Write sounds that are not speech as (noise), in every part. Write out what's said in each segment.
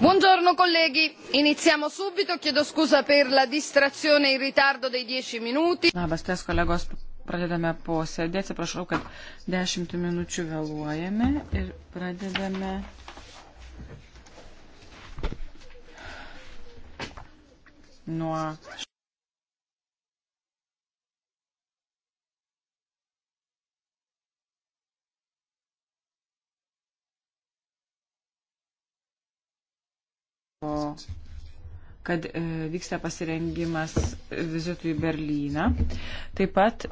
Buongiorno colleghi, iniziamo subito, chiedo scusa per la distrazione e il ritardo dei 10 minuti. Labas, ties kolegos, pradedame posėdį, atsiprašau, kad 10 minučių vėluojame ir pradedame. Nuo kad e, vyksta pasirengimas vizitui į Berlyną. Taip pat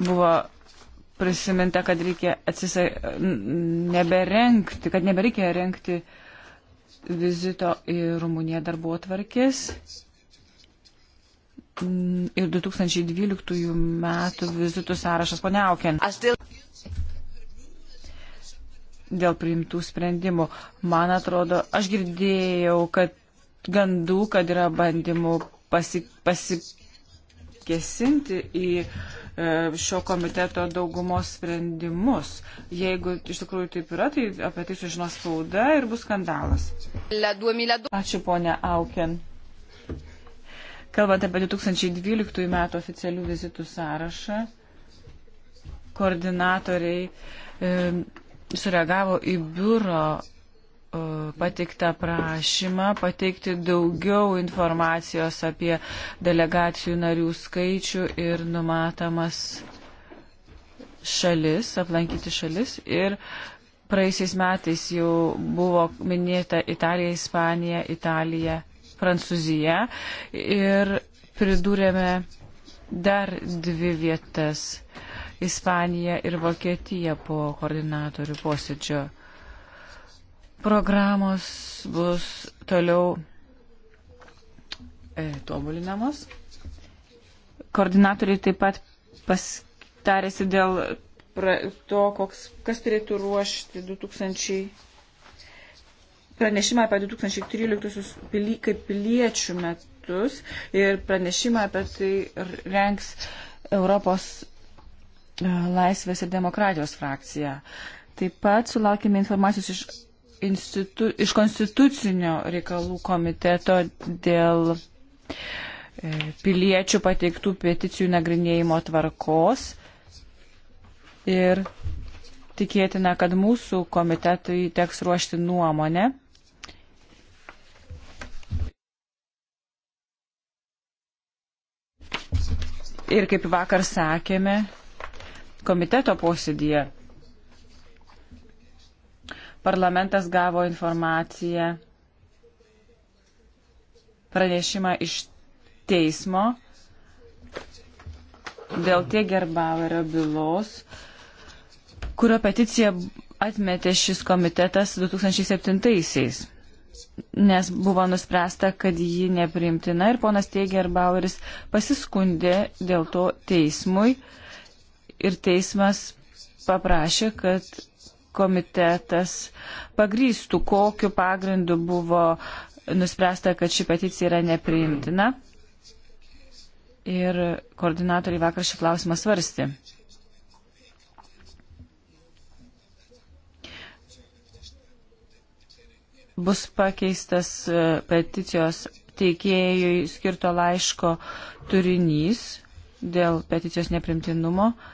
buvo prisiminta, kad reikia atsisai neberengti, kad nebereikia rengti vizito į Rumuniją darbo tvarkės. Mm, ir 2012 metų vizitų sąrašas, ponia Aukien dėl priimtų sprendimų. Man atrodo, aš girdėjau, kad gandų, kad yra bandymų pasi, pasikesinti į e, šio komiteto daugumos sprendimus. Jeigu iš tikrųjų taip yra, tai apie tai sužinos spauda ir bus skandalas. Ačiū ponia Auken. Kalbant apie 2012 metų oficialių vizitų sąrašą, koordinatoriai e, sureagavo į biuro e, pateiktą prašymą pateikti daugiau informacijos apie delegacijų narių skaičių ir numatamas šalis, aplankyti šalis. Ir praeisiais metais jau buvo minėta Italija, Ispanija, Italija, Prancūzija. Ir pridūrėme dar dvi vietas. Uh, Ispaniją ir Vokietiją po koordinatorių posėdžio. Programos bus toliau e, tobulinamos. Koordinatoriai taip pat pastarėsi dėl pra, to, koks, kas turėtų ruošti 2000 pranešimą apie 2013 pily, kaip piliečių metus ir pranešimą apie tai rengs Europos E, Laisvės ir demokratijos frakcija. Taip pat sulaukime informacijos iš, institu, iš konstitucinio reikalų komiteto dėl e, piliečių pateiktų peticijų nagrinėjimo tvarkos ir tikėtina, kad mūsų komitetui teks ruošti nuomonę. Ir kaip vakar sakėme, komiteto posėdėje. Parlamentas gavo informaciją pranešimą iš teismo dėl tie gerbavario bylos, kurio peticiją atmetė šis komitetas 2007-aisiais, nes buvo nuspręsta, kad ji nepriimtina ir ponas Teigerbaueris pasiskundė dėl to teismui ir teismas paprašė, kad komitetas pagrystų, kokiu pagrindu buvo nuspręsta, kad ši peticija yra nepriimtina. Ir koordinatoriai vakar šį klausimą svarsti. Bus pakeistas e, peticijos teikėjui skirto laiško turinys dėl peticijos neprimtinumo. Uh,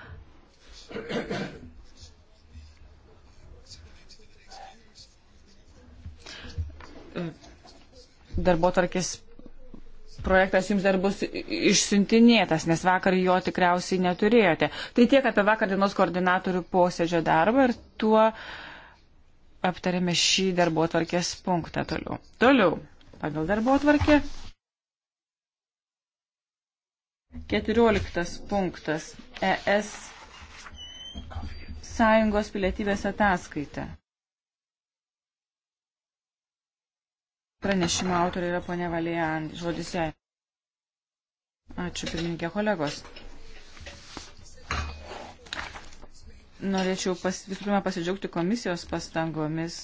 Darbo tarkis projektas jums dar bus išsintinėtas, nes vakar jo tikriausiai neturėjote. Tai tiek apie vakar dienos koordinatorių posėdžio darbą ir tuo aptarėme šį darbo tvarkės punktą toliau. Toliau, pagal darbo tvarkę. 14 punktas. ES Sąjungos pilietybės ataskaita. Pranešimo autorė yra ponė Valijan. Žodis jai. Ačiū, pirmininkė kolegos. Norėčiau pas, visų pirma pasidžiaugti komisijos pastangomis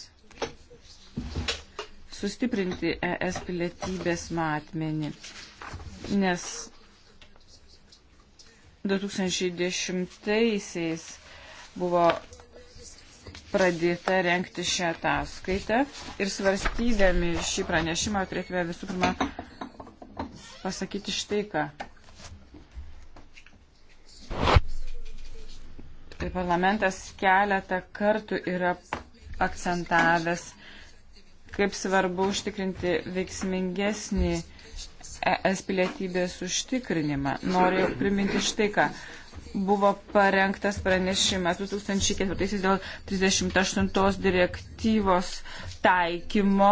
sustiprinti ES pilietybės matmenį, nes 2010-aisiais buvo pradėta renkti šią ataskaitą ir svarstydami šį pranešimą turėtume visų pirma pasakyti štai ką. Tai parlamentas keletą kartų yra akcentavęs, kaip svarbu užtikrinti veiksmingesnį ES pilietybės užtikrinimą. Noriu priminti štai ką buvo parengtas pranešimas 2004 dėl 38 direktyvos taikymo,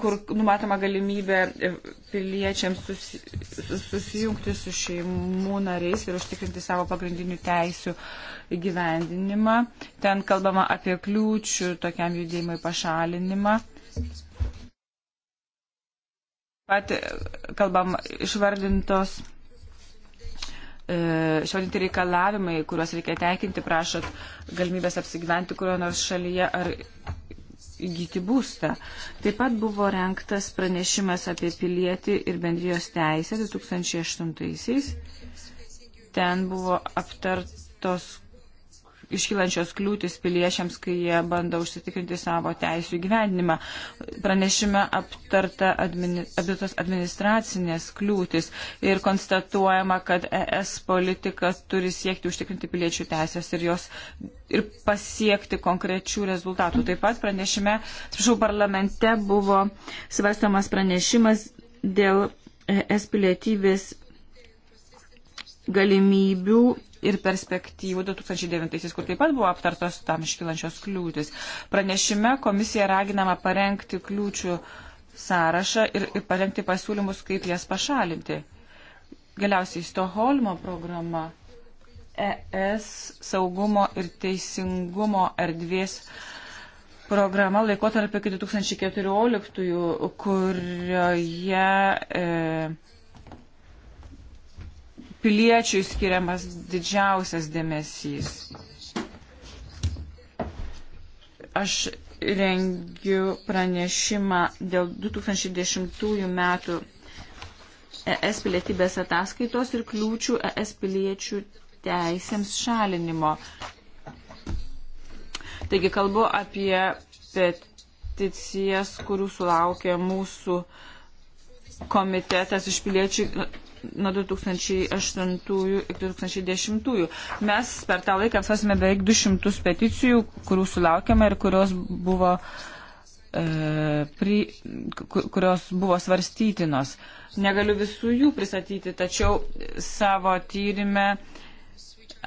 kur numatoma galimybė piliečiams susi, susijungti su šeimų nariais ir užtikrinti savo pagrindinių teisių gyvendinimą. Ten kalbama apie kliūčių tokiam judėjimui pašalinimą pat e, kalbam išvardintos E, šiandien reikalavimai, kuriuos reikia tenkinti, prašot galimybės apsigyventi kurio nors šalyje ar įgyti būstą. Taip pat buvo renktas pranešimas apie pilietį ir bendrijos teisę 2008-aisiais. Ten buvo aptartos iškylančios kliūtis piliečiams, kai jie bando užsitikrinti savo teisų gyvenimą. Pranešime aptarta administ, abitos administracinės kliūtis ir konstatuojama, kad ES politika turi siekti užtikrinti piliečių teisės ir, jos, ir pasiekti konkrečių rezultatų. Taip pat pranešime, atsiprašau, parlamente buvo svarstamas pranešimas dėl ES pilietybės galimybių ir perspektyvų 2009-aisiais, kur taip pat buvo aptartos tam iškilančios kliūtis. Pranešime komisija raginama parengti kliūčių sąrašą ir, ir parengti pasiūlymus, kaip jas pašalinti. Galiausiai Stoholmo programa ES saugumo ir teisingumo erdvės programa laikotarpį iki 2014, kurioje e, piliečiui skiriamas didžiausias dėmesys. Aš rengiu pranešimą dėl 2010 metų ES pilietybės ataskaitos ir kliūčių ES piliečių teisėms šalinimo. Taigi kalbu apie peticijas, kurių sulaukė mūsų komitetas iš piliečių nuo 2008 iki 2010. Mes per tą laiką apsvarsime beveik 200 peticijų, kurių sulaukėme ir kurios buvo, e, pri, kurios buvo svarstytinos. Negaliu visų jų pristatyti, tačiau savo tyrimę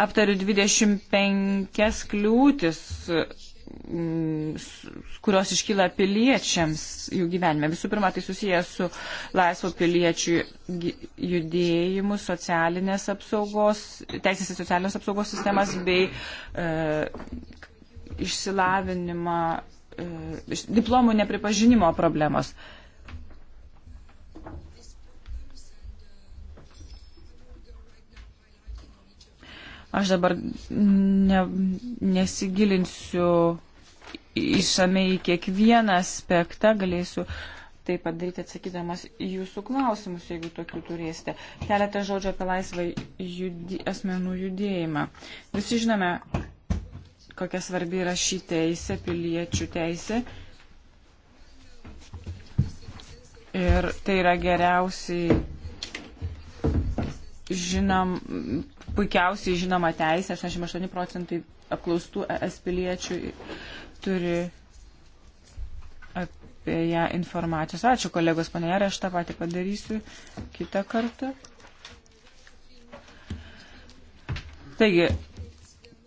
aptariu 25 kliūtis Mm, kurios iškyla piliečiams jų gyvenime. Visų pirma, tai susijęs su laisvo piliečių judėjimu, socialinės apsaugos, teisės ir socialinės apsaugos sistemas bei e, išsilavinimą, e, diplomų nepripažinimo problemos. E, Aš dabar ne, nesigilinsiu išsamei į kiekvieną aspektą, galėsiu tai padaryti atsakydamas jūsų klausimus, jeigu tokių turėsite. Keletą žodžių apie laisvą judi, asmenų judėjimą. Visi žinome, kokia svarbi yra ši teisė, piliečių teisė. Ir tai yra geriausiai žinom, puikiausiai žinoma teisė, 68 procentai apklaustų ES piliečių turi apie ją informacijos. Ačiū kolegos, panėra, aš tą patį padarysiu kitą kartą. Taigi,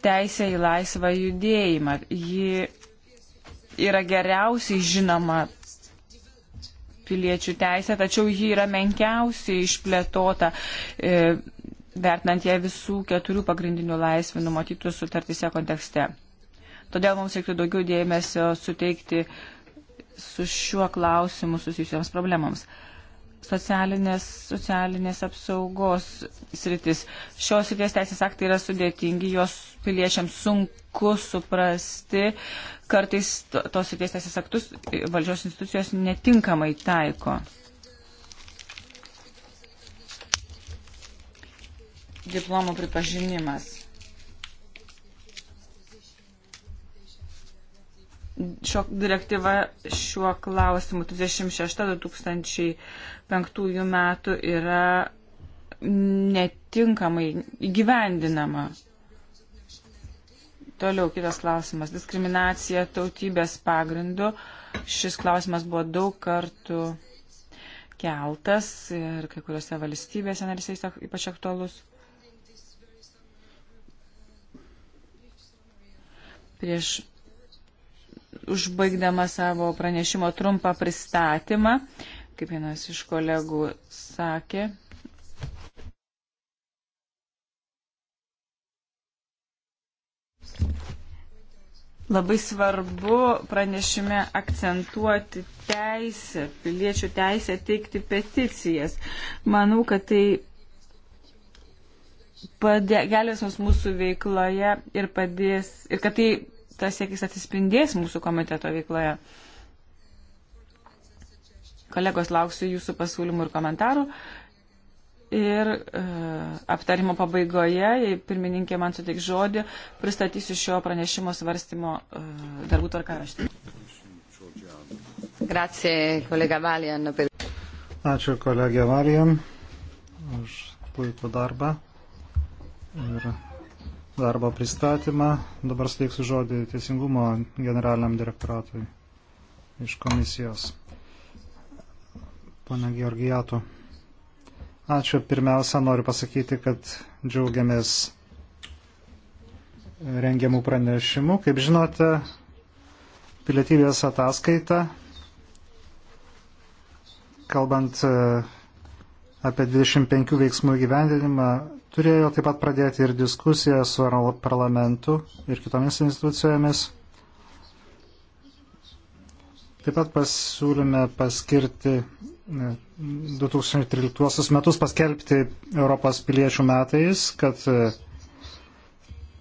teisė į laisvą judėjimą. Ji yra geriausiai žinoma piliečių teisę, tačiau ji yra menkiausiai išplėtota, e, vertinant ją visų keturių pagrindinių laisvių numatytų sutartise kontekste. Todėl mums reiktų daugiau dėmesio suteikti su šiuo klausimu susijusiams problemams. Socialinės, socialinės apsaugos sritis. Šios srities teisės aktai yra sudėtingi, jos piliečiams sunku suprasti. E, kartais tos ir teisės aktus valdžios institucijos netinkamai taiko. Diplomų pripažinimas. Šio direktyva šiuo klausimu 36-2005 metų yra netinkamai įgyvendinama. Toliau kitas klausimas. Diskriminacija tautybės pagrindu. Šis klausimas buvo daug kartų keltas ir kai kuriuose valstybėse narysais ypač aktualus. Prieš užbaigdama savo pranešimo trumpą pristatymą, kaip vienas iš kolegų sakė, Labai svarbu pranešime akcentuoti teisę, piliečių teisę teikti peticijas. Manau, kad tai gelės mūsų veikloje ir padės, ir kad tai tas siekis atsispindės mūsų komiteto veikloje. Kolegos, lauksiu jūsų pasiūlymų ir komentarų. Ir e, aptarimo pabaigoje, jei pirmininkė man suteik žodį, pristatysiu šio pranešimo svarstymo e, darbų tvarkaraštį. Grazie, kolega Valian. Ačiū, kolegė Valian, už puikų darbą ir darbo pristatymą. Dabar steiksiu žodį Teisingumo generaliniam direktoratui iš komisijos. Pane Georgijato. Ačiū. Pirmiausia, noriu pasakyti, kad džiaugiamės rengiamų pranešimų. Kaip žinote, pilietybės ataskaita, kalbant e, apie 25 veiksmų įgyvendinimą, turėjo taip pat pradėti ir diskusiją su parlamentu ir kitomis institucijomis. Taip pat pasiūlyme paskirti e, 2013 metus paskelbti Europos piliečių metais, kad e,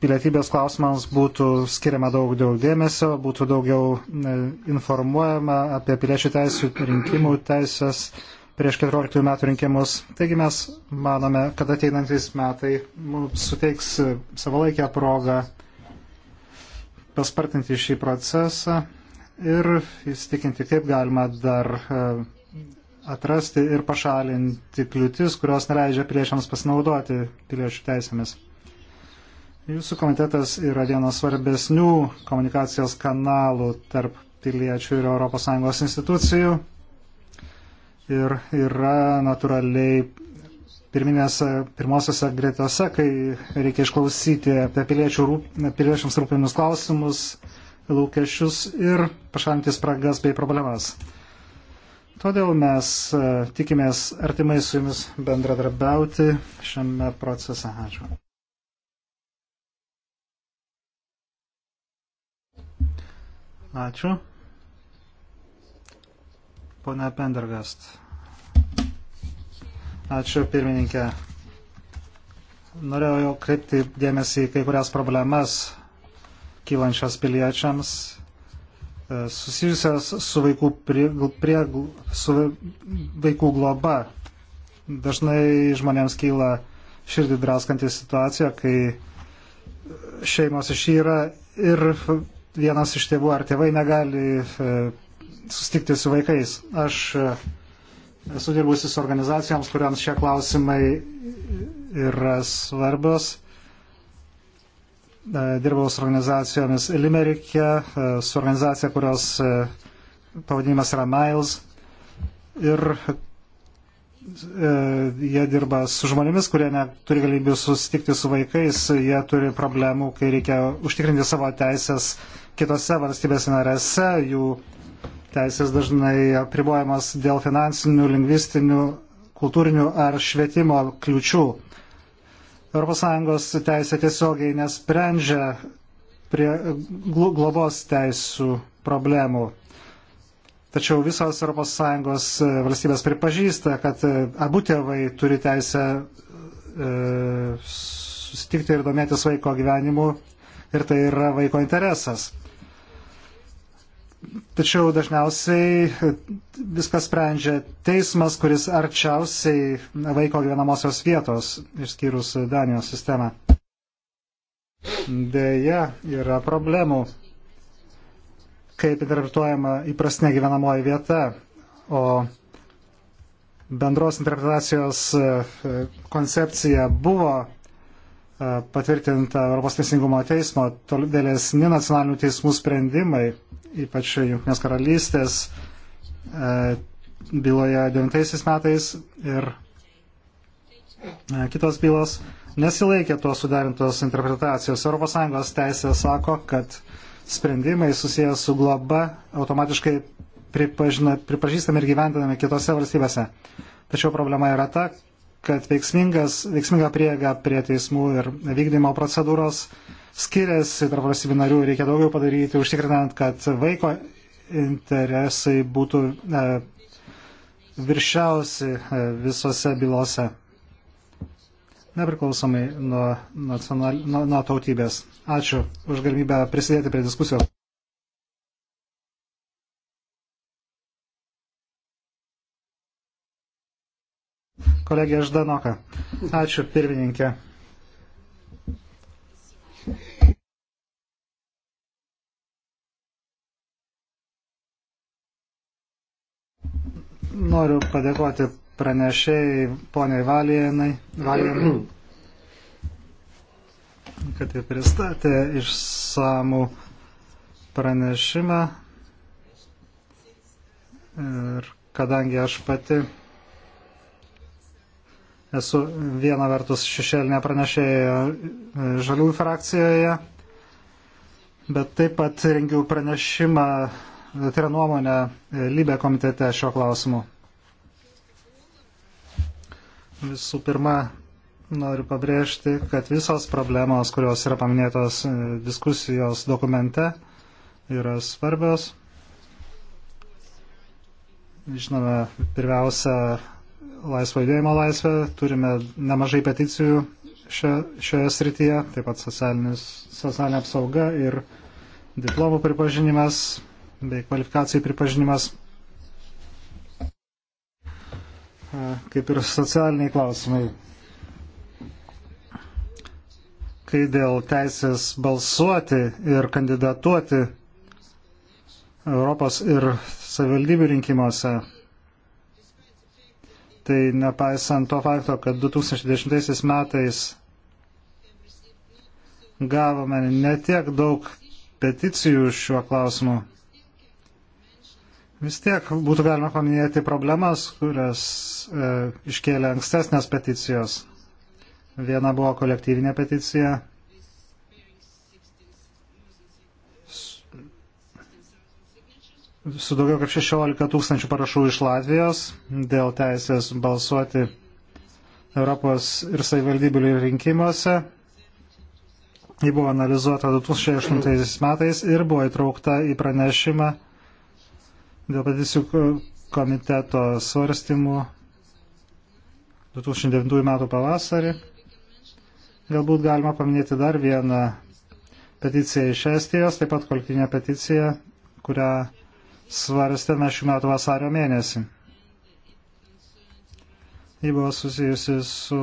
pilietybės klausimams būtų skiriama daug daugiau dėmesio, būtų daugiau e, informuojama apie piliečių teisų rinkimų teisės prieš 14 metų rinkimus. Taigi mes manome, kad ateinantis metai mums suteiks e, savalaikę progą paspartinti šį procesą ir įsitikinti, kaip galima dar atrasti ir pašalinti kliūtis, kurios neleidžia piliečiams pasinaudoti piliečių teisėmis. Jūsų komitetas yra vienas svarbesnių komunikacijos kanalų tarp piliečių ir ES institucijų ir yra natūraliai pirmosiose gretose, kai reikia išklausyti apie piliečių, piliečiams rūpimus klausimus, lūkesčius ir pašalinti spragas bei problemas. Todėl mes e, tikimės artimai su jumis bendradarbiauti šiame procese. Ačiū. Ačiū. Pone Pendergast. Ačiū pirmininkė. Norėjau kreipti dėmesį į kai kurias problemas kylančias piliečiams E, susijusias su vaikų, prie, prie, su vaikų globa. Dažnai žmonėms kyla širdį draskantį situaciją, kai šeimos išyra ir vienas iš tėvų ar tėvai negali e, sustikti su vaikais. Aš e, esu dirbusi su organizacijoms, kuriams šie klausimai yra svarbios. E, dirbau su organizacijomis Limerikė, e, su organizacija, kurios e, pavadinimas yra Miles. Ir jie dirba su žmonėmis, kurie neturi galimybių susitikti su vaikais, jie turi problemų, kai reikia užtikrinti savo teisės kitose valstybėse narėse, jų teisės dažnai apribojamas dėl finansinių, lingvistinių, kultūrinių ar švietimo kliučių. ES teisė tiesiogiai nesprendžia prie globos teisų problemų. Tačiau visos ES e, valstybės pripažįsta, kad e, abu tėvai turi teisę e, susitikti ir domėtis vaiko gyvenimu ir tai yra vaiko interesas. Tačiau dažniausiai viskas sprendžia teismas, kuris arčiausiai vaiko gyvenamosios vietos, išskyrus Danijos sistemą. Deja, yra problemų, kaip interpretuojama įprastinė gyvenamoji vieta, o bendros interpretacijos e, koncepcija buvo e, patvirtinta Europos teisingumo teismo, tolėlesni nacionalinių teismų sprendimai ypač Junknės karalystės e, byloje 9 metais ir e, kitos bylos nesilaikė tuos sudarintos interpretacijos. ES teisė sako, kad sprendimai susijęs su globa automatiškai pripažįstami ir gyventinami kitose valstybėse. Tačiau problema yra ta, kad veiksminga prieiga prie teismų ir vykdymo procedūros uh, skiriasi tarp valstybių narių ir reikia daugiau padaryti, užtikrinant, kad vaiko interesai būtų e, viršiausi e, visose bylose, nepriklausomai nuo, nacional, nuo, nuo tautybės. Ačiū už galimybę prisidėti prie diskusijos. Kolegė Ždanoka. Ačiū pirmininkė. Noriu padėkoti pranešėjai poniai Valienai, Valienai kad jie pristatė išsamų pranešimą. Ir kadangi aš pati esu viena vertus šešėlinė pranešėja e, žaliųjų frakcijoje, bet taip pat rengiau pranešimą tai yra nuomonę e, Libė komitete šio klausimu. Visų pirma, noriu pabrėžti, kad visos problemos, kurios yra paminėtos e, diskusijos dokumente, yra svarbios. Žinome, pirmiausia, laisvo judėjimo laisvę, turime nemažai peticijų šio, šioje srityje, taip pat socialinė apsauga ir diplomų pripažinimas bei kvalifikacijų pripažinimas kaip ir socialiniai klausimai. Kai dėl teisės balsuoti ir kandidatuoti Europos ir savivaldybių rinkimuose, tai nepaisant to fakto, kad 2010 metais gavome netiek daug peticijų šiuo klausimu, Vis tiek būtų galima paminėti problemas, kurias e, iškėlė ankstesnės peticijos. Viena buvo kolektyvinė peticija. Su, su daugiau kaip 16 tūkstančių parašų iš Latvijos dėl teisės balsuoti Europos ir savivaldybių rinkimuose. Ji buvo analizuota 2008 metais ir buvo įtraukta į pranešimą Dėl peticijų komiteto svarstymų 2009 metų pavasarį. Galbūt galima paminėti dar vieną peticiją iš Estijos, taip pat kolektyvinę peticiją, kurią svarstėme šių metų vasario mėnesį. Ji buvo susijusi su,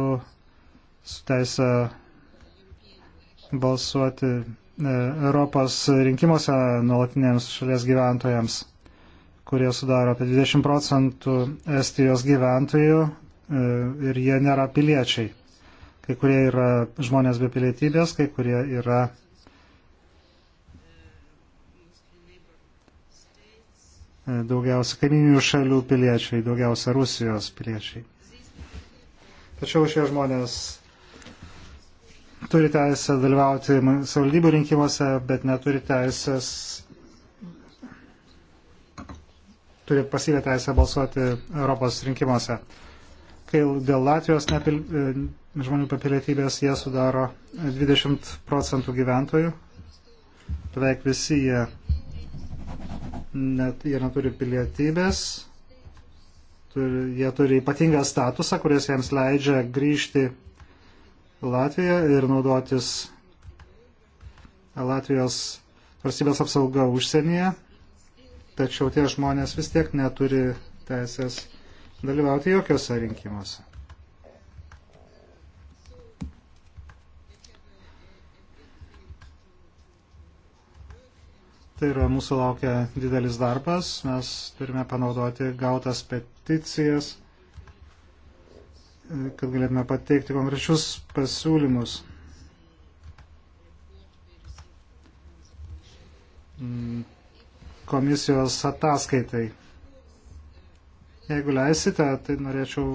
su teisė balsuoti e, Europos rinkimuose nuolatiniams šalies gyventojams kurie sudaro apie 20 procentų Estijos gyventojų e, ir jie nėra piliečiai. Kai kurie yra žmonės be pilietybės, kai kurie yra e, daugiausia kaiminių šalių piliečiai, daugiausia Rusijos piliečiai. Tačiau šie žmonės turi teisę dalyvauti savivaldybių rinkimuose, bet neturi teisės turi pasyvę teisę balsuoti Europos rinkimuose. Kai dėl Latvijos nepil, e, žmonių papilietybės jie sudaro 20 procentų gyventojų, beveik visi jie, net, jie neturi pilietybės, turi, jie turi ypatingą statusą, kuris jiems leidžia grįžti Latviją ir naudotis Latvijos valstybės apsauga užsienyje tačiau tie žmonės vis tiek neturi teisės dalyvauti jokiuose rinkimuose. Tai yra mūsų laukia didelis darbas, mes turime panaudoti gautas peticijas, kad galėtume pateikti konkrečius pasiūlymus. Mm komisijos ataskaitai. Jeigu leisite, tai norėčiau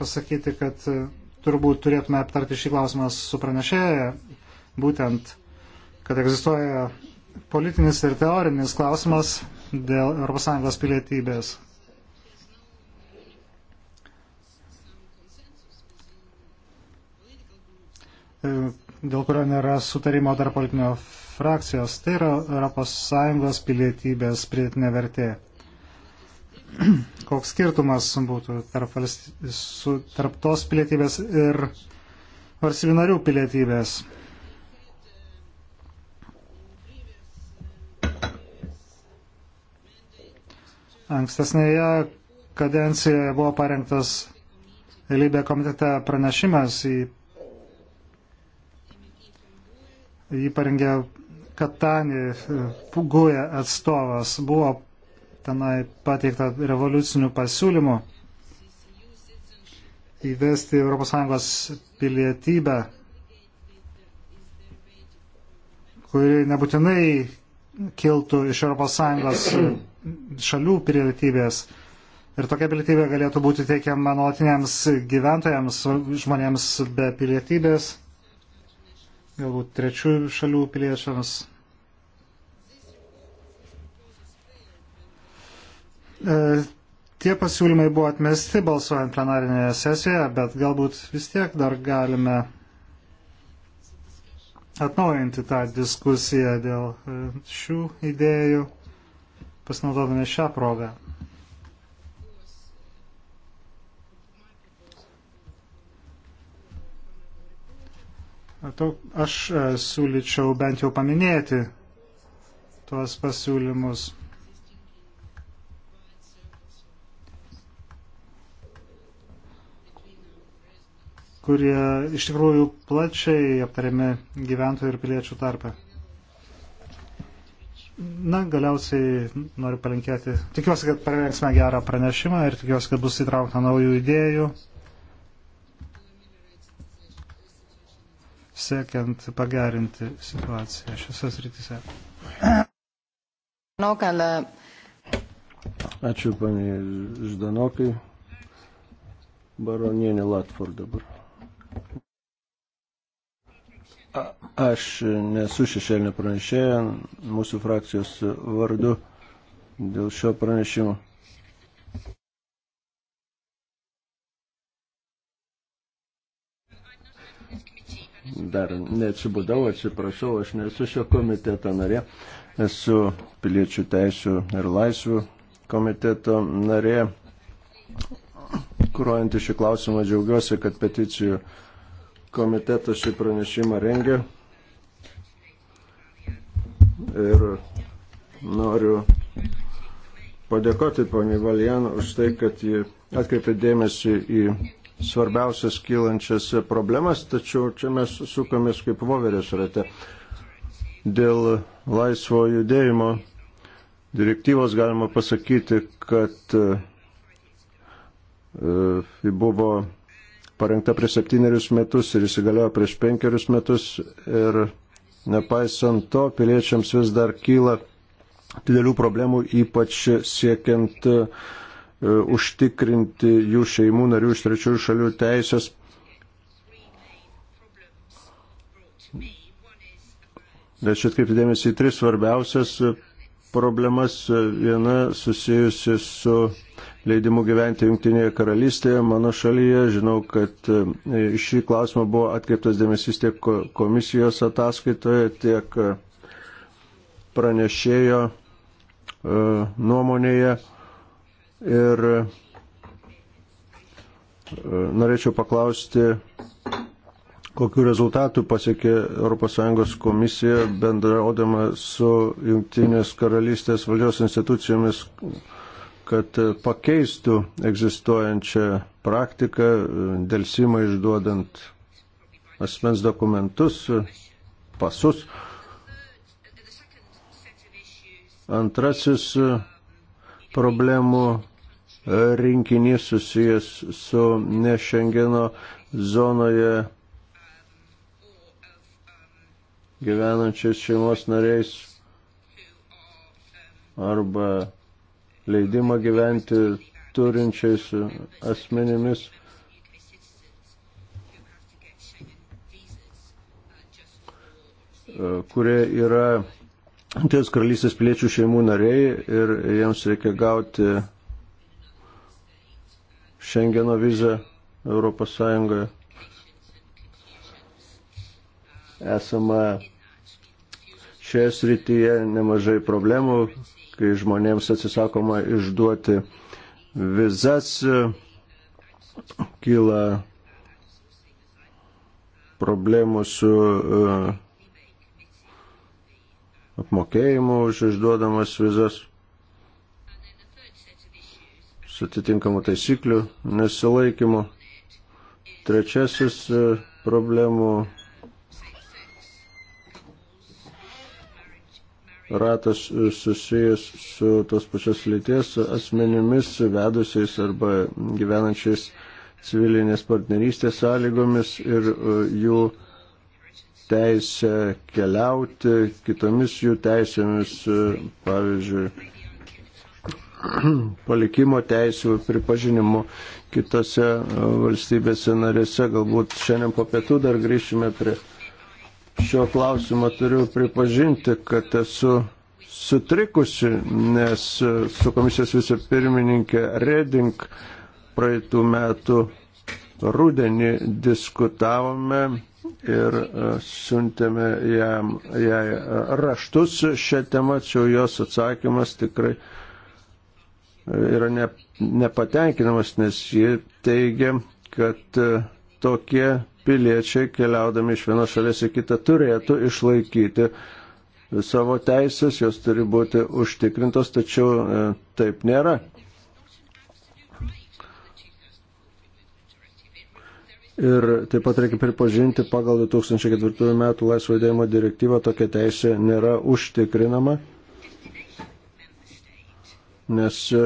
pasakyti, kad e, turbūt turėtume aptarti šį klausimą su pranešėja, būtent, kad egzistuoja politinis ir teorinis klausimas dėl ES pilietybės. E, dėl kurio nėra sutarimo tarp politinio frakcijos, tai yra ES pilietybės pridėtinė vertė. (clears throat) Koks skirtumas būtų tarp, su, tarp tos pilietybės ir varsivinarių pilietybės? Ankstesnėje kadencijoje buvo parengtas Lybė komitete pranešimas, jį, jį parengė Katani Puguja atstovas buvo tenai pateikta revoliucinių pasiūlymų įvesti ES pilietybę, kuri nebūtinai kiltų iš ES šalių pilietybės. Ir tokia pilietybė galėtų būti teikiama nuolatiniams gyventojams, žmonėms be pilietybės galbūt trečiųjų šalių piliečiams. E, tie pasiūlymai buvo atmesti balsuojant plenarinėje sesijoje, bet galbūt vis tiek dar galime atnaujinti tą diskusiją dėl e, šių idėjų, pasinaudodami šią progą. Aš e, siūlyčiau bent jau paminėti tuos pasiūlymus. kurie iš tikrųjų plačiai aptariami gyventojų ir piliečių tarpe. Na, galiausiai noriu palinkėti. Tikiuosi, kad parengsime gerą pranešimą ir tikiuosi, kad bus įtraukta naujų idėjų. siekiant pagerinti situaciją šiose srityse. Ačiū, panė Ždanokai. Baronienė Latford dabar. A, aš nesu šešėlinė pranešėja mūsų frakcijos vardu dėl šio pranešimo. dar neatsibudau, atsiprašau, aš nesu šio komiteto narė, esu piliečių teisų ir laisvių komiteto narė. Kuruojant iš šį klausimą džiaugiuosi, kad peticijų komitetas šį pranešimą rengia. Ir noriu padėkoti poniai Valjan už tai, kad ji atkreipė dėmesį į svarbiausias kylančias problemas, tačiau čia mes sukamės kaip voverės rate. Dėl laisvo judėjimo direktyvos galima pasakyti, kad e, ji buvo parengta prieš septynerius metus ir įsigaliojo prieš penkerius metus ir nepaisant to piliečiams vis dar kyla didelių problemų, ypač siekiant uh, E, užtikrinti jų šeimų narių iš trečiųjų šalių teisės. Bet šit kaip dėmesį į tris svarbiausias e, problemas. E, viena susijusi su leidimu gyventi Junktinėje karalystėje, mano šalyje. Žinau, kad iš šį klausimą buvo atkreiptas dėmesys tiek komisijos ataskaitoje, tiek pranešėjo nuomonėje. Ir e, norėčiau paklausti, kokiu rezultatu pasiekė ES komisija bendraudama su Junktinės karalystės valdžios institucijomis, kad pakeistų egzistuojančią praktiką, dėl simą išduodant asmens dokumentus, pasus. Antrasis problemų e, rinkinys susijęs su nešengeno zonoje gyvenančiais šeimos nariais arba leidimą gyventi turinčiais asmenimis. E, kurie yra Ties karalystės piliečių šeimų nariai ir jiems reikia gauti Šengeno vizą Europos Sąjungoje. Esama šioje srityje nemažai problemų, kai žmonėms atsisakoma išduoti vizas, kyla problemų su uh, apmokėjimų už išduodamas vizas su atitinkamu taisykliu nesilaikymu. Trečiasis e, problemų ratas e, susijęs su tos pačios lyties asmenimis, vedusiais arba gyvenančiais civilinės partnerystės sąlygomis ir e, jų uh, teisę keliauti, kitomis jų teisėmis, pavyzdžiui, (clears throat) palikimo teisų pripažinimu kitose valstybėse narėse. Galbūt šiandien po pietų dar grįšime prie šio klausimo. Turiu pripažinti, kad esu sutrikusi, nes su komisijos vicepirmininkė Reding praeitų metų rudenį diskutavome ir e, siuntėme jam, jai e, raštus šią temą, čia jos atsakymas tikrai e, yra ne, nepatenkinamas, nes ji teigia, kad tokie piliečiai keliaudami iš vienos šalies į kitą turėtų išlaikyti savo teisės, jos turi būti užtikrintos, tačiau taip nėra. Ir taip pat reikia pripažinti, pagal 2004 metų laisvo judėjimo direktyvą tokia teisė nėra užtikrinama, nes e,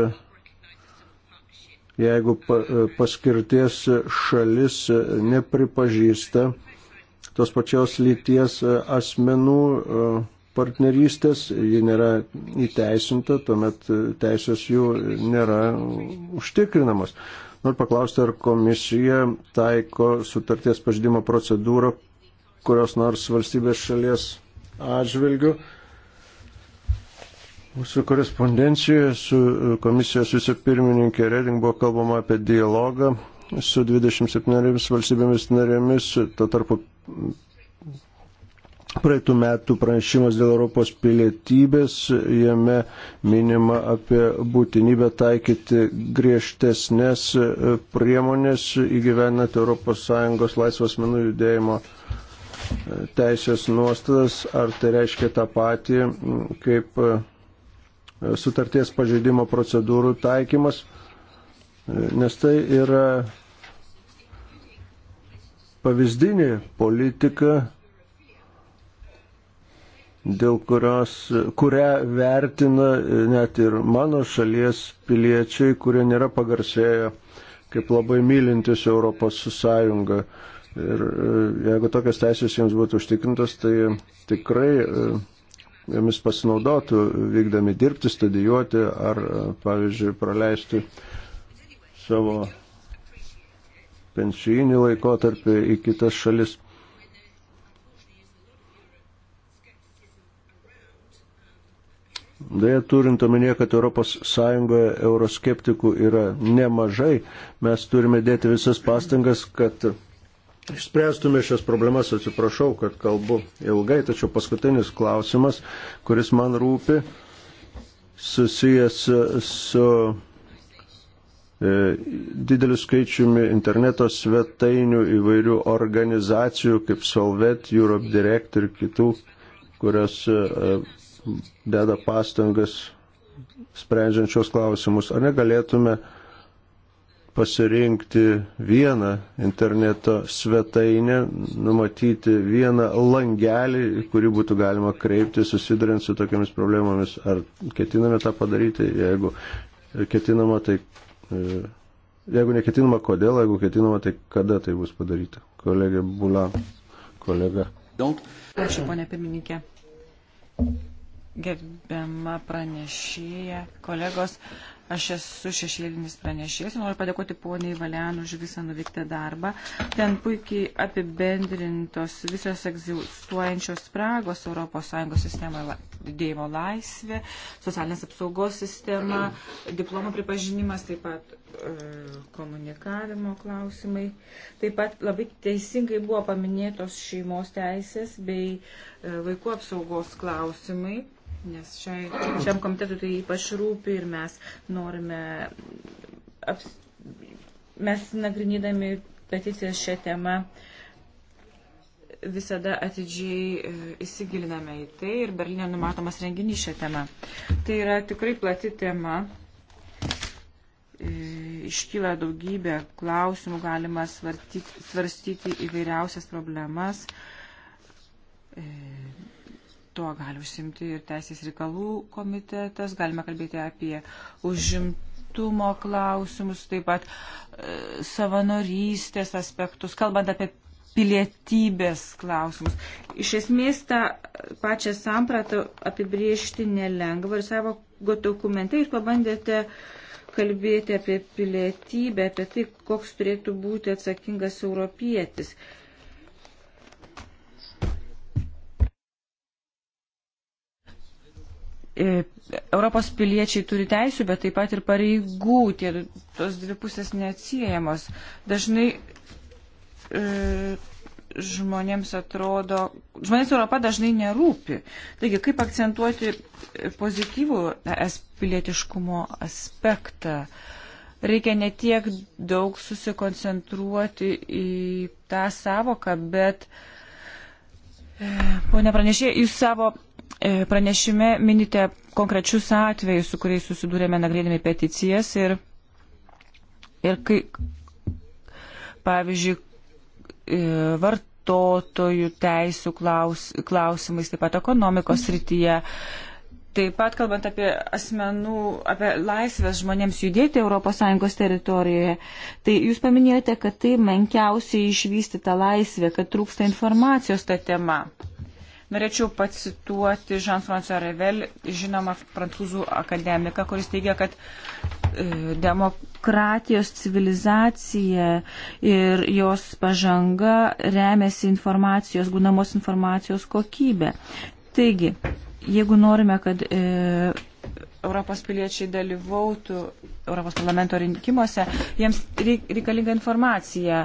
jeigu e, paskirties šalis e, nepripažįsta tos pačios lyties asmenų partnerystės, ji nėra įteisinta, tuomet teisės jų nėra užtikrinamos. Noriu paklausti, ar komisija taiko sutarties pažydimo procedūrą kurios nors valstybės šalies atžvilgių. Mūsų korespondencijoje su komisijos vicepirmininkė Reding buvo kalbama apie dialogą su 27 valstybėmis narėmis, to tarpu praeitų metų pranešimas dėl Europos pilietybės, jame minima apie būtinybę taikyti griežtesnės e, priemonės įgyvenant ES laisvas menų judėjimo e, teisės nuostatas. Ar tai reiškia tą patį kaip e, sutarties pažeidimo procedūrų taikymas? Nes tai yra pavyzdinė politika dėl kurios, kurią vertina net ir mano šalies piliečiai, kurie nėra pagarsėję kaip labai mylintis Europos sąjungą. Ir e, jeigu tokios teisės jiems būtų užtikrintos, tai tikrai e, jomis pasinaudotų vykdami dirbti, studijuoti ar, e, pavyzdžiui, praleisti savo pensijinį laikotarpį į kitas šalis. Beje, turint omenyje, kad ES euroskeptikų yra nemažai, mes turime dėti visas pastangas, kad išspręstume šias problemas. Atsiprašau, kad kalbu ilgai, tačiau paskutinis klausimas, kuris man rūpi, susijęs su e, dideliu skaičiumi interneto svetainių įvairių organizacijų kaip Solvet, Europe Direct ir kitų, kurios e, deda pastangas sprendžiančios klausimus. Ar negalėtume pasirinkti vieną interneto svetainę, numatyti vieną langelį, kurį būtų galima kreipti, susidurint su tokiamis problemomis. Ar ketiname tą padaryti, jeigu ketinama, tai. E, jeigu neketinama, kodėl, jeigu ketinama, tai kada tai bus padaryta? Kolegė Bula, kolega. Ačiū, ponė pirmininkė gerbiama pranešėja, kolegos. Aš esu šešėlinis pranešėjas ir noriu padėkoti poniai Valian už visą nuveiktą darbą. Ten puikiai apibendrintos visos egzistuojančios spragos ES sistemoje didėjimo laisvė, socialinės apsaugos sistema, diplomo pripažinimas, taip pat e, komunikavimo klausimai. Taip pat labai teisingai buvo paminėtos šeimos teisės bei e, vaikų apsaugos klausimai nes šiai, šiam komitetui tai ypač rūpi ir mes norime, aps, mes nagrinydami peticijas šią temą visada atidžiai e, įsigiliname į tai ir Berlinė numatomas renginys šią temą. Tai yra tikrai plati tema. E, iškyla daugybė klausimų, galima svartyti, svarstyti įvairiausias problemas. E, Tuo gali užsimti ir Teisės reikalų komitetas, galime kalbėti apie užimtumo klausimus, taip pat e, savanorystės aspektus, kalbant apie pilietybės klausimus. Iš esmės tą pačią sampratą apibriežti nelengva ir savo dokumente ir pabandėte kalbėti apie pilietybę, apie tai, koks turėtų būti atsakingas europietis. E, E, Europos piliečiai turi teisų, bet taip pat ir pareigų, tie, tos dvi pusės neatsiejamos. Dažnai e, žmonėms atrodo, žmonėms Europa dažnai nerūpi. Taigi, kaip akcentuoti pozityvų es pilietiškumo aspektą? Reikia ne tiek daug susikoncentruoti į tą savoką, bet, e, ponia pranešė, jūs savo E, pranešime minite konkrečius atvejus, su kuriais susidūrėme nagrėdami peticijas ir, ir kai, pavyzdžiui, e, vartotojų teisų klaus, klausimais, taip pat ekonomikos srityje. Taip pat kalbant apie asmenų, apie laisvės žmonėms judėti ES teritorijoje, tai jūs paminėjote, kad tai menkiausiai išvystyta laisvė, kad trūksta informacijos tą temą. Norėčiau pacituoti Jean-François Revel, žinomą prancūzų akademiką, kuris teigia, kad e, demokratijos civilizacija ir jos pažanga remiasi informacijos, gunamos informacijos kokybė. Taigi, jeigu norime, kad e, Europos piliečiai dalyvautų Europos parlamento rinkimuose, jiems reikalinga informacija.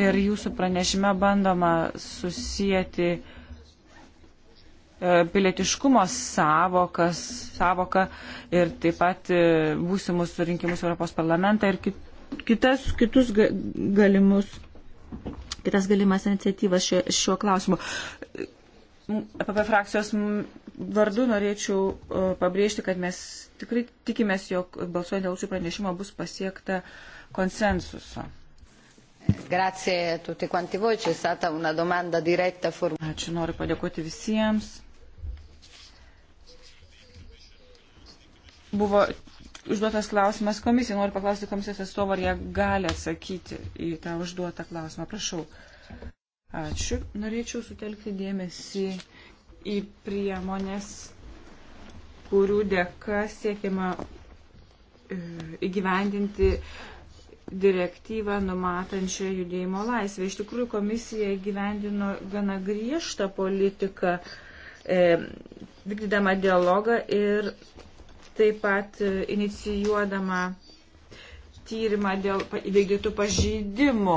Ir jūsų pranešime bandoma susijęti E, pilietiškumo savokas, savoką ir taip pat e, būsimus rinkimus Europos parlamentą ir kitas, kitus galimus, kitas galimas iniciatyvas šiuo, šiuo klausimu. APP e frakcijos vardu norėčiau pabrėžti, kad mes tikrai tikimės, jog balsuojant dėl šių pranešimo bus pasiekta konsensuso. Grazie a tutti quanti voi, c'è stata una domanda diretta formulata. Ačiū, noriu padėkoti visiems buvo užduotas klausimas komisijai. Noriu paklausti komisijos atstovą, ar jie gali atsakyti į tą užduotą klausimą. Prašau. Ačiū. Norėčiau sutelkti dėmesį į priemonės, kurių dėka siekiama e, įgyvendinti direktyvą numatančią judėjimo laisvę. Iš tikrųjų, komisija įgyvendino gana griežtą politiką, e, vykdydama dialogą ir taip pat e, inicijuodama tyrimą dėl įvykdytų pažeidimų.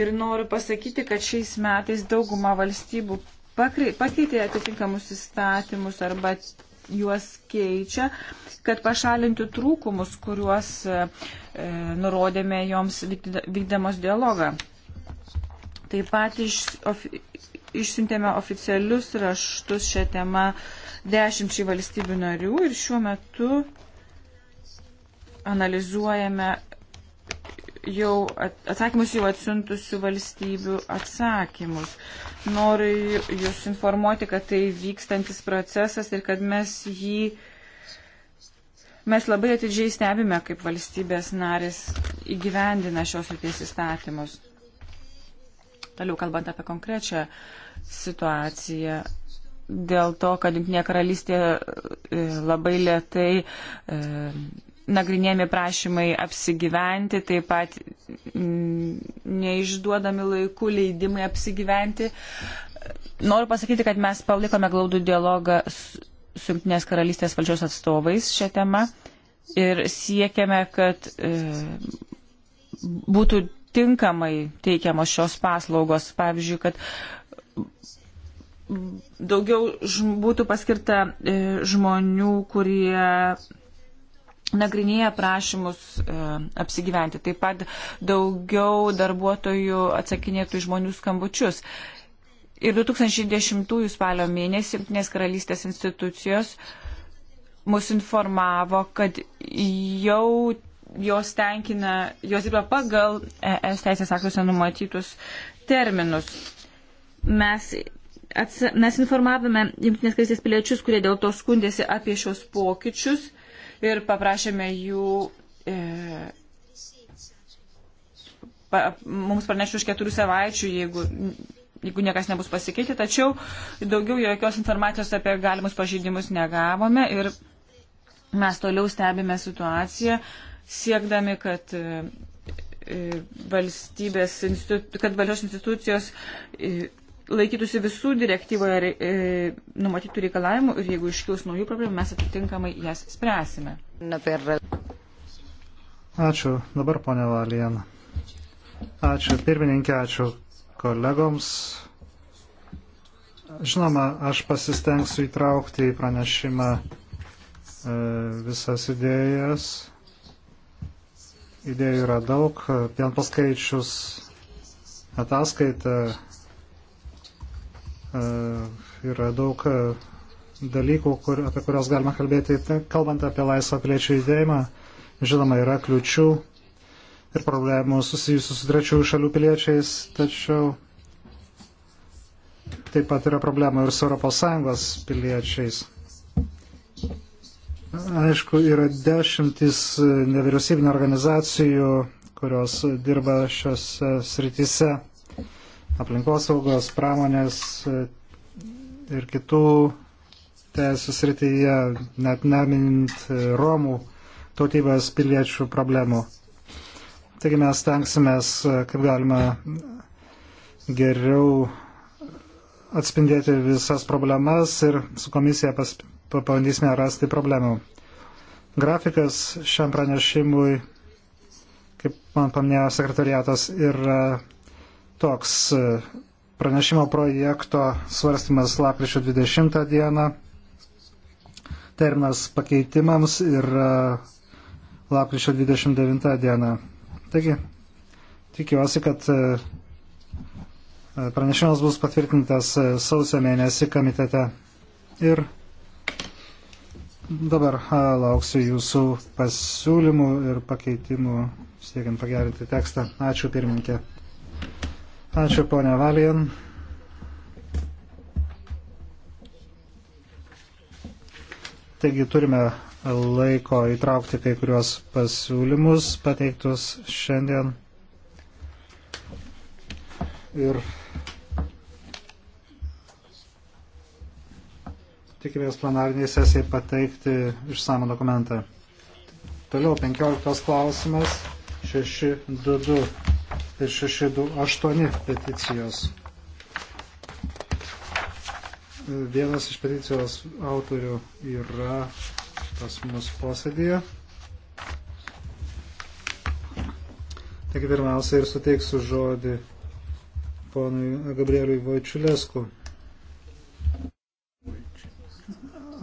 Ir noriu pasakyti, kad šiais metais dauguma valstybių pakeitė atitinkamus įstatymus arba juos keičia, kad pašalintų trūkumus, kuriuos e, e nurodėme joms vykdamos dialogą. Taip pat iš, of, išsiuntėme oficialius raštus šią temą e, dešimčiai valstybių narių ir šiuo metu analizuojame jau atsakymus jau atsiuntusių valstybių atsakymus. Noriu Jūs informuoti, kad tai vykstantis procesas ir kad mes jį Mes labai atidžiai stebime, kaip valstybės narės įgyvendina šios ryties įstatymus. Toliau kalbant apie konkrečią situaciją, dėl to, kad Junktinė karalystė e, labai lietai e, nagrinėjami prašymai apsigyventi, taip pat mm, neišduodami laikų leidimai apsigyventi. Noriu pasakyti, kad mes palikome glaudų dialogą su Junktinės karalystės valdžios atstovais šią temą ir siekiame, kad e, būtų tinkamai teikiamos šios paslaugos. Pavyzdžiui, kad daugiau būtų paskirta e, žmonių, kurie nagrinėja prašymus e, apsigyventi. Taip pat daugiau darbuotojų atsakinėtų į žmonių skambučius. Ir 2010 spalio mėnesį Junktinės karalystės institucijos mus informavo, kad jau jos tenkina, jos dirba pagal ES teisės aktuose numatytus terminus. Mes ats, mes informavome Junktinės karalystės piliečius, kurie dėl to skundėsi apie šios pokyčius ir paprašėme jų. E, pa, mums pranešti už keturių savaičių, jeigu, jeigu niekas nebus pasikeitę, tačiau daugiau jokios informacijos apie galimus pažeidimus negavome ir mes toliau stebime situaciją, siekdami, kad e, e, valstybės, kad valios institucijos e, laikytųsi visų direktyvoje e, numatytų reikalavimų ir jeigu iškils naujų problemų, mes atitinkamai jas spręsime. Ačiū. Dabar ponė Valijan. Ačiū pirmininkė, ačiū kolegoms. Žinoma, aš pasistengsiu įtraukti į pranešimą e, visas idėjas. Idėjų yra daug. Vien paskaičius ataskaitą E, yra daug e, dalykų, kur, apie kurios galima kalbėti, tai kalbant apie laisvą piliečių judėjimą. Žinoma, yra kliučių ir problemų susijusių su trečiųjų šalių piliečiais, tačiau taip pat yra problemų ir su ES piliečiais. Aišku, yra dešimtis e, nevyriausybinio organizacijų, kurios dirba šiose srityse aplinkosaugos, pramonės e, ir kitų teisų srityje, net neminint e, Romų tautybės piliečių problemų. Taigi mes tenksimės, e, kaip galima geriau atspindėti visas problemas ir su komisija pas, pabandysime rasti problemų. Grafikas šiam pranešimui, kaip man paminėjo sekretariatas, yra toks e, pranešimo projekto svarstymas lapkričio 20 dieną. Terminas pakeitimams ir lapkričio 29 dieną. Taigi, tikiuosi, kad e, e, pranešimas bus patvirtintas sausio mėnesį komitete. Ir dabar lauksiu jūsų pasiūlymų ir pakeitimų siekiant pagerinti tekstą. Ačiū pirmininkė. Ačiū, ponia Valijan. Taigi turime laiko įtraukti kai kuriuos pasiūlymus pateiktus šiandien. Ir tikimės plenariniai sesijai pateikti išsamą dokumentą. Toliau 15 klausimas 622 ir 628 peticijos. Vienas iš peticijos autorių yra pas mus posėdėje. Taigi pirmiausia ir suteiksiu žodį ponui Gabrieliui Vojčiulesku.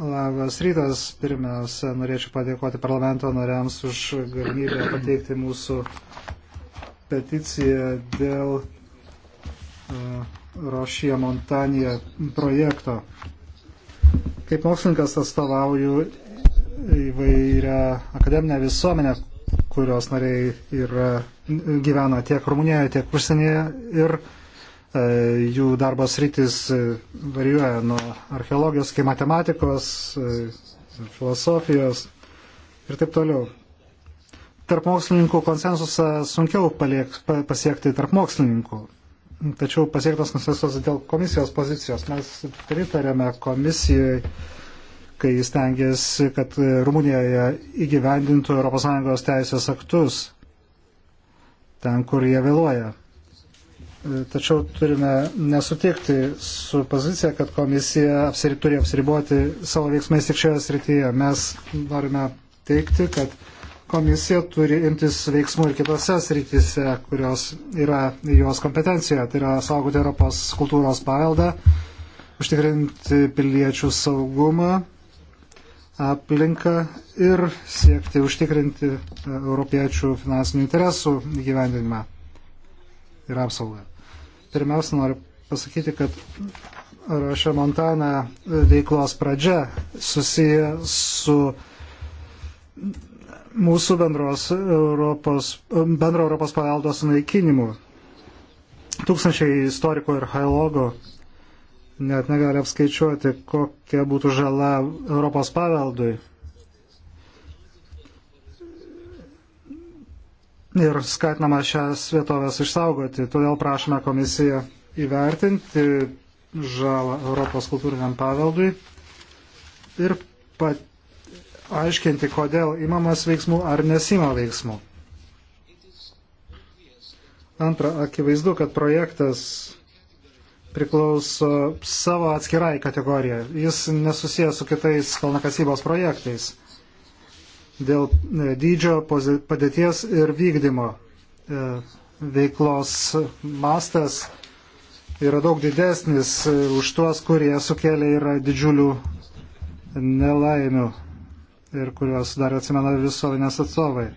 Labas rytas. Pirmiausia, norėčiau padėkoti parlamento nariams už galimybę pateikti mūsų peticiją dėl e, Rošija Montanija projekto. Kaip mokslininkas atstovauju įvairią akademinę visuomenę, kurios nariai yra, gyvena tiek Rumunijoje, tiek užsienyje ir e, jų darbos rytis varijuoja nuo archeologijos iki matematikos, e, filosofijos ir taip toliau tarp mokslininkų konsensusą sunkiau paliek, pasiekti tarp mokslininkų. Tačiau pasiektas konsensusas dėl komisijos pozicijos. Mes pritarėme komisijai, kai jis tengiasi, kad Rumunijoje įgyvendintų ES teisės aktus ten, kur jie vėluoja. Tačiau turime nesutikti su pozicija, kad komisija apsiri, turi apsiriboti savo veiksmais tik šioje srityje. Mes norime teikti, kad komisija turi imtis veiksmų ir kitose srityse, kurios yra jos kompetencija, tai yra saugoti Europos kultūros paveldą, užtikrinti piliečių saugumą, aplinką ir siekti užtikrinti e, europiečių finansinių interesų gyvendinimą ir apsaugą. Pirmiausia, noriu pasakyti, kad Rašia Montana veiklos pradžia susiję su mūsų bendros Europos, bendro Europos paveldo sunaikinimu. Tūkstančiai istorikų ir hailogų net negali apskaičiuoti, kokia būtų žala Europos paveldui. Ir skatinama šias vietovės išsaugoti. Todėl prašome komisiją įvertinti žalą Europos kultūriniam paveldui ir pat aiškinti, kodėl imamas veiksmų ar nesima veiksmų. Antra, akivaizdu, kad projektas priklauso savo atskirai kategorijai. Jis nesusijęs su kitais kalnakasybos projektais dėl e, dydžio, padėties ir vykdymo. E, veiklos mastas yra daug didesnis e, už tuos, kurie sukelia yra didžiulių nelaimių ir kuriuos dar atsimena visuomenės atstovai.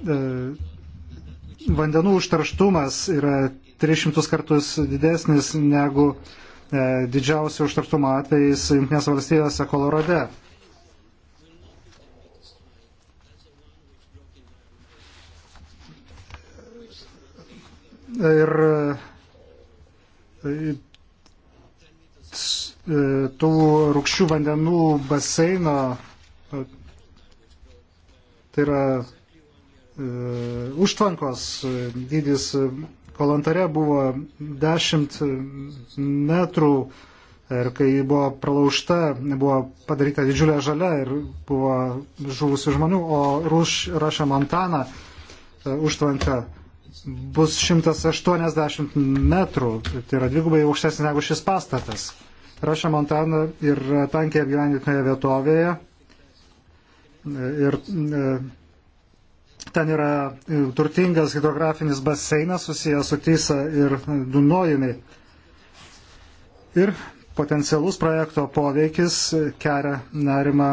E, vandenų užtarštumas yra 300 kartus didesnis negu e, didžiausių užtarštumo atvejais Junktinės valstijose Kolorade. Ir e, E, tų rūkščių vandenų baseino, e, tai yra e, užtvankos e, dydis kolantare buvo 10 metrų ir kai buvo pralaužta, buvo padaryta didžiulė žalia ir buvo žuvusių žmonių, o Rūš Raša Montana e, užtvanka bus 180 metrų, tai yra dvigubai aukštesnė negu šis pastatas. Raša Montana yra tankiai apgyvendintoje vietovėje ir e, ten yra e, turtingas hidrografinis baseinas susijęs su Tysa ir Dunojumi. Ir potencialus projekto poveikis keria nerima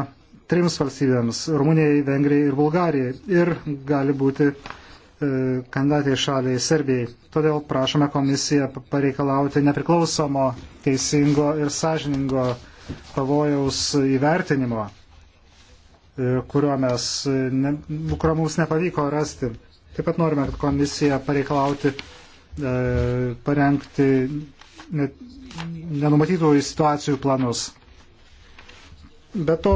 trims valstybėms - Rumunijai, Vengrijai ir Bulgarijai. Ir gali būti uh, E, kandidatė šaliai Serbijai. Todėl prašome komisiją pareikalauti nepriklausomo, teisingo ir sąžiningo pavojaus įvertinimo, e, kurio, mes, e, ne, kurio mums nepavyko rasti. Taip pat norime, kad komisija pareikalauti parengti nenumatytų situacijų planus. Be to,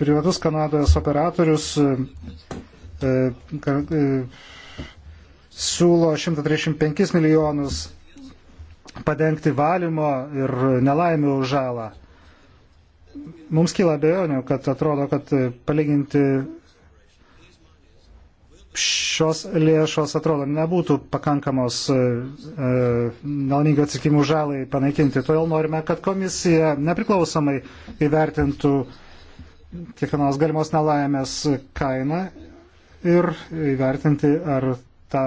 privatus Kanados operatorius E, e, siūlo 135 milijonus padengti valymo ir nelaimių žalą. Mums kyla bejonių, kad atrodo, kad palyginti šios lėšos, atrodo, nebūtų pakankamos e, e nelaimingo atsikimų žalai panaikinti. Todėl norime, kad komisija nepriklausomai įvertintų kiekvienos galimos nelaimės kainą ir įvertinti, ar ta,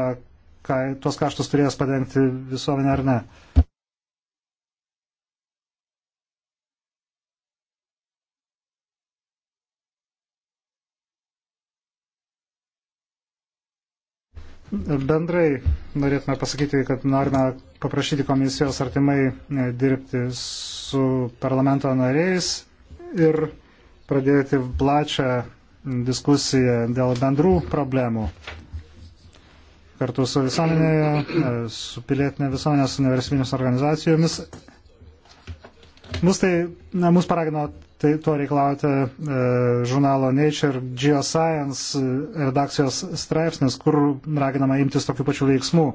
ka, tuos kaštus turės padengti visuomenė ar ne. Bendrai norėtume pasakyti, kad norime paprašyti komisijos artimai e, dirbti su parlamento nariais ir pradėti plačią diskusiją dėl bendrų problemų kartu su visuomenėje, e, su pilietinė visuomenė, su universitinėmis organizacijomis. Mus tai, na, mus paragino tai tuo reikalauti e, žurnalo Nature Geoscience e, redakcijos straipsnis, kur raginama imtis tokių pačių veiksmų.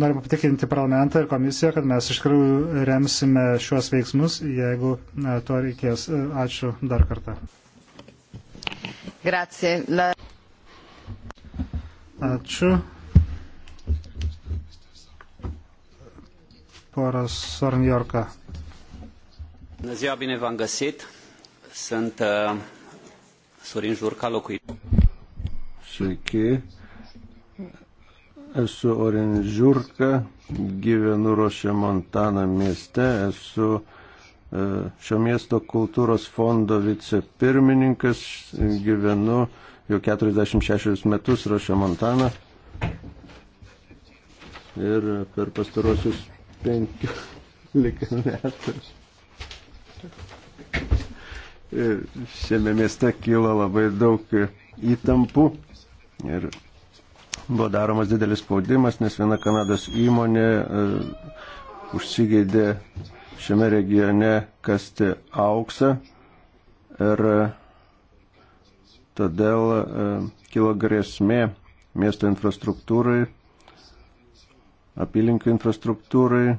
Norime patikinti parlamentą ir komisiją, kad mes iš tikrųjų remsime šiuos veiksmus, jeigu e, to reikės. E, ačiū dar kartą. Grazie. La... Ačiū. Poras Sorniorca. Bună ziua, bine v-am găsit. Sunt uh, Sorin Jurca, locuitor. Sveiki. Esu Orin Žiurka, gyvenu Rošė Montana mieste, esu E, šio miesto kultūros fondo vicepirmininkas, gyvenu jau 46 metus Rošio Montana. Ir per pastarosius 15 metų šiame mieste kilo labai daug įtampų ir buvo daromas didelis spaudimas, nes viena Kanados įmonė uh, užsigeidė šiame regione kasti auksą ir e, todėl e, kilo grėsmė miesto infrastruktūrai, apylinkių infrastruktūrai.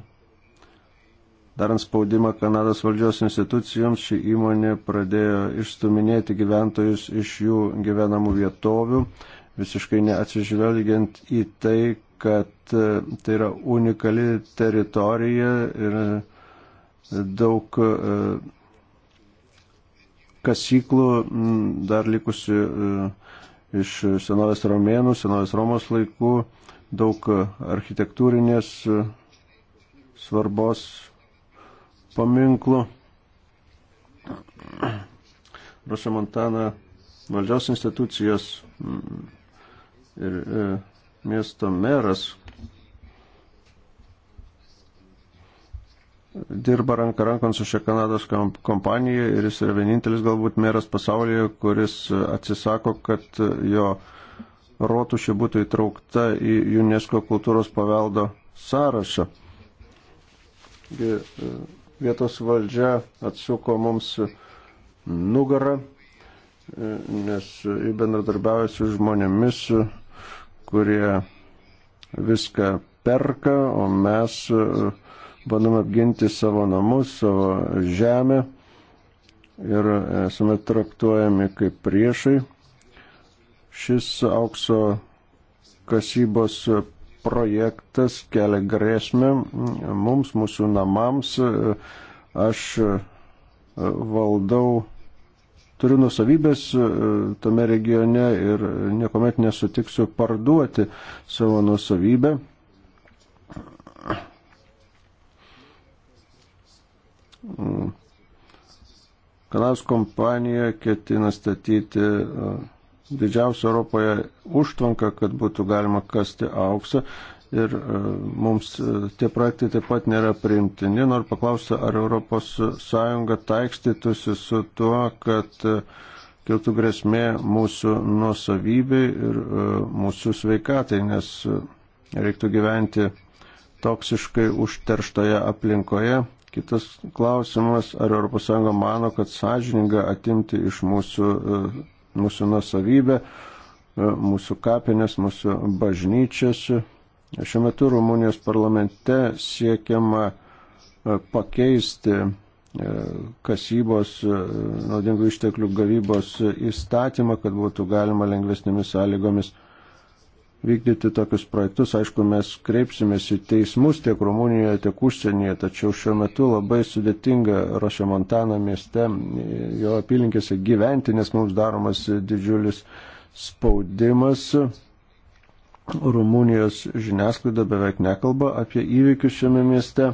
Darant spaudimą Kanados valdžios institucijoms, ši įmonė pradėjo išstuminėti gyventojus iš jų gyvenamų vietovių, visiškai neatsižvelgiant į tai, kad e, tai yra unikali teritorija ir daug e, kasyklų dar likusi e, iš senovės romėnų, senovės Romos laikų, daug architektūrinės e, svarbos paminklų. Rusija (clears throat) Montana valdžios institucijos ir miesto meras dirba ranką rankon su šia Kanados kompanija ir jis yra vienintelis galbūt meras pasaulyje, kuris atsisako, kad jo rotušė būtų įtraukta į UNESCO kultūros paveldo sąrašą. E, vietos valdžia atsuko mums nugarą, e, nes į bendradarbiavę su žmonėmis, kurie viską perka, o mes uh, bandome apginti savo namus, savo žemę ir esame traktuojami kaip priešai. Šis aukso kasybos projektas kelia grėsmę mums, mūsų namams. Aš valdau, turiu nusavybės tame regione ir niekuomet nesutiksiu parduoti savo nusavybę. Kanados kompanija ketina statyti e, didžiausią Europoje užtvanką, kad būtų galima kasti auksą. Ir e, mums e, tie projektai taip pat nėra priimtini. Noriu paklausti, ar ES taikstytųsi su tuo, kad kiltų grėsmė mūsų nuosavybei ir mūsų sveikatai, nes reiktų gyventi toksiškai užterštoje aplinkoje Kitas klausimas, ar ES mano, kad sąžininga atimti iš mūsų, e, mūsų nusavybę, e, mūsų kapinės, mūsų bažnyčias. Šiuo metu Rumunijos parlamente siekiama e, pakeisti kasybos naudingų išteklių gavybos įstatymą, kad būtų galima lengvesnėmis sąlygomis vykdyti tokius projektus. Aišku, mes kreipsimės į teismus tiek Rumunijoje, tiek užsienyje, tačiau šiuo metu labai sudėtinga Rošė Montana mieste, jo apylinkėse gyventi, nes mums daromas didžiulis spaudimas. Rumunijos žiniasklaida beveik nekalba apie įvykius šiame mieste.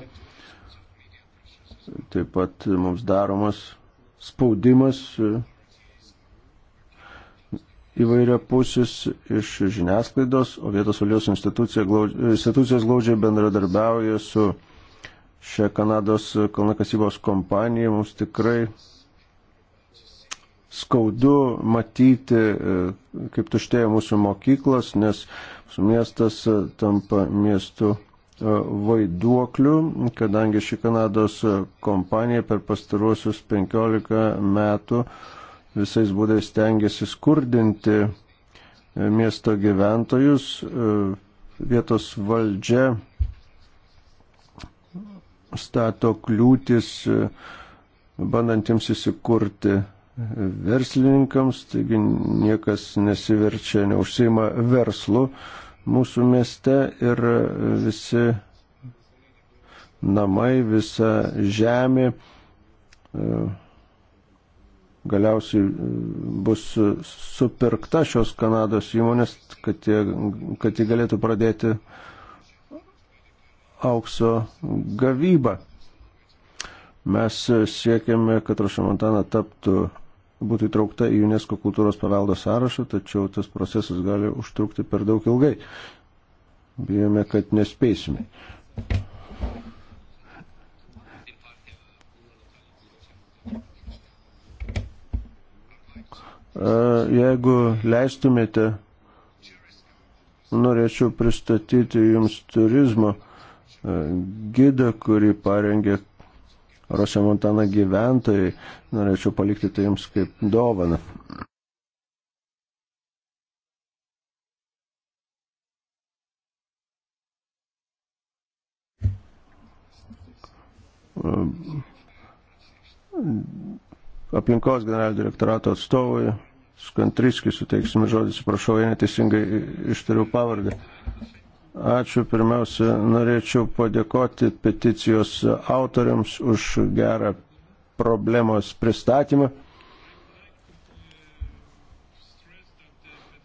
Taip pat mums daromas spaudimas įvairia pusis iš žiniasklaidos, o vietos valdžios institucijos glaudžiai bendradarbiauja su šią Kanados kalnakasybos kompaniją. Mums tikrai skaudu matyti, e, kaip tuštėja mūsų mokyklos, nes mūsų miestas e, tampa miestu e, vaiduoklių, kadangi ši Kanados kompanija per pastaruosius 15 metų uh, visais būdais tengiasi skurdinti e, miesto gyventojus, e, vietos valdžia stato kliūtis e, bandantiems įsikurti verslininkams, taigi niekas nesiverčia, neužsima verslu mūsų mieste ir visi namai, visa žemė galiausiai e, bus supirkta šios Kanados įmonės, kad jie, kad jie galėtų pradėti aukso gavybą. Mes siekiame, kad Rošamantana taptų, būtų įtraukta į UNESCO kultūros paveldo sąrašą, tačiau tas procesas gali užtrukti per daug ilgai. Bijome, kad nespėsime. Jeigu leistumėte, norėčiau pristatyti jums turizmo gidą, kurį parengė Rosė Montana gyventojai. Norėčiau palikti tai jums kaip dovaną aplinkos generalinio direktorato atstovui Skantriski suteiksime žodį, atsiprašau, jei neteisingai ištariu pavardę. Ačiū. Pirmiausia, norėčiau padėkoti peticijos autoriams už gerą problemos pristatymą.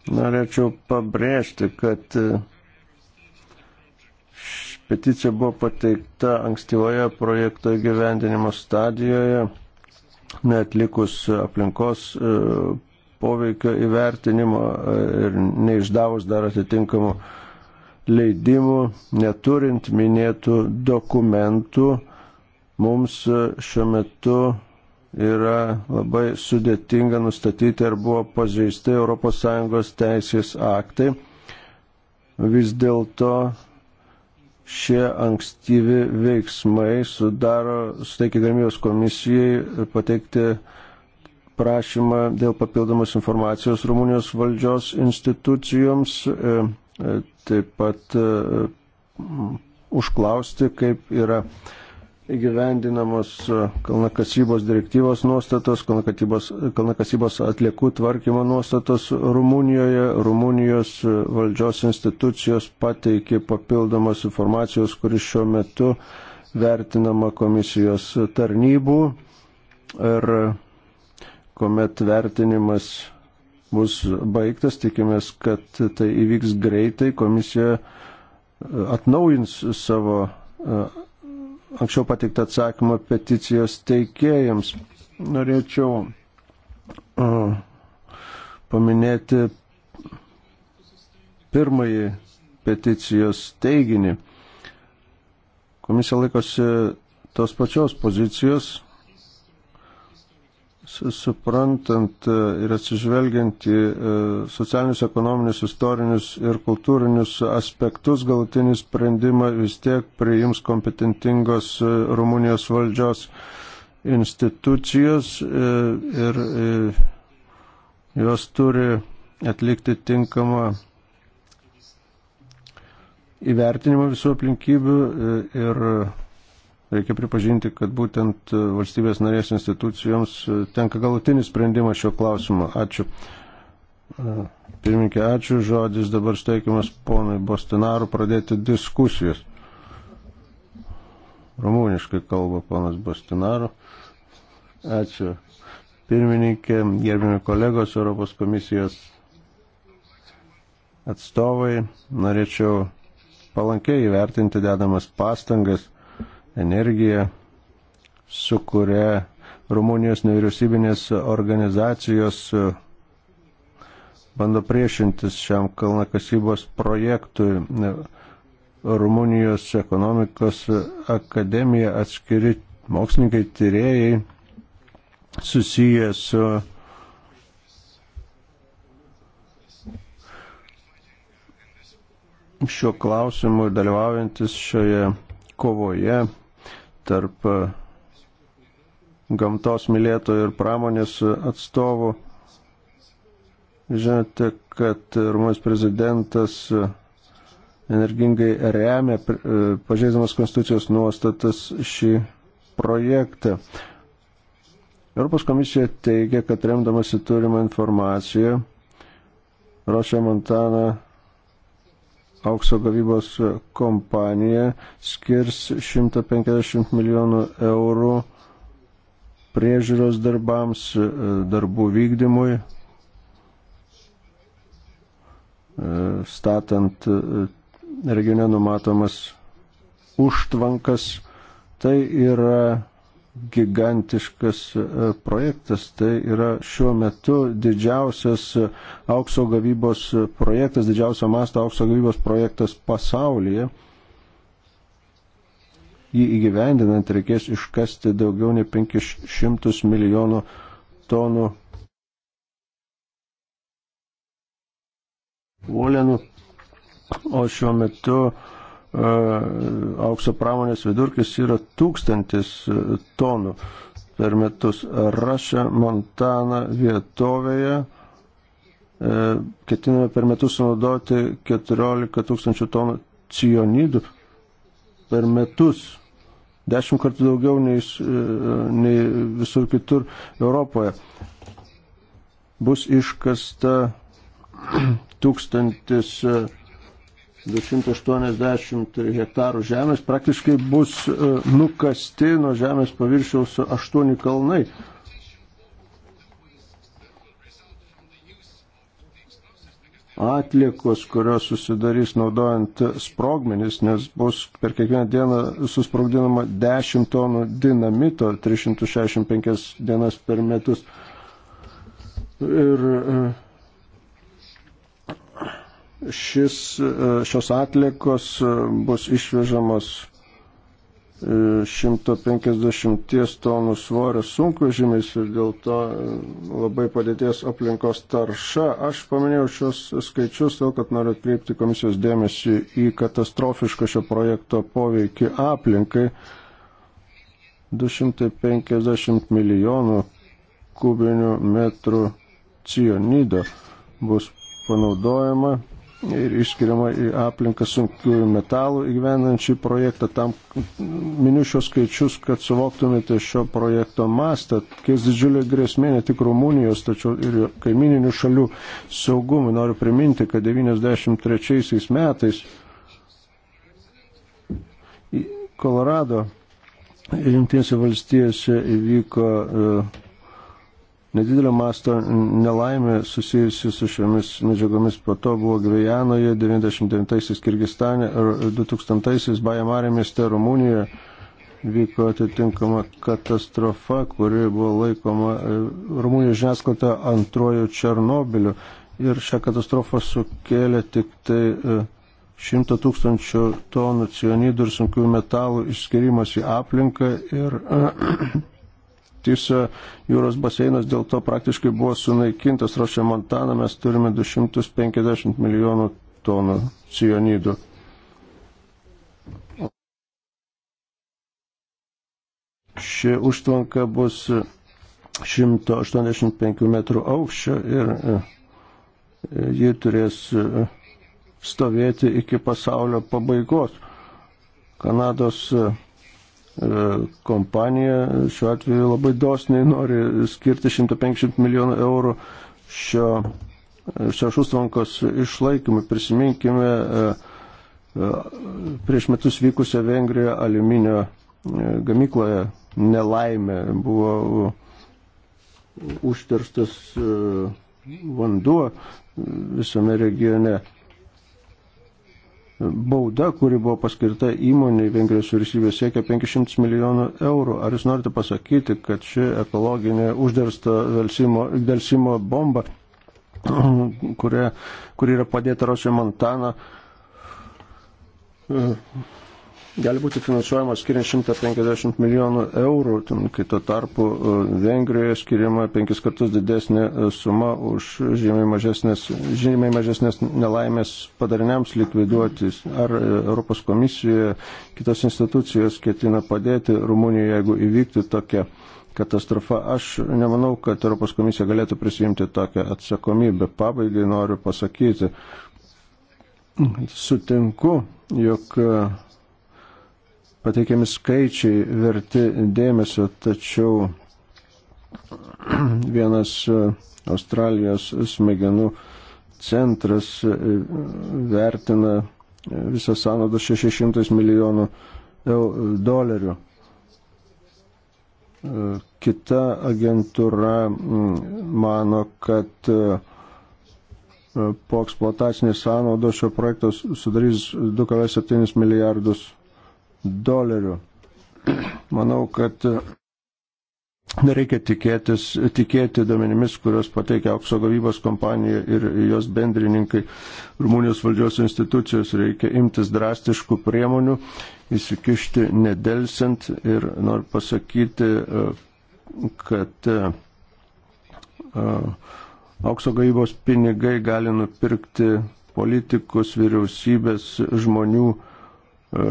Norėčiau pabrėžti, kad peticija buvo pateikta ankstyvoje projekto gyvendinimo stadijoje netlikus aplinkos e, poveikio įvertinimo e, ir neišdavus dar atitinkamų leidimų, neturint minėtų dokumentų, mums e, šiuo metu yra labai sudėtinga nustatyti, ar buvo pažeisti ES teisės aktai. Vis dėlto Šie ankstyvi veiksmai sudaro, suteikia galimybės komisijai pateikti prašymą dėl papildomos informacijos Rumunijos valdžios institucijoms, e, e, taip pat e, užklausti, kaip yra įgyvendinamos e, kalnakasybos direktyvos nuostatos, kalnakasybos atliekų tvarkymo nuostatos Rumunijoje. Rumunijos e, valdžios institucijos pateikė papildomos informacijos, kuris šiuo metu vertinama komisijos tarnybų ir kuomet vertinimas bus baigtas, tikimės, kad tai įvyks greitai, komisija e, atnaujins savo anksčiau pateiktą atsakymą peticijos teikėjams. Norėčiau uh, paminėti pirmąjį peticijos teiginį. Komisija laikosi tos pačios pozicijos, suprantant e, ir atsižvelgiant į e, socialinius, ekonominius, istorinius ir kultūrinius aspektus, galutinį sprendimą vis tiek priims kompetentingos e, Rumunijos valdžios institucijos ir jos turi atlikti tinkamą įvertinimą visų aplinkybių ir Reikia pripažinti, kad būtent e, valstybės narės institucijoms e, tenka galutinis sprendimas šio klausimo. Ačiū. E, pirminkė, ačiū. Žodis dabar steikiamas ponui Bostinaru pradėti diskusijas. Rumūniškai kalba ponas Bostinaru. Ačiū. Pirmininkė, gerbimi kolegos Europos komisijos atstovai, norėčiau palankiai įvertinti dedamas pastangas energija, su kuria Rumunijos nevyriausybinės organizacijos e, bando priešintis šiam kalnakasybos projektui. Rumunijos ekonomikos akademija atskiri mokslininkai, tyrėjai susiję su šiuo klausimu dalyvaujantis šioje kovoje tarp e, gamtos mylėtojų ir pramonės atstovų. Žinote, kad Rumos prezidentas e, energingai remia, e, pažeidamas konstitucijos nuostatas, šį projektą. Europos komisija teigia, kad remdamasi turimą informaciją, Rošia Montana aukso gavybos kompanija skirs 150 milijonų eurų priežiūros darbams, e, darbų vykdymui, e, statant e, regione numatomas užtvankas. Tai yra gigantiškas e, projektas. Tai yra šiuo metu didžiausias e, aukso gavybos e, projektas, didžiausio masto aukso gavybos projektas pasaulyje. Jį įgyvendinant reikės iškasti daugiau nei 500 milijonų tonų uolienų, o šiuo metu uh, aukso pramonės vidurkis yra tūkstantis e, tonų per metus. Rašia Montana vietovėje e, ketiname per metus sunaudoti 14 tūkstančių tonų cionidų per metus. Dešimt kartų daugiau nei, e, nei visur kitur Europoje. Bus iškasta (clears throat) tūkstantis 000 280 hektarų žemės praktiškai bus e, nukasti nuo žemės paviršiaus aštuoni kalnai. Atliekos, kurios susidarys naudojant sprogmenis, nes bus per kiekvieną dieną susprogdinama 10 tonų dinamito 365 dienas per metus. Ir e, šis, e, šios atlikos e, bus išvežamos 150 e, tonų svorio sunkvežimiais ir dėl to labai padėties aplinkos tarša. Aš paminėjau šios skaičius, dėl kad noriu atkreipti komisijos dėmesį į katastrofišką šio projekto poveikį aplinkai. 250 milijonų kubinių metrų cionido bus panaudojama ir išskiriama į aplinką sunkiųjų metalų įgyvenančių projektą. Tam miniu šios skaičius, kad suvoktumėte šio projekto mastą. Kies didžiulė grėsmė ne tik Rumunijos, tačiau ir kaimininių šalių saugumui. Noriu priminti, kad 93 metais Kolorado jungtinėse valstijose įvyko uh, nedidelio masto nelaimė susijusi su šiomis medžiagomis. Po to buvo Gvejanoje, 99-aisiais Kirgistane ir 2000-aisiais Bajamarė mieste Rumunijoje vyko atitinkama katastrofa, kuri buvo laikoma e, Rumunijos žiniasklaida antrojo Černobiliu. Ir šią katastrofą sukėlė tik tai 100 e, tūkstančių tonų cionidų ir sunkių metalų išskirimas į aplinką ir Tiso jūros baseinas dėl to praktiškai buvo sunaikintas. Rošė Montana mes turime 250 milijonų tonų cionidų. Ši užtvanka bus 185 metrų aukščio ir e, e, ji turės e, stovėti iki pasaulio pabaigos. Kanados E, kompanija šiuo atveju labai dosniai nori skirti 150 milijonų eurų šio, šio šustvankos išlaikymui. Prisiminkime e, e, prieš metus vykusią Vengrijoje aliuminio gamykloje nelaimė buvo užtirstas vanduo visame regione bauda, kuri buvo paskirta įmoniai Vengrijos vyriausybės siekia 500 milijonų eurų. Ar jūs norite pasakyti, kad ši ekologinė uždarsta dėlsimo bomba, kuri, kuri yra padėta Rosio Montana, gali būti finansuojama skiriant 150 milijonų eurų, kai tuo tarpu e, Vengrijoje skiriama penkis kartus didesnė e, suma už žymiai mažesnės, žymiai mažesnės nelaimės padariniams likviduoti. Ar e, Europos komisijoje kitos institucijos ketina padėti Rumunijoje, jeigu įvyktų tokia katastrofa. Aš nemanau, kad Europos komisija galėtų prisijimti tokią atsakomybę. Pabaigai noriu pasakyti. Sutinku, jog pateikiami skaičiai verti dėmesio, tačiau (clears throat) vienas e, Australijos smegenų centras e, vertina e, visą sąnaudą 600 milijonų dolerių. Kita agentūra mano, kad po eksploatacinės sąnaudos šio projektos sudarys 2,7 milijardus dolerių. Manau, kad nereikia tikėtis, tikėti domenimis, kurios pateikia aukso gavybos kompanija ir jos bendrininkai Rumunijos valdžios institucijos. Reikia imtis drastiškų priemonių, įsikišti nedelsiant ir noriu pasakyti, kad e, aukso gavybos pinigai gali nupirkti politikus, vyriausybės, žmonių e,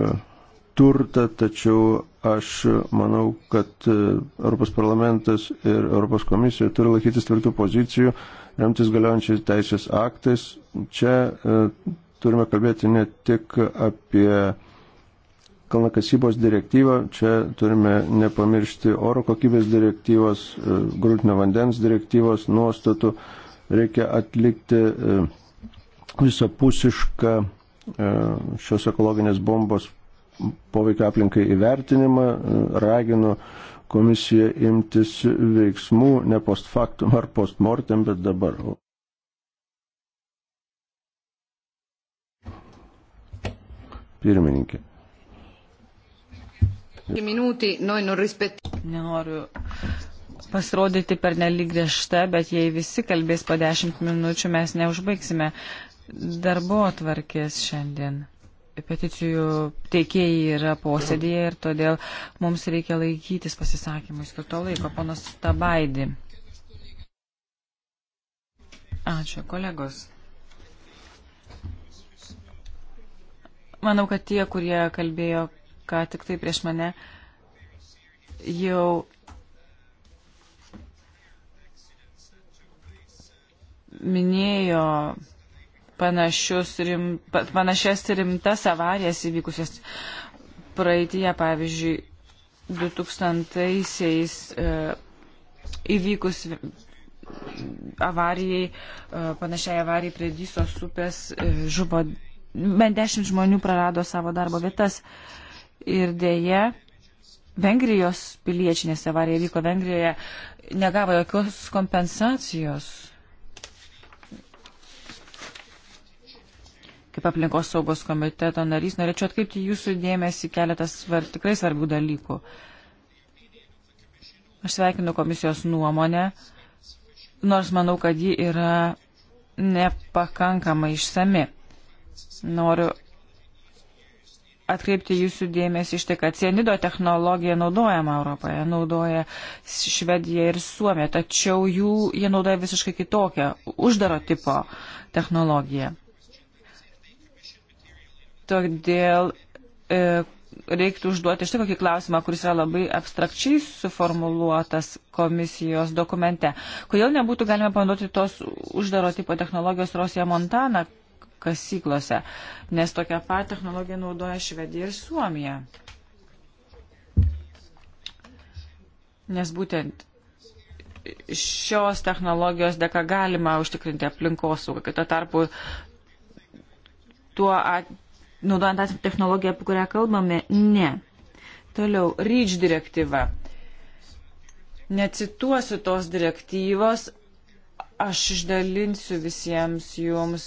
turtą, tačiau aš manau, kad e, Europos parlamentas ir Europos komisija turi laikytis tvirtų pozicijų, remtis galiojančiais teisės aktais. Čia e, turime kalbėti ne tik apie kalnakasybos direktyvą, čia turime nepamiršti oro kokybės direktyvos, e, grūtinio vandens direktyvos nuostatų, reikia atlikti visapusišką šios ekologinės bombos poveikio aplinkai įvertinimą, raginu komisiją imtis veiksmų ne post factum ar post mortem, bet dabar. Pirmininkė. Nenoriu pasirodyti per nelik griežta, bet jei visi kalbės po dešimt minučių, mes neužbaigsime darbo atvarkės šiandien peticijų teikėjai yra posėdėje ir todėl mums reikia laikytis pasisakymui skirto laiko. Ponas Tabaidi. Ačiū, kolegos. Manau, kad tie, kurie kalbėjo ką tik tai prieš mane, jau minėjo rim, panašias rimtas avarijas įvykusias praeitie, pavyzdžiui, 2000-aisiais e, įvykus avarijai, e, panašiai avarijai prie Dysos upės e, žuvo, bent dešimt žmonių prarado savo darbo vietas ir dėje Vengrijos piliečiai, nes avarija vyko Vengrijoje, negavo jokios kompensacijos kaip aplinkos saugos komiteto narys, norėčiau atkreipti jūsų dėmesį keletas svar, tikrai svarbių dalykų. Aš sveikinu komisijos nuomonę, nors manau, kad ji yra nepakankamai išsami. Noriu atkreipti jūsų dėmesį iš tai, kad cienido technologija naudojama Europoje, naudoja Švedija ir Suomija, tačiau jų, jie naudoja visiškai kitokią, uždaro tipo technologiją. Todėl e, reiktų užduoti štai kokį klausimą, kuris yra labai abstrakčiai suformuluotas komisijos dokumente. Kodėl nebūtų galima panaudoti tos uždaro tipo technologijos Rosija Montana kasyklose, nes tokią pat technologiją naudoja Švedija ir Suomija. Nes būtent šios technologijos dėka galima užtikrinti aplinkosaugą, kad tuo tarpu tuo atveju naudojant tą technologiją, apie kurią kalbame? Ne. Toliau, REACH direktyva. Necituosiu tos direktyvos, aš išdalinsiu visiems jums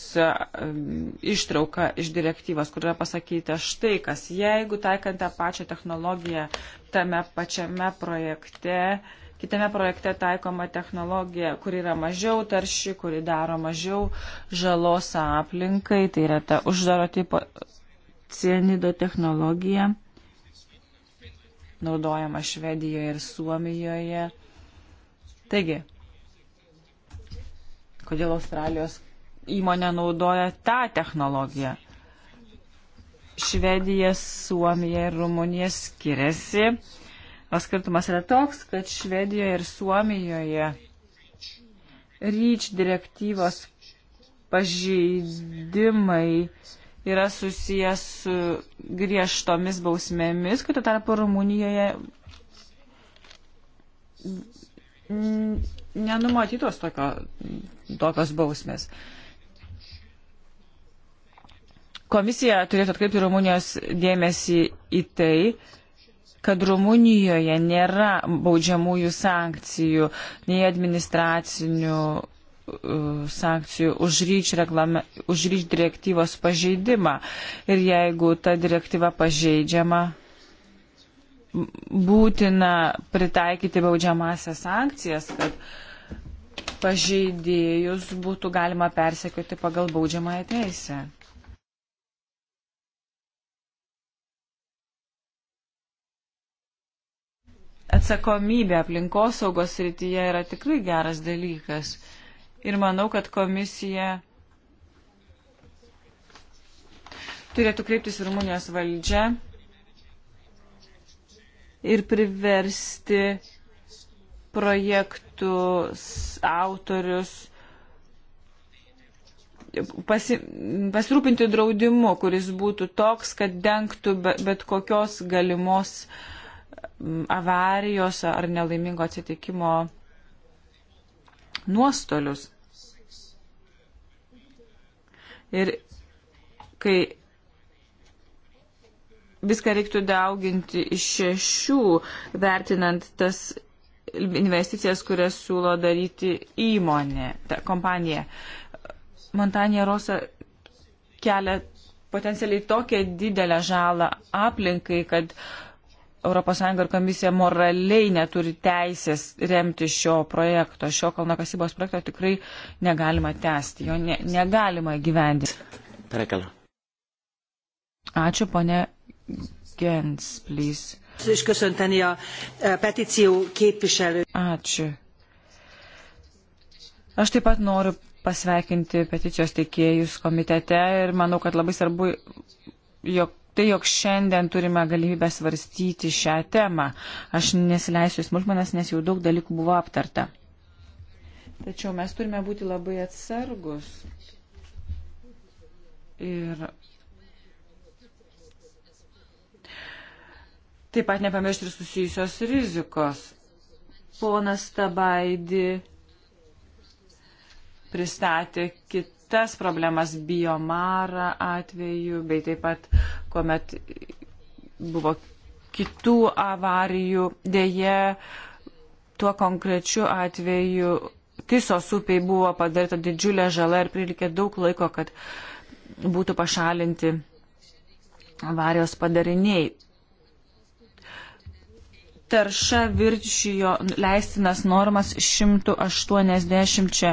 ištrauką iš direktyvos, kur yra pasakyta štai kas. Jeigu taikant tą pačią technologiją tame pačiame projekte, kitame projekte taikoma technologija, kuri yra mažiau tarši, kuri daro mažiau žalos aplinkai, tai yra ta uždaro tipo cianido technologija naudojama Švedijoje ir Suomijoje. Taigi, kodėl Australijos įmonė naudoja tą technologiją? Švedija, Suomija ir Rumunija skiriasi. O skirtumas yra toks, kad Švedijoje ir Suomijoje ryč direktyvos pažeidimai yra susijęs su griežtomis bausmėmis, kai tuo tarpu Rumunijoje nenumatytos tokio, tokios bausmės. Komisija turėtų atkreipti Rumunijos dėmesį į tai, kad Rumunijoje nėra baudžiamųjų sankcijų, nei administracinių, sankcijų už ryč, reklame, už ryč direktyvos pažeidimą. Ir jeigu ta direktyva pažeidžiama, būtina pritaikyti baudžiamąsias sankcijas, kad pažeidėjus būtų galima persekioti pagal baudžiamąją teisę. atsakomybė aplinkosaugos rytyje yra tikrai geras dalykas ir manau, kad komisija turėtų kreiptis į Rumunijos valdžią ir priversti projektų autorius pasi, pasirūpinti draudimu, kuris būtų toks, kad dengtų bet kokios galimos avarijos ar nelaimingo atsitikimo nuostolius. Ir kai viską reiktų dauginti iš šešių, vertinant tas investicijas, kurias siūlo daryti įmonė, ta kompanija. Montanė Rosa kelia potencialiai tokią didelę žalą aplinkai, kad uh, ES ir komisija moraliai neturi teisės remti šio projekto, šio kalnakasybos projekto tikrai negalima tęsti, jo ne, negalima gyvendinti. Prekala. Ačiū, ponė Gens, please. Ačiū. Aš taip pat noriu pasveikinti peticijos teikėjus komitete ir manau, kad labai svarbu, jog tai, jog šiandien turime galimybę svarstyti šią temą. Aš nesileisiu į smulkmenas, nes jau daug dalykų buvo aptarta. Tačiau mes turime būti labai atsargus. Ir taip pat nepamiršti ir susijusios rizikos. Ponas Tabaidi pristatė kitą kitas problemas biomarą atveju, bei taip pat, kuomet buvo kitų avarijų. Deja, tuo konkrečiu atveju Tisos upiai buvo padaryta didžiulė žala ir prireikė daug laiko, kad būtų pašalinti avarijos padariniai. Tarša viršijo leistinas normas 180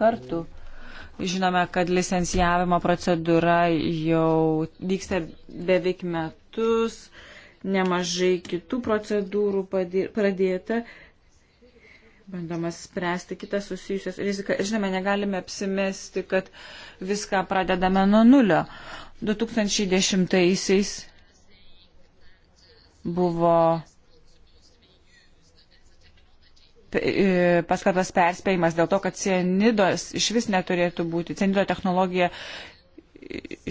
kartų. Žinome, kad licencijavimo procedūra jau vyksta beveik metus, nemažai kitų procedūrų pradėta, bandomas spręsti kitas susijusias rizikas. Žinome, negalime apsimesti, kad viską pradedame nuo nulio. 2010-aisiais buvo E, paskartas perspėjimas dėl to, kad cienidos iš vis neturėtų būti, cienido technologija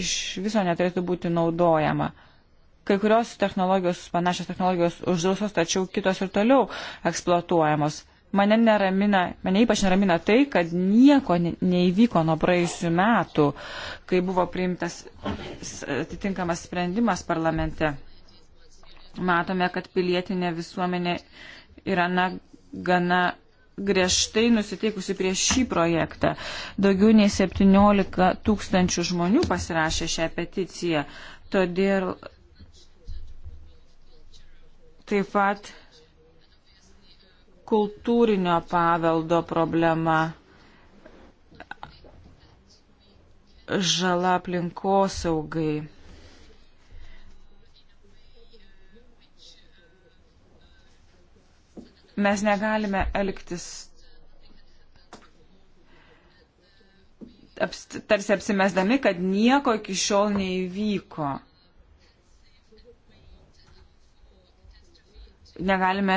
iš viso neturėtų būti naudojama. Kai kurios technologijos, panašios technologijos uždrausos, tačiau kitos ir toliau eksploatuojamos. Mane, neramina, mane ypač neramina tai, kad nieko neįvyko nuo praėjusių metų, kai buvo priimtas atitinkamas sprendimas parlamente. Matome, kad pilietinė visuomenė yra na, gana griežtai nusiteikusi prieš šį projektą. Daugiau nei 17 tūkstančių žmonių pasirašė šią peticiją. Todėl taip pat kultūrinio paveldo problema, žala aplinkosaugai. Mes negalime elgtis tarsi apsimesdami, kad nieko iki šiol neįvyko. Negalime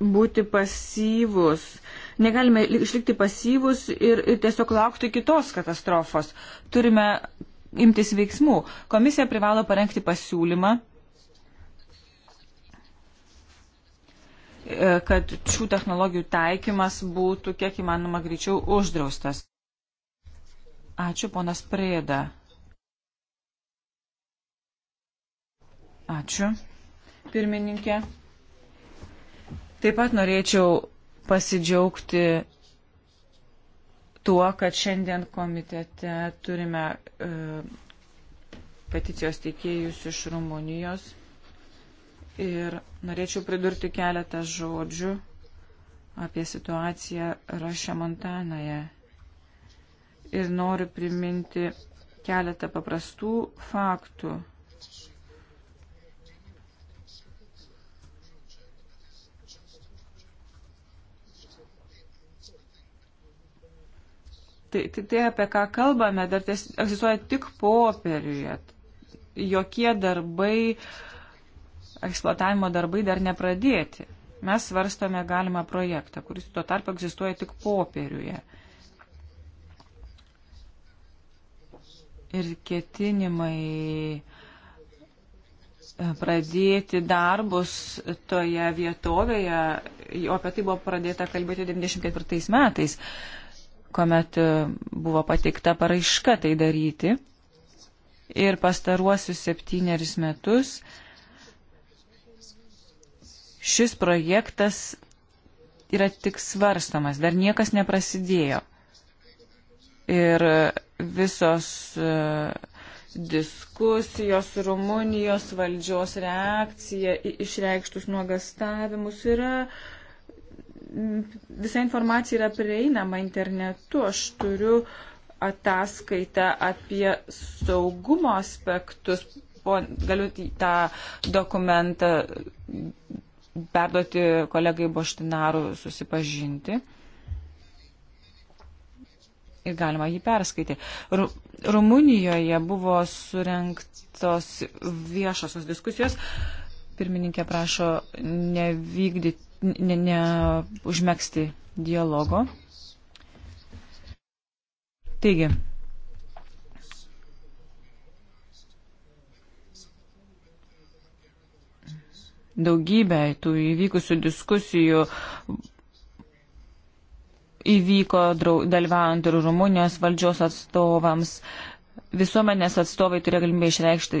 būti pasyvus. Negalime išlikti pasyvus ir, ir tiesiog laukti kitos katastrofos. Turime imtis veiksmų. Komisija privalo parengti pasiūlymą E, kad šių technologijų taikymas būtų kiek įmanoma greičiau uždraustas. Ačiū, ponas Prėda. Ačiū, pirmininkė. Taip pat norėčiau pasidžiaugti tuo, kad šiandien komitete turime e, peticijos teikėjus iš Rumunijos Ir norėčiau pridurti keletą žodžių apie situaciją Rašia Montanoje. Ir noriu priminti keletą paprastų faktų. Tai, tai, tai apie ką kalbame, dar ties, egzistuoja tik popieriuje. Jokie darbai uh, eksploatavimo darbai dar nepradėti. Mes svarstome galimą projektą, kuris tuo tarpu egzistuoja tik popieriuje. Ir ketinimai e, pradėti darbus toje vietovėje, o apie tai buvo pradėta kalbėti 94 metais, kuomet e, buvo pateikta paraiška tai daryti. Ir pastaruosius septynerius metus uh, šis projektas yra tik svarstamas, dar niekas neprasidėjo. Ir visos e, diskusijos, Rumunijos valdžios reakcija į išreikštus nuogastavimus yra. Visa informacija yra prieinama internetu. Aš turiu ataskaitą apie saugumo aspektus. Galiu tą dokumentą perduoti kolegai Boštinaru susipažinti. Ir galima jį perskaityti. Rumunijoje buvo surinktos viešosios diskusijos. Pirmininkė prašo nevykdyti, neužmėgsti ne, ne dialogo. Taigi, daugybę tų įvykusių diskusijų įvyko dalyvaujant ir Rumunijos valdžios atstovams. Visuomenės atstovai turėjo galimybę išreikšti,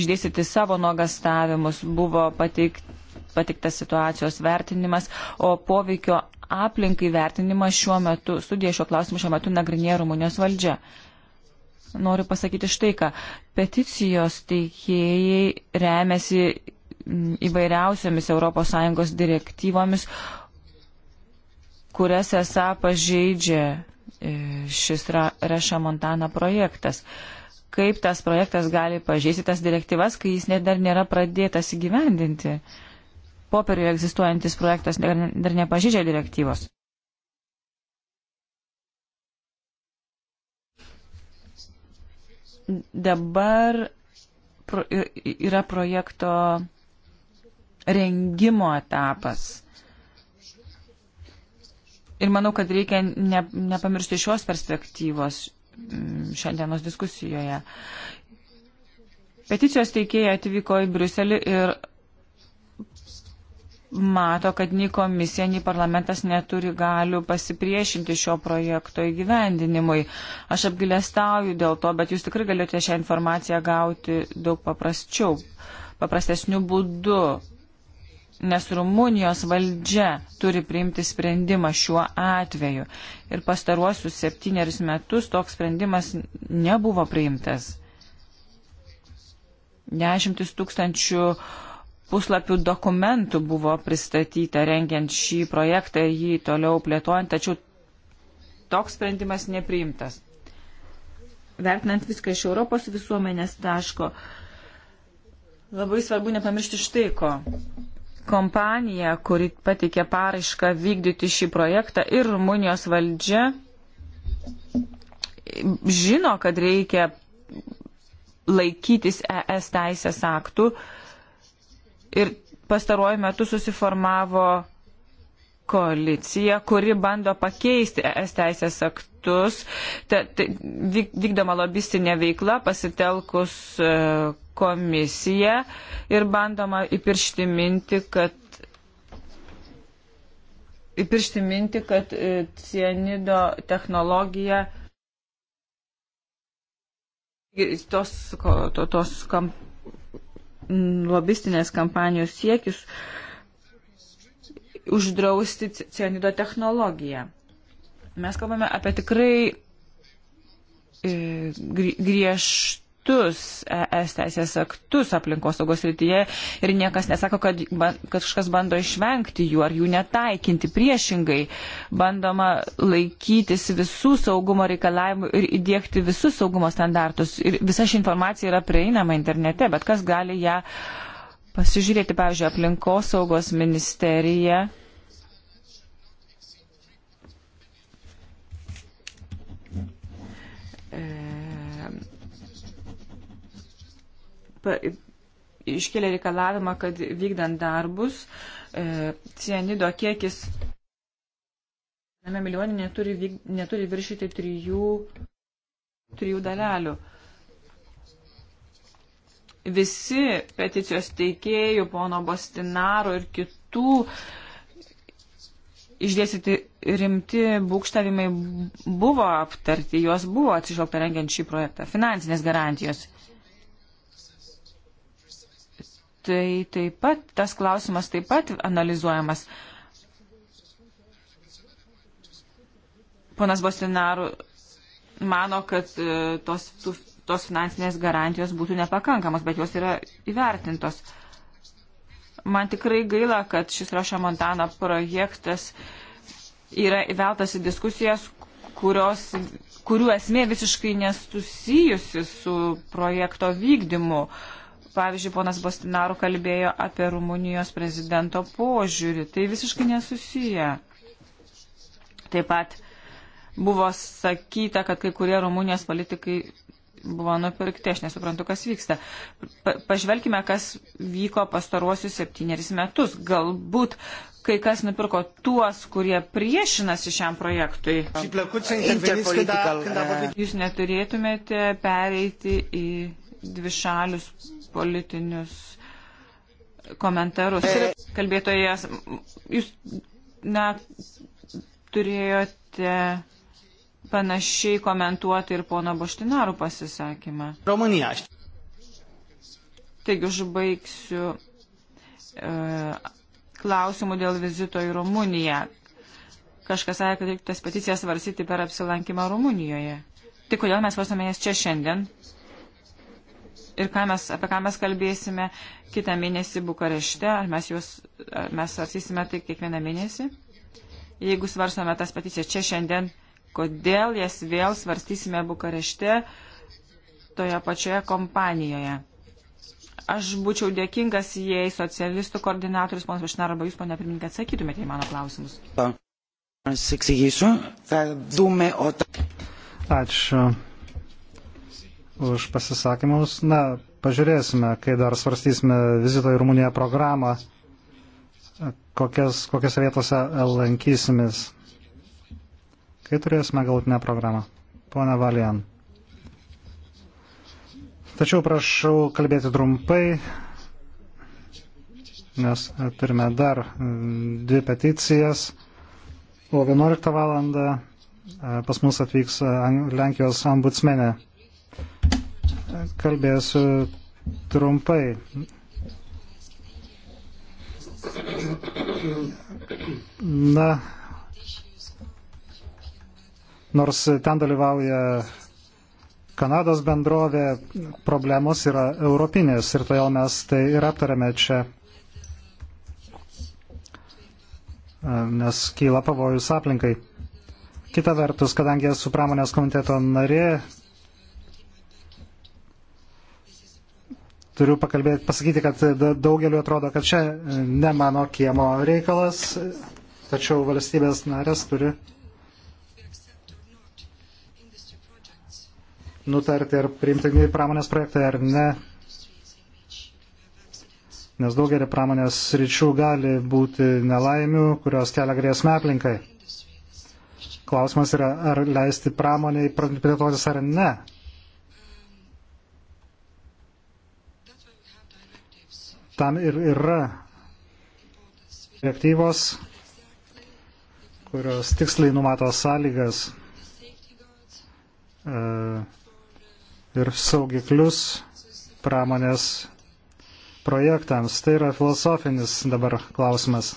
išdėstyti savo nuogastavimus, buvo pateik, pateiktas situacijos vertinimas, o poveikio aplinkai vertinimas šiuo metu, studija šio klausimu šiuo metu nagrinėja Rumunijos valdžia. Noriu pasakyti štai ką. Peticijos teikėjai remiasi įvairiausiamis ES direktyvomis, kurias esą pažeidžia e, šis Reša Montana projektas. Kaip tas projektas gali pažeisti tas direktyvas, kai jis net dar nėra pradėtas įgyvendinti? Popieriuje egzistuojantis projektas dar nepažydžia direktyvos. Dabar yra projekto rengimo etapas. Ir manau, kad reikia ne, nepamiršti šios perspektyvos mm, šiandienos diskusijoje. Peticijos teikėjai atvyko į Briuselį ir mato, kad nei komisija, nei parlamentas neturi galių pasipriešinti šio projekto įgyvendinimui. Aš apgilestauju dėl to, bet jūs tikrai galite šią informaciją gauti daug paprasčiau, paprastesnių būdų nes Rumunijos valdžia turi priimti sprendimą šiuo atveju. Ir pastaruosius septynerius metus toks sprendimas nebuvo priimtas. Dešimtis tūkstančių puslapių dokumentų buvo pristatyta rengiant šį projektą ir jį toliau plėtojant, tačiau toks sprendimas nepriimtas. Vertinant viską iš Europos visuomenės taško, labai svarbu nepamiršti štai ko kompanija, kuri patikė paraišką vykdyti šį projektą ir Rumunijos valdžia žino, kad reikia laikytis ES teisės aktų ir pastaruoju metu susiformavo koalicija, kuri bando pakeisti ES teisės aktus metus ta, ta, vykdoma lobistinė veikla pasitelkus e, komisiją ir bandoma įpiršti minti, kad įpiršti minti, kad e, cianido technologija tos, to, tos kam, lobistinės kampanijos siekis uždrausti cianido technologiją. Mes kalbame apie tikrai e, griežtus ES teisės aktus aplinkosaugos rytyje ir niekas nesako, kad, kad kažkas bando išvengti jų ar jų netaikinti. Priešingai, bandoma laikytis visų saugumo reikalavimų ir įdėkti visus saugumo standartus. Ir visa ši informacija yra prieinama internete, bet kas gali ją pasižiūrėti, pavyzdžiui, aplinkosaugos ministerija iškėlė reikalavimą, kad vykdant darbus e, cianido kiekis viename milijone neturi, vyk, neturi viršyti trijų, trijų dalelių. Visi peticijos teikėjų, pono Bostinaro ir kitų išdėsyti rimti būkštavimai buvo aptarti, juos buvo atsižvelgta rengiant šį projektą. Finansinės garantijos tai taip pat, tas klausimas taip pat analizuojamas. Ponas Bostinaru mano, kad e, tos, tos finansinės garantijos būtų nepakankamos, bet jos yra įvertintos. Man tikrai gaila, kad šis Rašo Montana projektas yra įveltas į diskusijas, kurios, kurių esmė visiškai nesusijusi su projekto vykdymu. Uh, Pavyzdžiui, ponas Bostinaru kalbėjo apie Rumunijos prezidento požiūrį. Tai visiškai nesusiję. Taip pat buvo sakyta, kad kai kurie Rumunijos politikai buvo nupirkti, aš nesuprantu, kas vyksta. Pa pažvelkime, kas vyko pastaruosius septyneris metus. Galbūt kai kas nupirko tuos, kurie priešinasi šiam projektui. Jūs neturėtumėte pereiti į dvišalius politinius komentarus. E. Kalbėtojas, jūs na, turėjote panašiai komentuoti ir pono Boštinarų pasisakymą. Romunija. Taigi užbaigsiu e, klausimų dėl vizito į Rumuniją. Kažkas sakė, kad reiktų tas peticijas svarsyti per apsilankymą Rumunijoje. Tai kodėl mes svarstame jas čia šiandien? ir ką mes, apie ką mes kalbėsime kitą mėnesį Bukarešte, ar mes, juos, ar mes svarstysime tai kiekvieną mėnesį. Jeigu svarstome tas peticijas čia šiandien, kodėl jas vėl svarstysime Bukarešte toje pačioje kompanijoje. Aš būčiau dėkingas, jei socialistų koordinatorius, ponas Višnar, arba jūs, ponia pirmininkė, atsakytumėte į mano klausimus. Ačiū už pasisakymus. Na, pažiūrėsime, kai dar svarstysime vizito į Rumuniją programą, kokias, kokias vietose lankysimės. Kai turėsime galutinę programą. Pone Valian. Tačiau prašau kalbėti trumpai, nes turime dar dvi peticijas. O 11 val. pas mus atvyks Lenkijos ambutsmenė. Kalbėsiu e, trumpai. Na, nors ten dalyvauja Kanados bendrovė, problemos yra europinės ir todėl mes tai ir aptarėme čia, e, nes kyla pavojus aplinkai. Kita vertus, kadangi esu pramonės komiteto narė, turiu pakalbėti, pasakyti, kad e, daugeliu atrodo, kad čia e, ne mano kiemo reikalas, tačiau valstybės narės turi nutarti, ar priimtini pramonės projektai ar ne. Nes daugelį pramonės ryčių gali būti nelaimių, kurios kelia grėsmę aplinkai. Klausimas yra, ar leisti pramoniai plėtotis ar ne. tam ir yra direktyvos, kurios tiksliai numato sąlygas e, ir saugiklius pramonės projektams. Tai yra filosofinis dabar klausimas.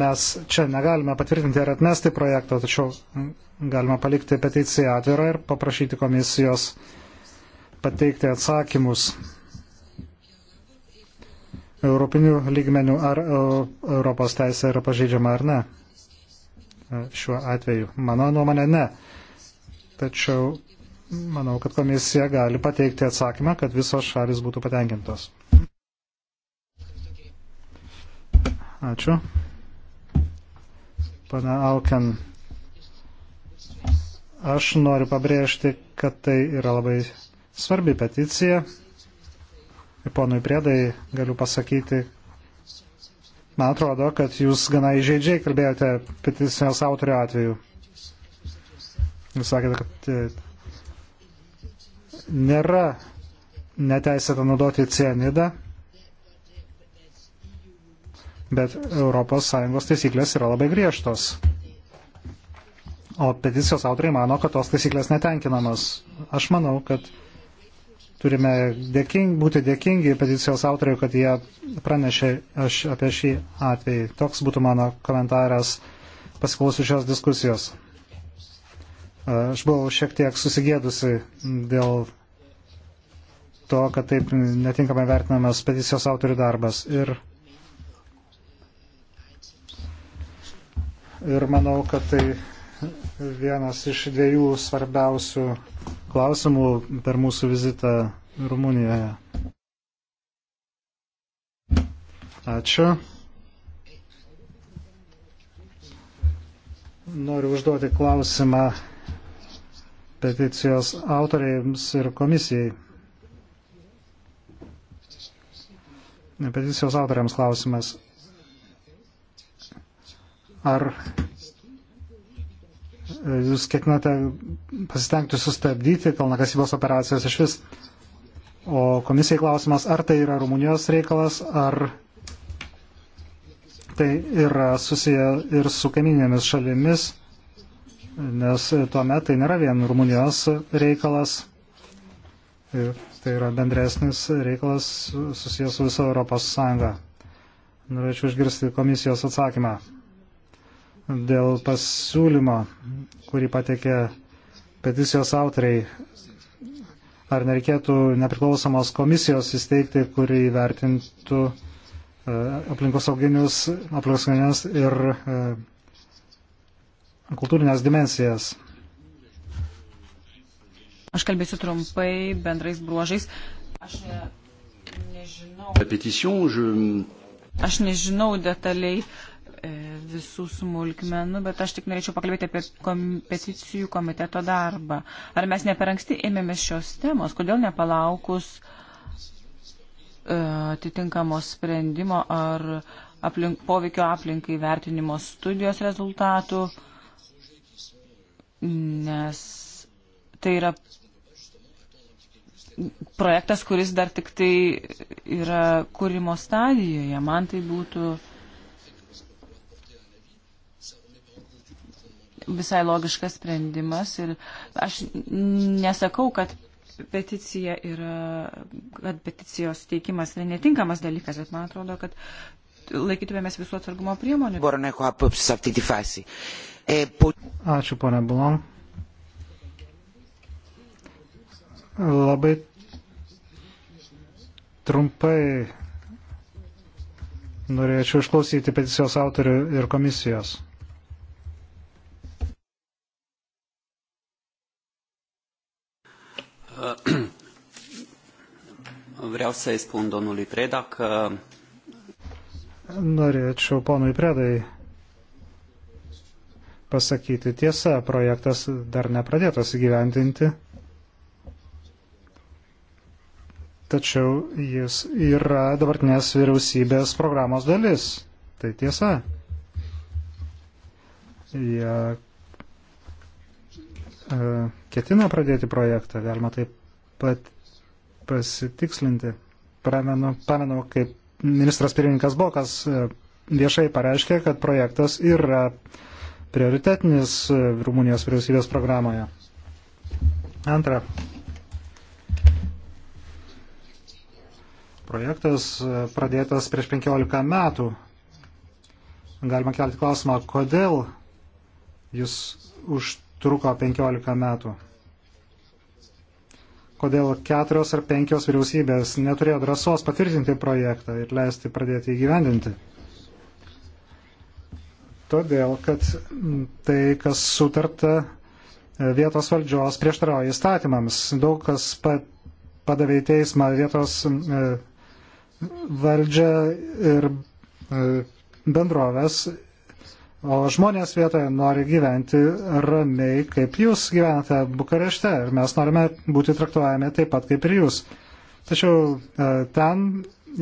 Mes čia negalime patvirtinti ar atmesti projektą, tačiau galima palikti peticiją atvirą ir paprašyti komisijos pateikti atsakymus europinių lygmenių, ar e, Europos teisė yra pažeidžiama ar ne. E, šiuo atveju. Mano nuomonė ne. Tačiau manau, kad komisija gali pateikti atsakymą, kad visos šalis būtų patenkintos. Ačiū. Pana Alken, aš noriu pabrėžti, kad tai yra labai svarbi peticija ponui Priedai galiu pasakyti, man atrodo, kad jūs gana įžeidžiai kalbėjote peticijos autorio atveju. Jūs sakėte, kad e, nėra neteisėta naudoti cianidą, bet ES taisyklės yra labai griežtos. O peticijos autoriai mano, kad tos taisyklės netenkinamos. Aš manau, kad Turime dėking, būti dėkingi peticijos autoriui, kad jie pranešė aš, apie šį atvejį. Toks būtų mano komentaras pasiklausiu šios diskusijos. Aš buvau šiek tiek susigėdusi dėl to, kad taip netinkamai vertinamas peticijos autorių darbas. Ir, ir manau, kad tai vienas iš dviejų svarbiausių klausimų per mūsų vizitą Rumunijoje. Ačiū. Noriu užduoti klausimą peticijos autoriams ir komisijai. Peticijos autoriams klausimas. Ar jūs ketinate pasistengti sustabdyti kalnakasybos operacijas iš vis. O komisijai klausimas, ar tai yra Rumunijos reikalas, ar tai yra susiję ir su kaiminėmis šalimis, nes tuomet tai nėra vien Rumunijos reikalas, tai yra bendresnis reikalas susijęs su viso Europos Sąjunga. Norėčiau išgirsti komisijos atsakymą dėl pasiūlymo, kurį pateikė peticijos autoriai. Ar nereikėtų nepriklausomos komisijos įsteigti, kuri vertintų e, aplinkosauginius, aplinkosauginius ir e, kultūrinės dimensijas? Aš kalbėsiu trumpai, bendrais bruožais. Aš ne, nežinau. Aš nežinau detaliai uh, E, visų smulkmenų, bet aš tik norėčiau pakalbėti apie kompeticijų komiteto darbą. Ar mes ne per anksti ėmėmės šios temos? Kodėl nepalaukus e, atitinkamo sprendimo ar aplink, poveikio aplinkai vertinimo studijos rezultatų? Nes tai yra projektas, kuris dar tik tai yra kūrimo stadijoje. Man tai būtų visai logiškas sprendimas ir aš nesakau, kad peticija yra, kad peticijos teikimas yra netinkamas dalykas, bet man atrodo, kad laikytumėmės visų atsargumo priemonių. Ačiū, ponia Bulon. Labai trumpai norėčiau išklausyti peticijos autorių ir komisijos. Vreau să-i spun domnului Preda că... Norėčiau ponui Predai pasakyti tiesą, projektas dar nepradėtas įgyvendinti, tačiau jis yra dabartinės vyriausybės programos dalis. Tai tiesa. Jie e, ketina pradėti projektą, galima taip pat pasitikslinti. Pramenu, pamenu, kaip ministras pirmininkas Bokas e, viešai pareiškė, kad projektas yra prioritetinis e, Rumunijos vyriausybės programoje. Antra. Projektas e, pradėtas prieš 15 metų. Galima kelti klausimą, kodėl jis užtruko 15 metų kodėl keturios ar penkios vyriausybės neturėjo drąsos patvirtinti projektą ir leisti pradėti įgyvendinti. Todėl, kad tai, kas sutarta e, vietos valdžios, prieštarauja įstatymams. Daug kas padavė į teismą vietos e, valdžią ir e, bendrovės O žmonės vietoje nori gyventi ramiai, kaip jūs gyvenate Bukarešte ir mes norime būti traktuojami taip pat kaip ir jūs. Tačiau e, ten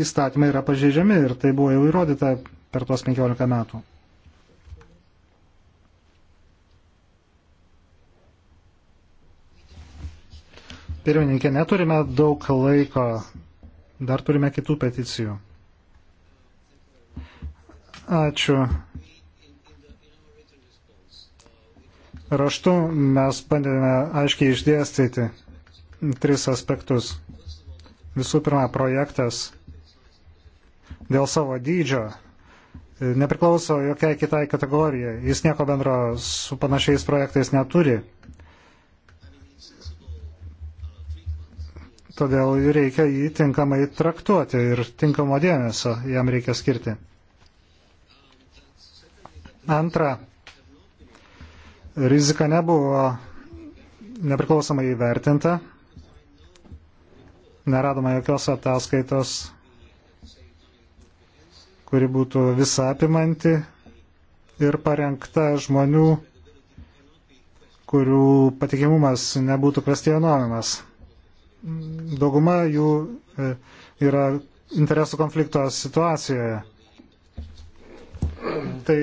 įstatymai yra pažeidžiami ir tai buvo jau įrodyta per tuos 15 metų. Pirmininkė, neturime daug laiko, dar turime kitų peticijų. Ačiū. Raštu mes bandėme aiškiai išdėstyti tris aspektus. Visų pirma, projektas dėl savo dydžio nepriklauso jokiai kitai kategorijai. Jis nieko bendro su panašiais projektais neturi. Todėl reikia jį tinkamai traktuoti ir tinkamo dėmesio jam reikia skirti. Antra, Rizika nebuvo nepriklausomai įvertinta, neradoma jokios ataskaitos, kuri būtų visą apimanti ir parengta žmonių, kurių patikimumas nebūtų kvestionuojamas. Dauguma jų e, yra interesų konflikto situacijoje. Tai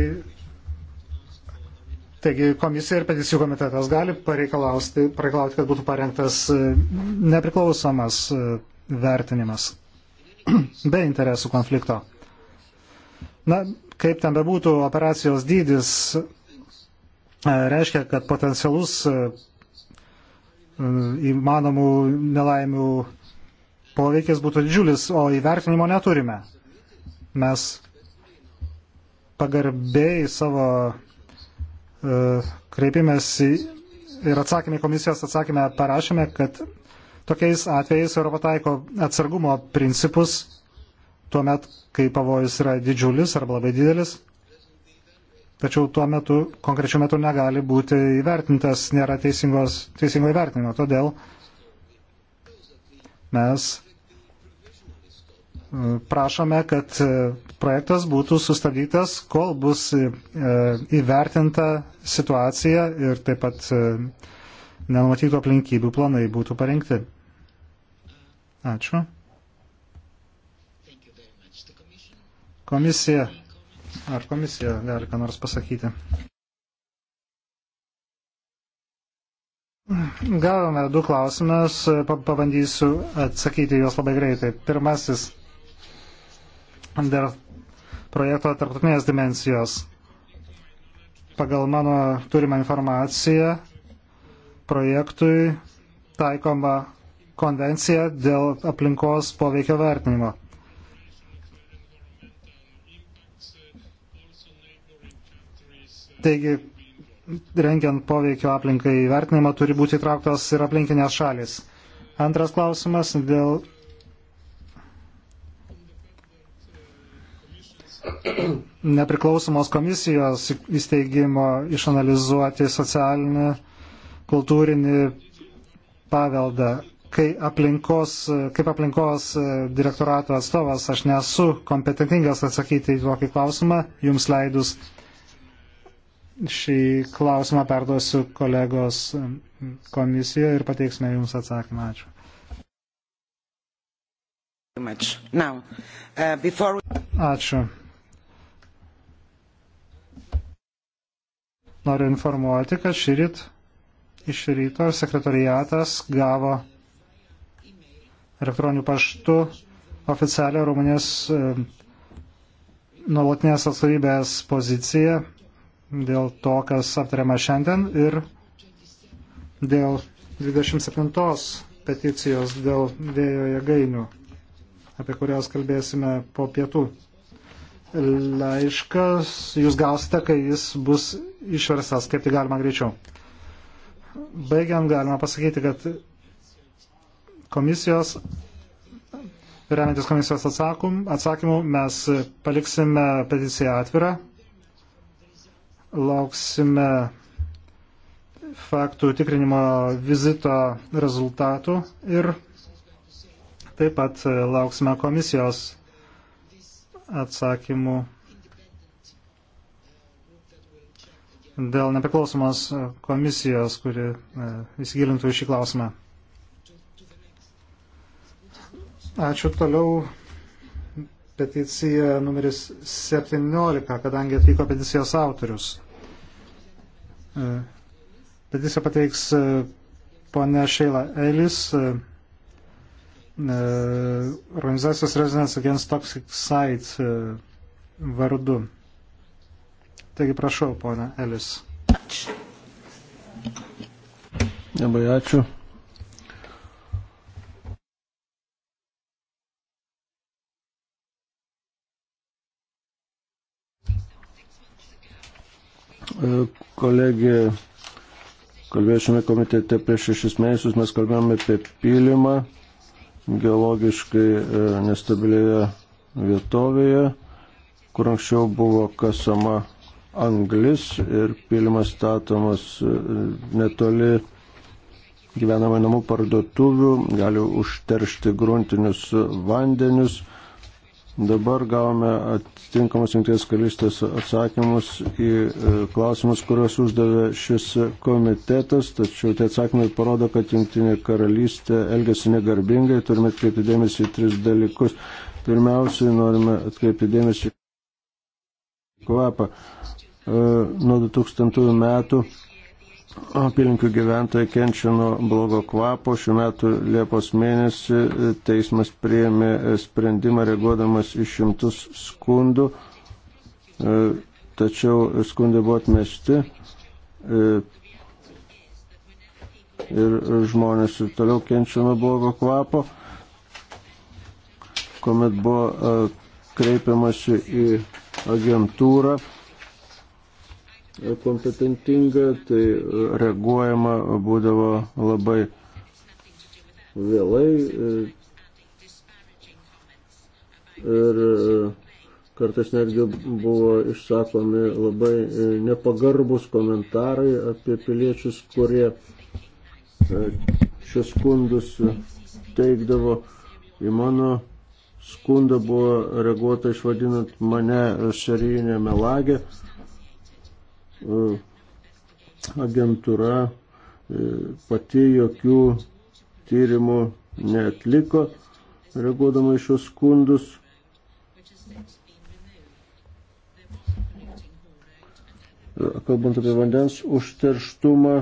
Taigi komisija ir peticijų komitetas gali pareikalauti, pareikalauti, kad būtų parengtas e, nepriklausomas e, vertinimas (clears throat) be interesų konflikto. Na, kaip ten bebūtų, operacijos dydis e, reiškia, kad potencialus įmanomų nelaimių poveikis būtų didžiulis, o įvertinimo neturime. Mes pagarbiai savo E, kreipimės ir atsakymė komisijos atsakymę parašėme, kad tokiais atvejais Europa taiko atsargumo principus tuo met, kai pavojus yra didžiulis arba labai didelis, tačiau tuo metu, konkrečiu metu negali būti įvertintas, nėra teisingo įvertinimo. Todėl mes prašome, kad e, projektas būtų sustabdytas, kol bus e, įvertinta situacija ir taip pat e, nenumatytų aplinkybių planai būtų parengti. Ačiū. Komisija. Ar komisija gali ką nors pasakyti? Gavome du klausimus, pabandysiu atsakyti juos labai greitai. Pirmasis dar projekto tarptautinės dimensijos. Pagal mano turimą informaciją projektui taikoma konvencija dėl aplinkos poveikio vertinimo. Taigi, rengiant poveikio aplinkai vertinimą turi būti įtrauktos ir aplinkinės šalis. Antras klausimas dėl (clears throat) nepriklausomos komisijos įsteigimo išanalizuoti socialinį, kultūrinį paveldą. Kai aplinkos, kaip aplinkos direktorato atstovas aš nesu kompetentingas atsakyti į tokį klausimą, jums leidus šį klausimą perduosiu kolegos komisijoje ir pateiksime jums atsakymą. Ačiū. Uh, Ačiū. Noriu informuoti, kad šįryt iš ryto sekretariatas gavo elektroniniu paštu oficialią Rumunijos e, nuolatinės atstovybės poziciją dėl to, kas aptariama šiandien ir dėl 27 peticijos dėl vėjo jėgainių, apie kurias kalbėsime po pietų laiškas jūs gausite, kai jis bus išverstas, kaip tai galima greičiau. Baigiant, galima pasakyti, kad komisijos, remiantis komisijos atsakum, atsakymu, mes paliksime peticiją atvirą, lauksime faktų tikrinimo vizito rezultatų ir taip pat lauksime komisijos atsakymų dėl nepriklausomos komisijos, kuri e, įsigilintų šį klausimą. Ačiū toliau. Peticija numeris 17, kadangi atvyko peticijos autorius. E, Peticiją pateiks e, ponia Šeila Eilis, E, organizacijos Residence Against Toxic Site e, vardu. Taigi prašau, pona Elis. Labai ačiū. E, kolegė, kalbėjau šiame komitete prieš šešis mėnesius, mes kalbėjome apie pylimą geologiškai e, nestabilioje vietovėje, kur anksčiau buvo kasama anglis ir pilimas statomas e, netoli gyvenamai namų parduotuvių, gali užteršti gruntinius vandenius Dabar gavome atitinkamus Junktinės karalystės atsakymus į e, klausimus, kuriuos uždavė šis komitetas, tačiau tie atsakymai parodo, kad Junktinė karalystė elgesi negarbingai, turime atkreipti dėmesį į tris dalykus. Pirmiausiai norime atkreipti dėmesį į kvapą. E, nuo 2000 metų apylinkių gyventojai kenčia nuo blogo kvapo. Šiuo metu Liepos mėnesį teismas priėmė sprendimą reaguodamas į šimtus skundų, e, tačiau skundai buvo atmesti e, ir žmonės ir toliau kenčia nuo blogo kvapo, kuomet buvo e, kreipiamasi į agentūrą kompetentinga, tai reaguojama būdavo labai vėlai e, ir e, kartais netgi buvo išsakomi labai nepagarbus komentarai apie piliečius, kurie e, šios skundus teikdavo. Į mano skundą buvo reaguota išvadinant mane serijinė melagė. Mm. agentūra e, pati jokių tyrimų neatliko, reaguodama iš šios skundus. Kalbant apie vandens užterštumą,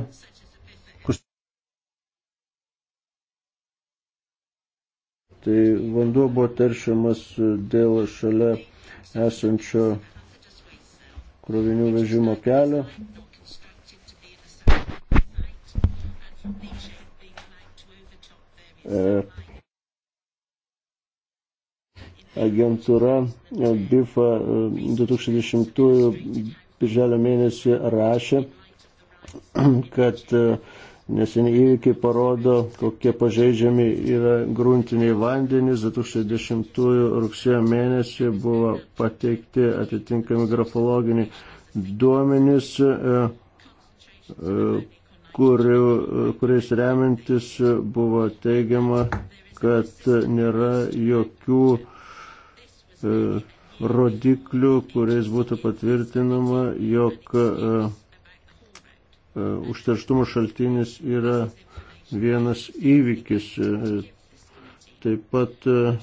tai vanduo buvo teršiamas dėl šalia esančio krovinių vežimo kelio. E, agentūra e, BIFA 2010 e, birželio mėnesį rašė, (clears throat) kad Neseniai įvykiai parodo, kokie pažeidžiami yra gruntiniai vandenys. 2010 rugsėjo mėnesį buvo pateikti atitinkami grafologiniai duomenys, e, e, kuriu, kuriais remintis buvo teigiama, kad nėra jokių e, rodiklių, kuriais būtų patvirtinama, jog E, užterštumo šaltinis yra vienas įvykis. E, taip pat e,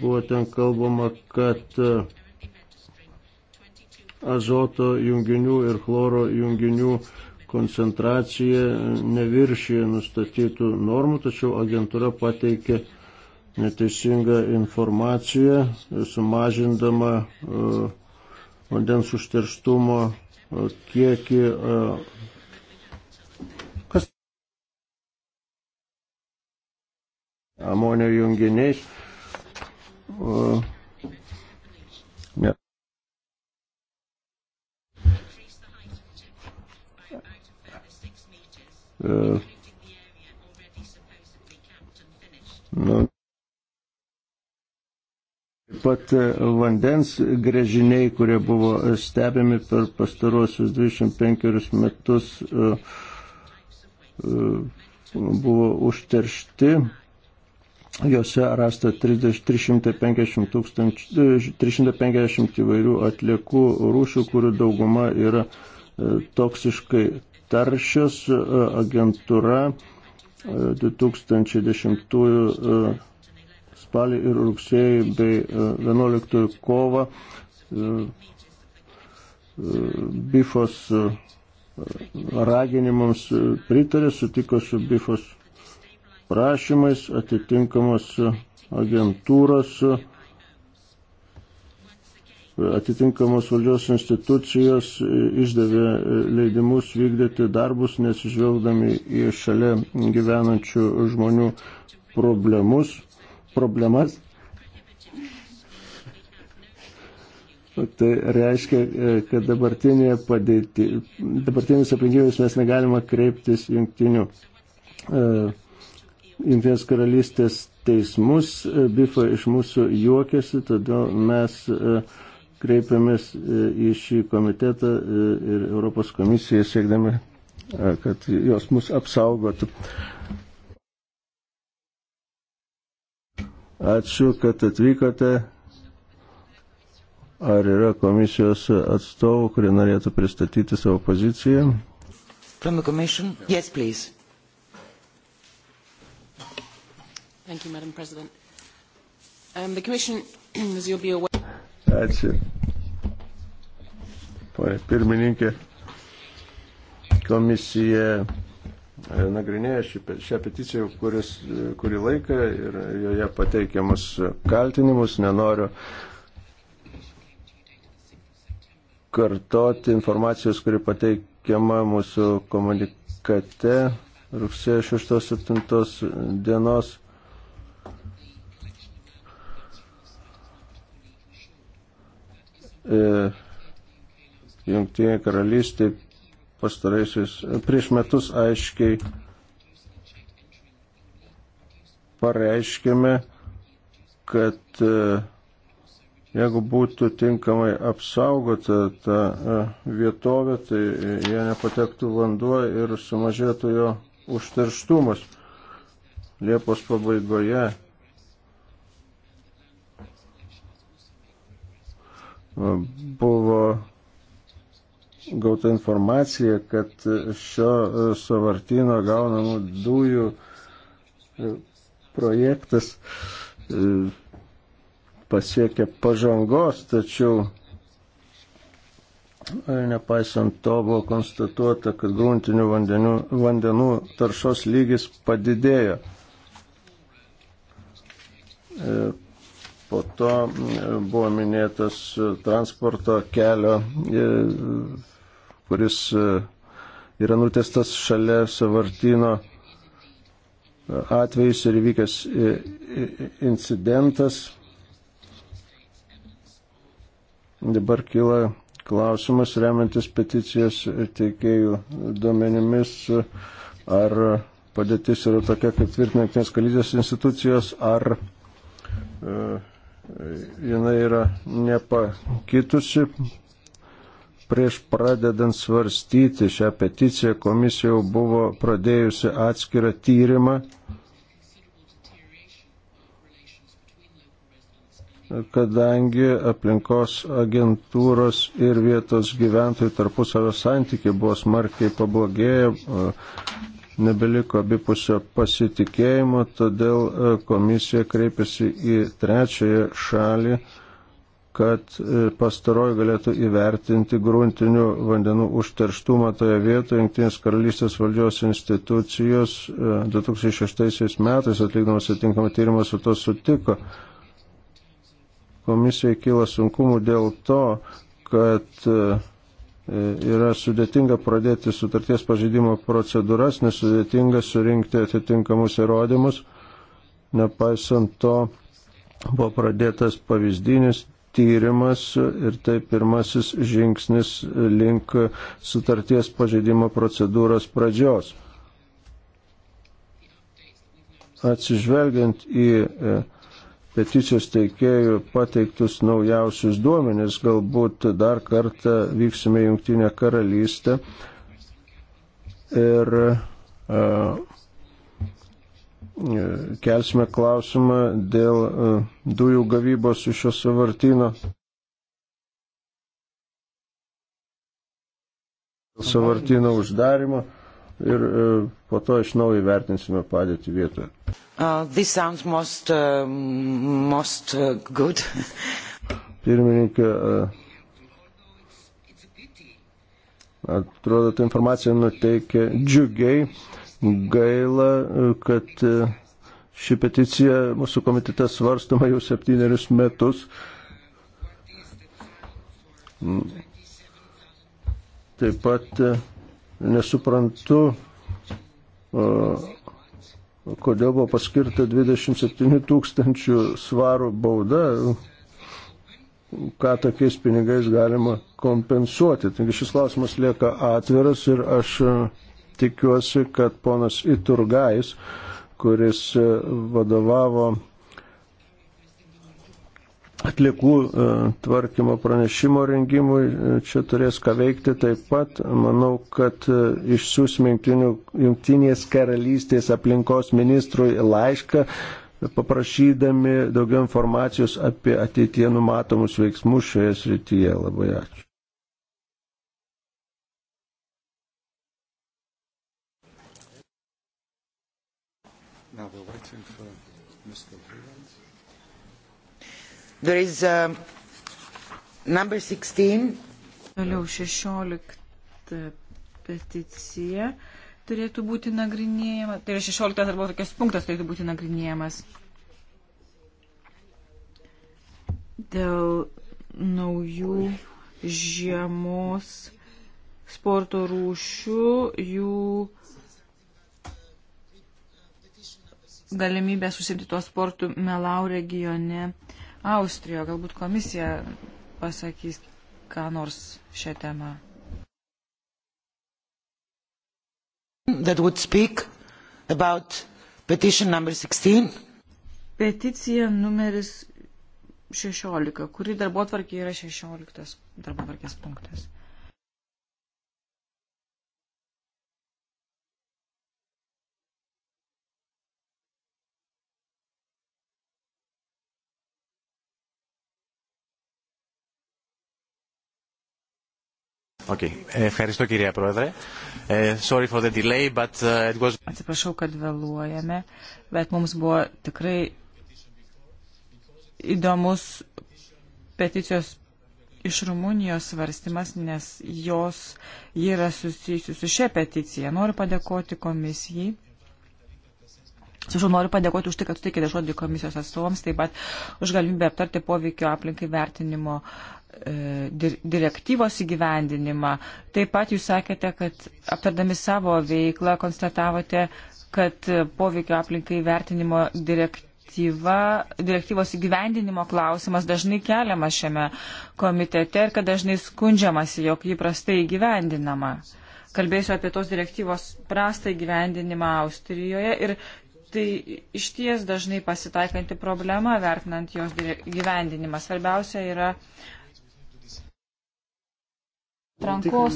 buvo ten kalbama, kad azoto junginių ir chloro junginių koncentracija neviršyje nustatytų normų, tačiau agentūra pateikė neteisingą informaciją, sumažindama vandens užterštumo kiekį amonio junginiais. O, ne. E, nu, Taip pat e, vandens grėžiniai, kurie buvo stebimi per pastaruosius 25 metus, e, e, buvo užteršti Jose rasta 350 tūkstančių, 350 įvairių atliekų rūšių, kurių dauguma yra e, toksiškai taršios. E, agentūra 2010 e, spalį ir rugsėjį bei 11 kovą Bifos raginimams pritarė, sutiko su Bifos prašymais atitinkamos agentūros, atitinkamos valdžios institucijos išdavė leidimus vykdyti darbus, nesižvelgdami į šalia gyvenančių žmonių problemus, problemas. Tai reiškia, kad padėti, dabartinis aplinkybės mes negalima kreiptis jungtinių e, Jungtinės karalystės teismus. E, Bifa iš mūsų juokiasi, todėl mes e, kreipiamės e, į šį komitetą ir Europos komisiją siekdami, kad jos mus apsaugotų. Ačiū, kad atvykote. Ar yra komisijos atstovų, kurie norėtų pristatyti savo poziciją? From the commission? Yes, please. Thank you, Madam President. Um, the Commission, (clears throat) as you'll be aware... Ačiū. Pane pirmininkė, komisija e, nagrinėja šį, šią peticiją kuris, e, kurį laiką ir joje pateikiamus kaltinimus. Nenoriu kartoti informacijos, kuri pateikiama mūsų komunikate rugsėjo 6-7 dienos. E, Jungtinė karalystė pastaraisiais e, prieš metus aiškiai pareiškėme, kad e, jeigu būtų tinkamai apsaugota ta vietovė, tai jie nepatektų vanduo ir sumažėtų jo užterštumas. Liepos pabaigoje buvo gauta informacija, kad šio savartino gaunamų dujų projektas e, pasiekė pažangos, tačiau e, nepaisant to buvo konstatuota, kad gruntinių vandenų, vandenų taršos lygis padidėjo e, Po to mm, buvo minėtas e, transporto kelio, e, kuris e, yra nutestas šalia savartino atvejais ir įvykęs incidentas. Dabar kyla klausimas, remiantis peticijos teikėjų duomenimis, ar padėtis yra tokia, kaip tvirtina Knės kalydės institucijos, ar e, jinai yra nepakitusi. Prieš pradedant svarstyti šią peticiją, komisija jau buvo pradėjusi atskirą tyrimą, kadangi aplinkos agentūros ir vietos gyventojų tarpusavio santykiai buvo smarkiai pablogėję, nebeliko abipusio pasitikėjimo, todėl e, komisija kreipėsi į trečiąją šalį, kad e, pastaroji galėtų įvertinti gruntinių vandenų užterštumą toje vietoje. Junktinės karalystės valdžios institucijos 2006 e, metais atlikdamas atinkamą tyrimą su to sutiko. Komisijai kyla sunkumų dėl to, kad E, yra sudėtinga pradėti sutarties pažeidimo procedūras, nes sudėtinga surinkti atitinkamus įrodymus. Nepaisant to, buvo pradėtas pavyzdinis tyrimas ir tai pirmasis žingsnis link sutarties pažeidimo procedūros pradžios. Atsižvelgiant į e, peticijos teikėjų pateiktus naujausius duomenis. Galbūt dar kartą vyksime į Junktinę karalystę ir a, e, kelsime klausimą dėl a, e, dujų gavybos iš šio savartino. Savartino uždarimo ir e, po to iš naujo vertinsime padėtį vietoje. Uh, most, uh, most, uh, Pirmininkė, uh, atrodo, ta informacija nuteikia džiugiai, gaila, e, kad uh, ši peticija mūsų komitete svarstoma jau septynerius metus. Taip pat uh, Nesuprantu, kodėl buvo paskirta 27 tūkstančių svarų bauda, ką tokiais pinigais galima kompensuoti. Taigi šis klausimas lieka atviras ir aš tikiuosi, kad ponas Iturgais, kuris vadovavo atlikų e, tvarkymo pranešimo rengimui e, čia turės ką veikti taip pat. Manau, kad e, išsiųsime jungtinės karalystės aplinkos ministrui laišką, paprašydami daugiau informacijos apie ateitie numatomus veiksmus šioje srityje. Labai ačiū. There is uh, number 16. Toliau 16 peticija turėtų būti nagrinėjama. Tai yra 16 arba tokias punktas turėtų būti nagrinėjamas. Dėl naujų žiemos sporto rūšių, jų galimybė susimti tuo sportu Melau regione Austrijoje. Galbūt komisija pasakys, ką nors šią temą. That would speak about petition number 16. Peticija numeris 16, kuri darbo tvarkė yra 16 darbo tvarkės punktas. Okay. Ευχαριστώ κυρία Πρόεδρε. Sorry for the delay, but uh, it was... Atsiprašau, kad vėluojame, bet mums buvo tikrai įdomus peticijos iš Rumunijos svarstymas, nes jos yra susijusi su šia peticija. Noriu padėkoti komisijai. Sužinau, noriu padėkoti už tai, kad suteikėte žodį komisijos atstovams, taip pat už galimybę aptarti poveikio aplinkai vertinimo uh, E, direktyvos įgyvendinimą. Taip pat jūs sakėte, kad aptardami savo veiklą konstatavote, kad poveikio aplinkai vertinimo direktyva, direktyvos įgyvendinimo klausimas dažnai keliamas šiame komitete ir kad dažnai skundžiamasi, jog jį prastai įgyvendinama. Kalbėsiu apie tos direktyvos prastą įgyvendinimą Austrijoje ir tai iš ties dažnai pasitaikanti problema vertinant jos gyvendinimą. Svarbiausia yra uh, Trankos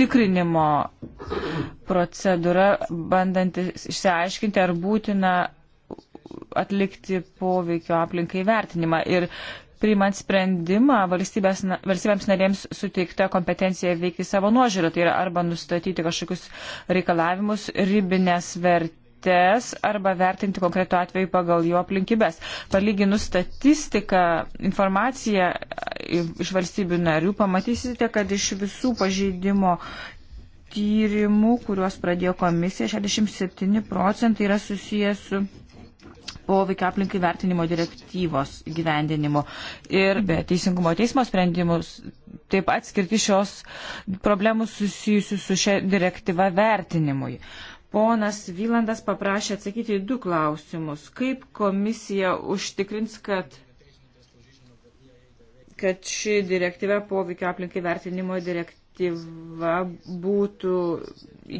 tikrinimo procedūra, bandantis išsiaiškinti, ar būtina atlikti poveikio aplinkai vertinimą. Ir priimant sprendimą, valstybėms narėms suteikta kompetencija veikti savo nuožiūrą, tai yra arba nustatyti kažkokius reikalavimus, ribinės vertės kaltes arba vertinti konkretų atveju pagal jo aplinkybės. Palyginus statistiką, informaciją iš valstybių narių, pamatysite, kad iš visų pažeidimo tyrimų, kuriuos pradėjo komisija, 67 procentai yra susijęs su poveikio aplinkai vertinimo direktyvos gyvendinimu. Ir be teisingumo teismo sprendimus taip pat skirti šios problemų susijusių su šia direktyva vertinimui. Ponas Vylandas paprašė atsakyti į du klausimus. Kaip komisija užtikrins, kad, kad ši direktyva poveikio aplinkai vertinimo direktyva būtų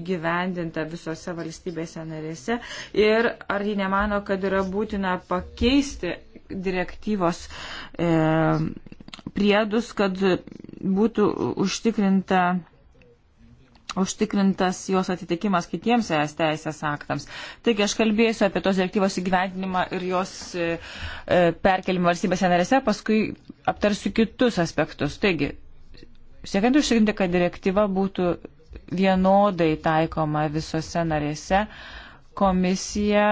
įgyvendinta visose valstybėse narėse ir ar ji nemano, kad yra būtina pakeisti direktyvos e, priedus, kad būtų užtikrinta užtikrintas jos atitikimas kitiems es teisės aktams. Taigi aš kalbėsiu apie tos direktyvos įgyvendinimą ir jos e, e, perkelimą valstybėse narėse, paskui aptarsiu kitus aspektus. Taigi, siekiant užtikrinti, kad direktyva būtų vienodai taikoma visose narėse, komisija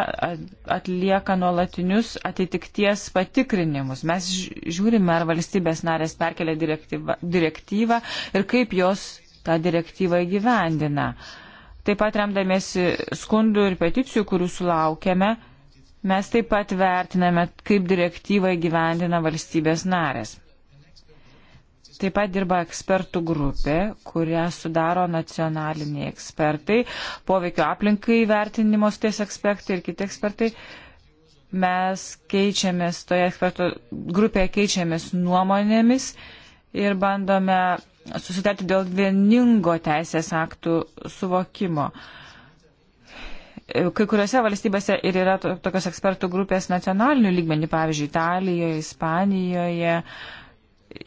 atlieka nuolatinius atitikties patikrinimus. Mes žiūrime, ar valstybės narės perkelia direktyvą, direktyvą ir kaip jos tą direktyvą įgyvendina. Taip pat remdamėsi skundų ir peticijų, kurių sulaukėme, mes taip pat vertiname, kaip direktyvą įgyvendina valstybės narės. Taip pat dirba ekspertų grupė, kurią sudaro nacionaliniai ekspertai, poveikio aplinkai vertinimo sties ekspertai ir kiti ekspertai. Mes keičiamės, toje ekspertų grupėje keičiamės nuomonėmis ir bandome susitarti dėl vieningo teisės aktų suvokimo. Kai kuriuose valstybėse ir yra tokios ekspertų grupės nacionalinių lygmenį, pavyzdžiui, Italijoje, Ispanijoje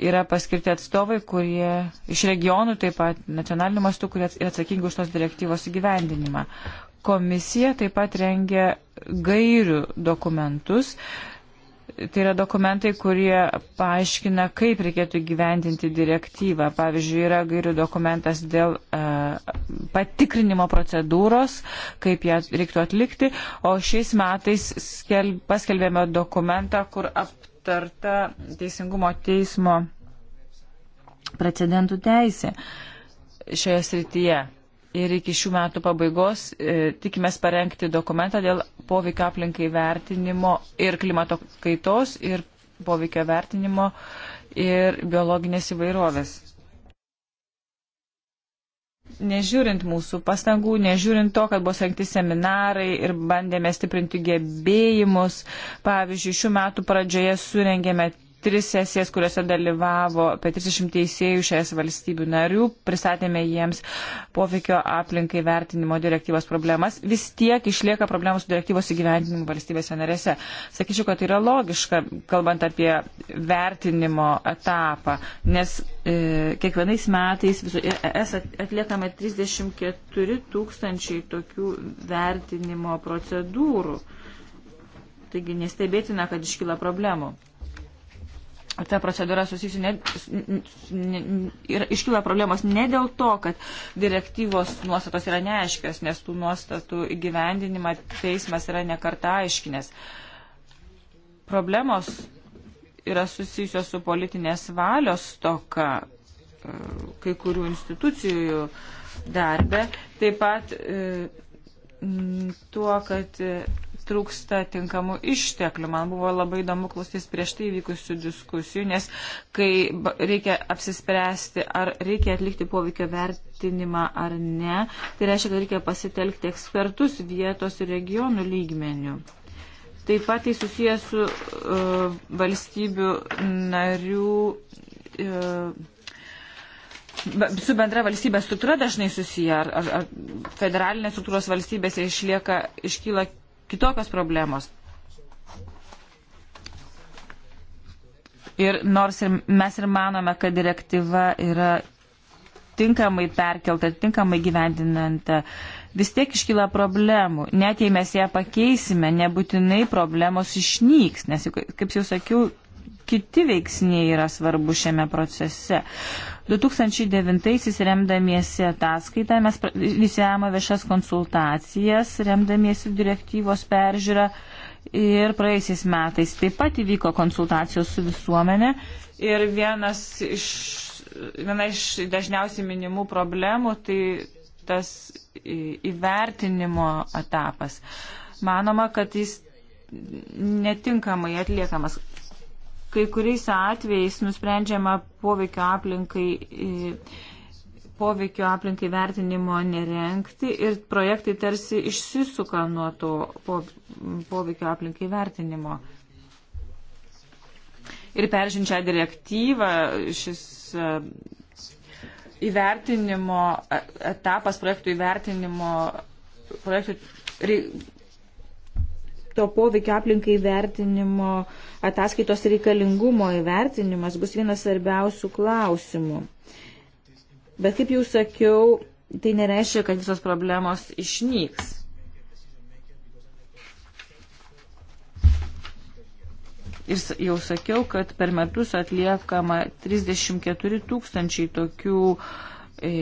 yra paskirti atstovai, kurie iš regionų taip pat nacionalinių mastų, kurie yra atsakingi už tos direktyvos įgyvendinimą. Komisija taip pat rengia gairių dokumentus, Tai yra dokumentai, kurie paaiškina, kaip reikėtų gyvendinti direktyvą. Pavyzdžiui, yra gairių dokumentas dėl e, patikrinimo procedūros, kaip ją reiktų atlikti. O šiais metais skelb, paskelbėme dokumentą, kur aptarta Teisingumo teismo precedentų teisė šioje srityje ir iki šių metų pabaigos e, tikimės parengti dokumentą dėl poveikio aplinkai vertinimo ir klimato kaitos ir poveikio vertinimo ir biologinės įvairovės. Nežiūrint mūsų pastangų, nežiūrint to, kad buvo sengti seminarai ir bandėme stiprinti gebėjimus, pavyzdžiui, šių metų pradžioje surengėme tris sesijas, kuriuose dalyvavo apie 300 teisėjų šias valstybių narių, pristatėme jiems poveikio aplinkai vertinimo direktyvos problemas, vis tiek išlieka problemų su direktyvos įgyventinimu valstybėse narėse. Sakyčiau, kad tai yra logiška, kalbant apie vertinimo etapą, nes e, kiekvienais metais visų e, ES atliekame 34 tūkstančiai tokių vertinimo procedūrų. Taigi nestebėtina, kad iškyla problemų ta procedūra susijusi, ne, ne, ne, iškyla problemos ne dėl to, kad direktyvos nuostatos yra neaiškios, nes tų nuostatų įgyvendinimą teismas yra nekarta aiškinęs. Problemos yra susijusios su politinės valios toka e, kai kurių institucijų darbe, taip pat e, tuo, kad e, trūksta tinkamų išteklių. Man buvo labai įdomu klausytis prieš tai vykusių diskusijų, nes kai reikia apsispręsti, ar reikia atlikti poveikio vertinimą ar ne, tai reiškia, kad reikia pasitelkti ekspertus vietos ir regionų lygmenių. Taip pat tai susijęs su uh, valstybių narių. Uh, su bendra valstybės struktūra dažnai susiję, ar, ar, ar federalinės struktūros valstybėse išlieka, iškyla kitokios problemos. Ir nors ir mes ir manome, kad direktyva yra tinkamai perkelta, tinkamai gyvendinanta, vis tiek iškyla problemų. Net jei mes ją pakeisime, nebūtinai problemos išnyks, nes, kaip jau sakiau, kiti veiksniai yra svarbu šiame procese. 2009-aisiais remdamiesi ataskaitą mes iniciavome viešas konsultacijas, remdamiesi direktyvos peržiūrą ir praeisiais metais taip pat įvyko konsultacijos su visuomenė ir vienas iš, viena iš dažniausiai minimų problemų tai tas įvertinimo etapas. Manoma, kad jis netinkamai atliekamas kai kuriais atvejais nusprendžiama poveikio aplinkai, poveikio aplinkai vertinimo nerenkti ir projektai tarsi išsisuka nuo to poveikio aplinkai vertinimo. Ir peržinčią direktyvą šis e, įvertinimo e, etapas projektų įvertinimo projektų to poveikio aplinkai vertinimo ataskaitos reikalingumo įvertinimas bus vienas svarbiausių klausimų. Bet kaip jau sakiau, tai nereiškia, kad visos problemos išnyks. Ir jau sakiau, kad per metus atliekama 34 tūkstančiai tokių e,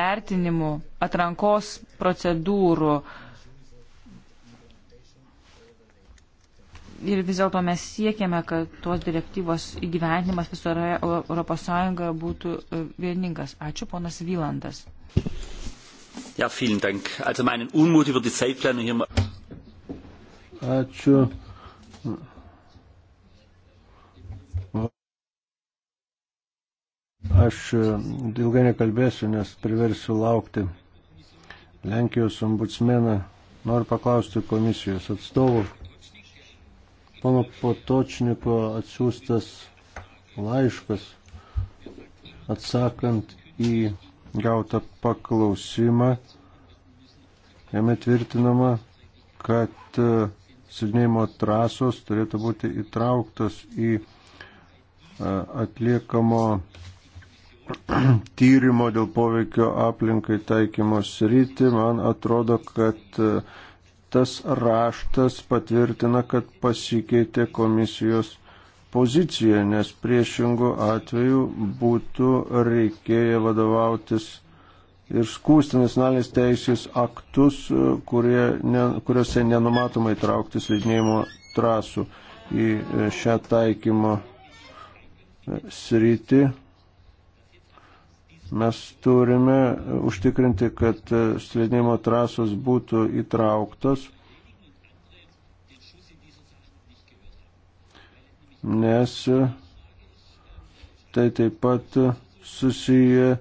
vertinimų, atrankos procedūrų. E, ir vis dėlto mes siekiame, kad tos direktyvos įgyvenimas visoje Europos Sąjungoje būtų e, vieningas. Ačiū, ponas Vylandas. Ja, vielen Dank. Also meinen Unmut über die Zeitplanung hier. Ačiū. Aš e, ilgai nekalbėsiu, nes priversiu laukti Lenkijos ombudsmeną. Noriu paklausti komisijos atstovų Pono Potočniko atsiųstas laiškas atsakant į gautą paklausimą, jame tvirtinama, kad e, silnėjimo trasos turėtų būti įtrauktos į e, atliekamo (clears throat) tyrimo dėl poveikio aplinkai taikymos rytį. Man atrodo, kad e, tas raštas patvirtina, kad pasikeitė komisijos pozicija, nes priešingų atveju būtų reikėję vadovautis ir skūsti nacionalinės teisės aktus, kurie ne, kuriuose nenumatoma įtraukti slidinėjimo trasų į šią taikymo sritį. Mes turime užtikrinti, kad slidinimo trasos būtų įtrauktos, nes tai taip pat susiję e,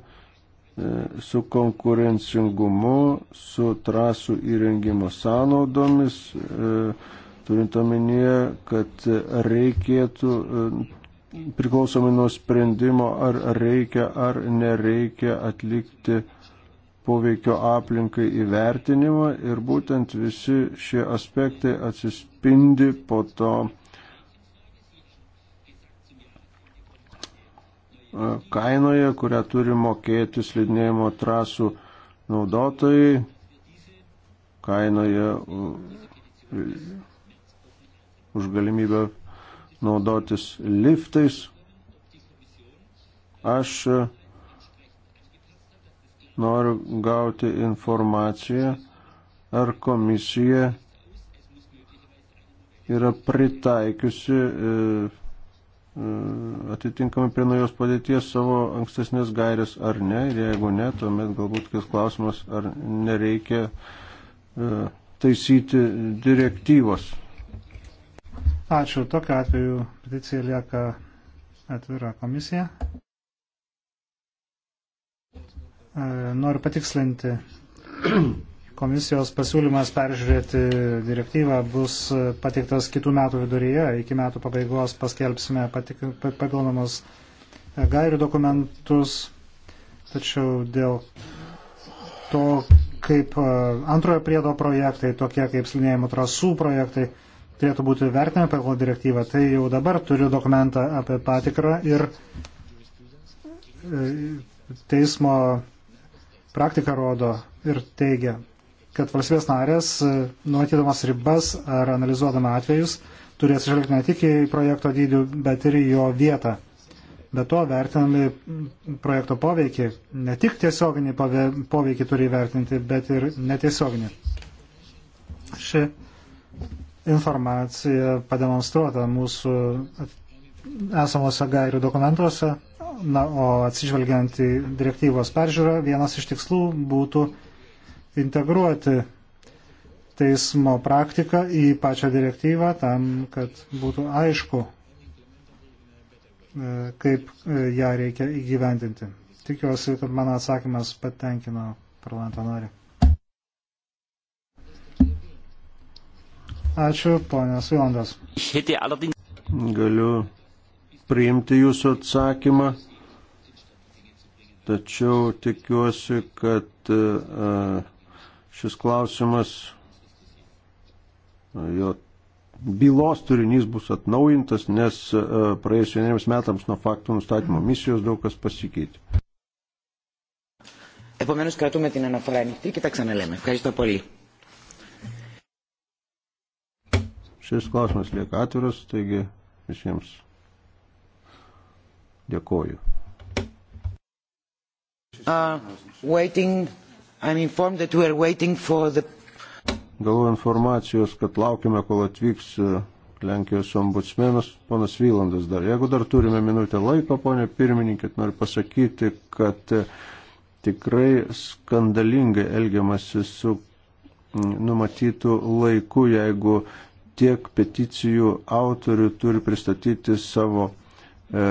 su konkurencingumu, su trasų įrengimo sąnaudomis, e, turint omenyje, kad reikėtų e, priklausomai nuo sprendimo, ar reikia ar nereikia atlikti poveikio aplinkai įvertinimą ir būtent visi šie aspektai atsispindi po to e, kainoje, kurią turi mokėti slidinėjimo trasų naudotojai, kainoje už galimybę naudotis liftais. Aš e, noriu gauti informaciją, ar komisija yra pritaikiusi e, e, atitinkamai prie naujos padėties savo ankstesnės gairės ar ne. Ir jeigu ne, tuomet galbūt kils klausimas, ar nereikia taisyti direktyvos. Ačiū. Tokiu atveju peticija lieka atvira komisija. E, noriu patikslinti. Komisijos pasiūlymas peržiūrėti direktyvą bus pateiktas kitų metų viduryje. Iki metų pabaigos paskelbsime papildomus gairių dokumentus. Tačiau dėl to, kaip e, antrojo priedo projektai, tokie kaip slinėjimo trasų projektai, turėtų būti vertinami pagal direktyvą, tai jau dabar turiu dokumentą apie patikrą ir e, teismo praktika rodo ir teigia, kad valstybės narės, e, numatydamas ribas ar analizuodama atvejus, turės žvelgti ne tik į projekto dydį, bet ir į jo vietą. Be to, vertinami projekto poveikį, ne tik tiesioginį poveikį turi vertinti, bet ir netiesioginį. Ši informacija pademonstruota mūsų esamose gairių dokumentuose, na, o atsižvelgiant į direktyvos peržiūrą, vienas iš tikslų būtų integruoti teismo praktiką į pačią direktyvą tam, kad būtų aišku, e, kaip e, ją reikia įgyvendinti. Tikiuosi, kad mano atsakymas patenkino parlamento narį. Ačiū, ponas Jondas. Galiu priimti jūsų atsakymą, tačiau tikiuosi, kad e, šis klausimas, e, jo bylos turinys bus atnaujintas, nes e, praėjus vieniems metams nuo faktų nustatymo misijos daug kas pasikeitė. Επομένως κρατούμε την αναφορά ανοιχτή και τα ξαναλέμε. Ευχαριστώ πολύ. Šis klausimas lieka atviras, taigi visiems dėkoju. Uh, waiting, I'm informed that we are waiting for the... Gavau informacijos, kad laukime, kol atvyks uh, Lenkijos ombudsmenas, ponas Vylandas dar. Jeigu dar turime minutę laiko, ponė pirmininkė, noriu pasakyti, kad uh, tikrai skandalingai elgiamasi su mm, numatytų laiku, jeigu tiek peticijų autorių turi pristatyti savo e,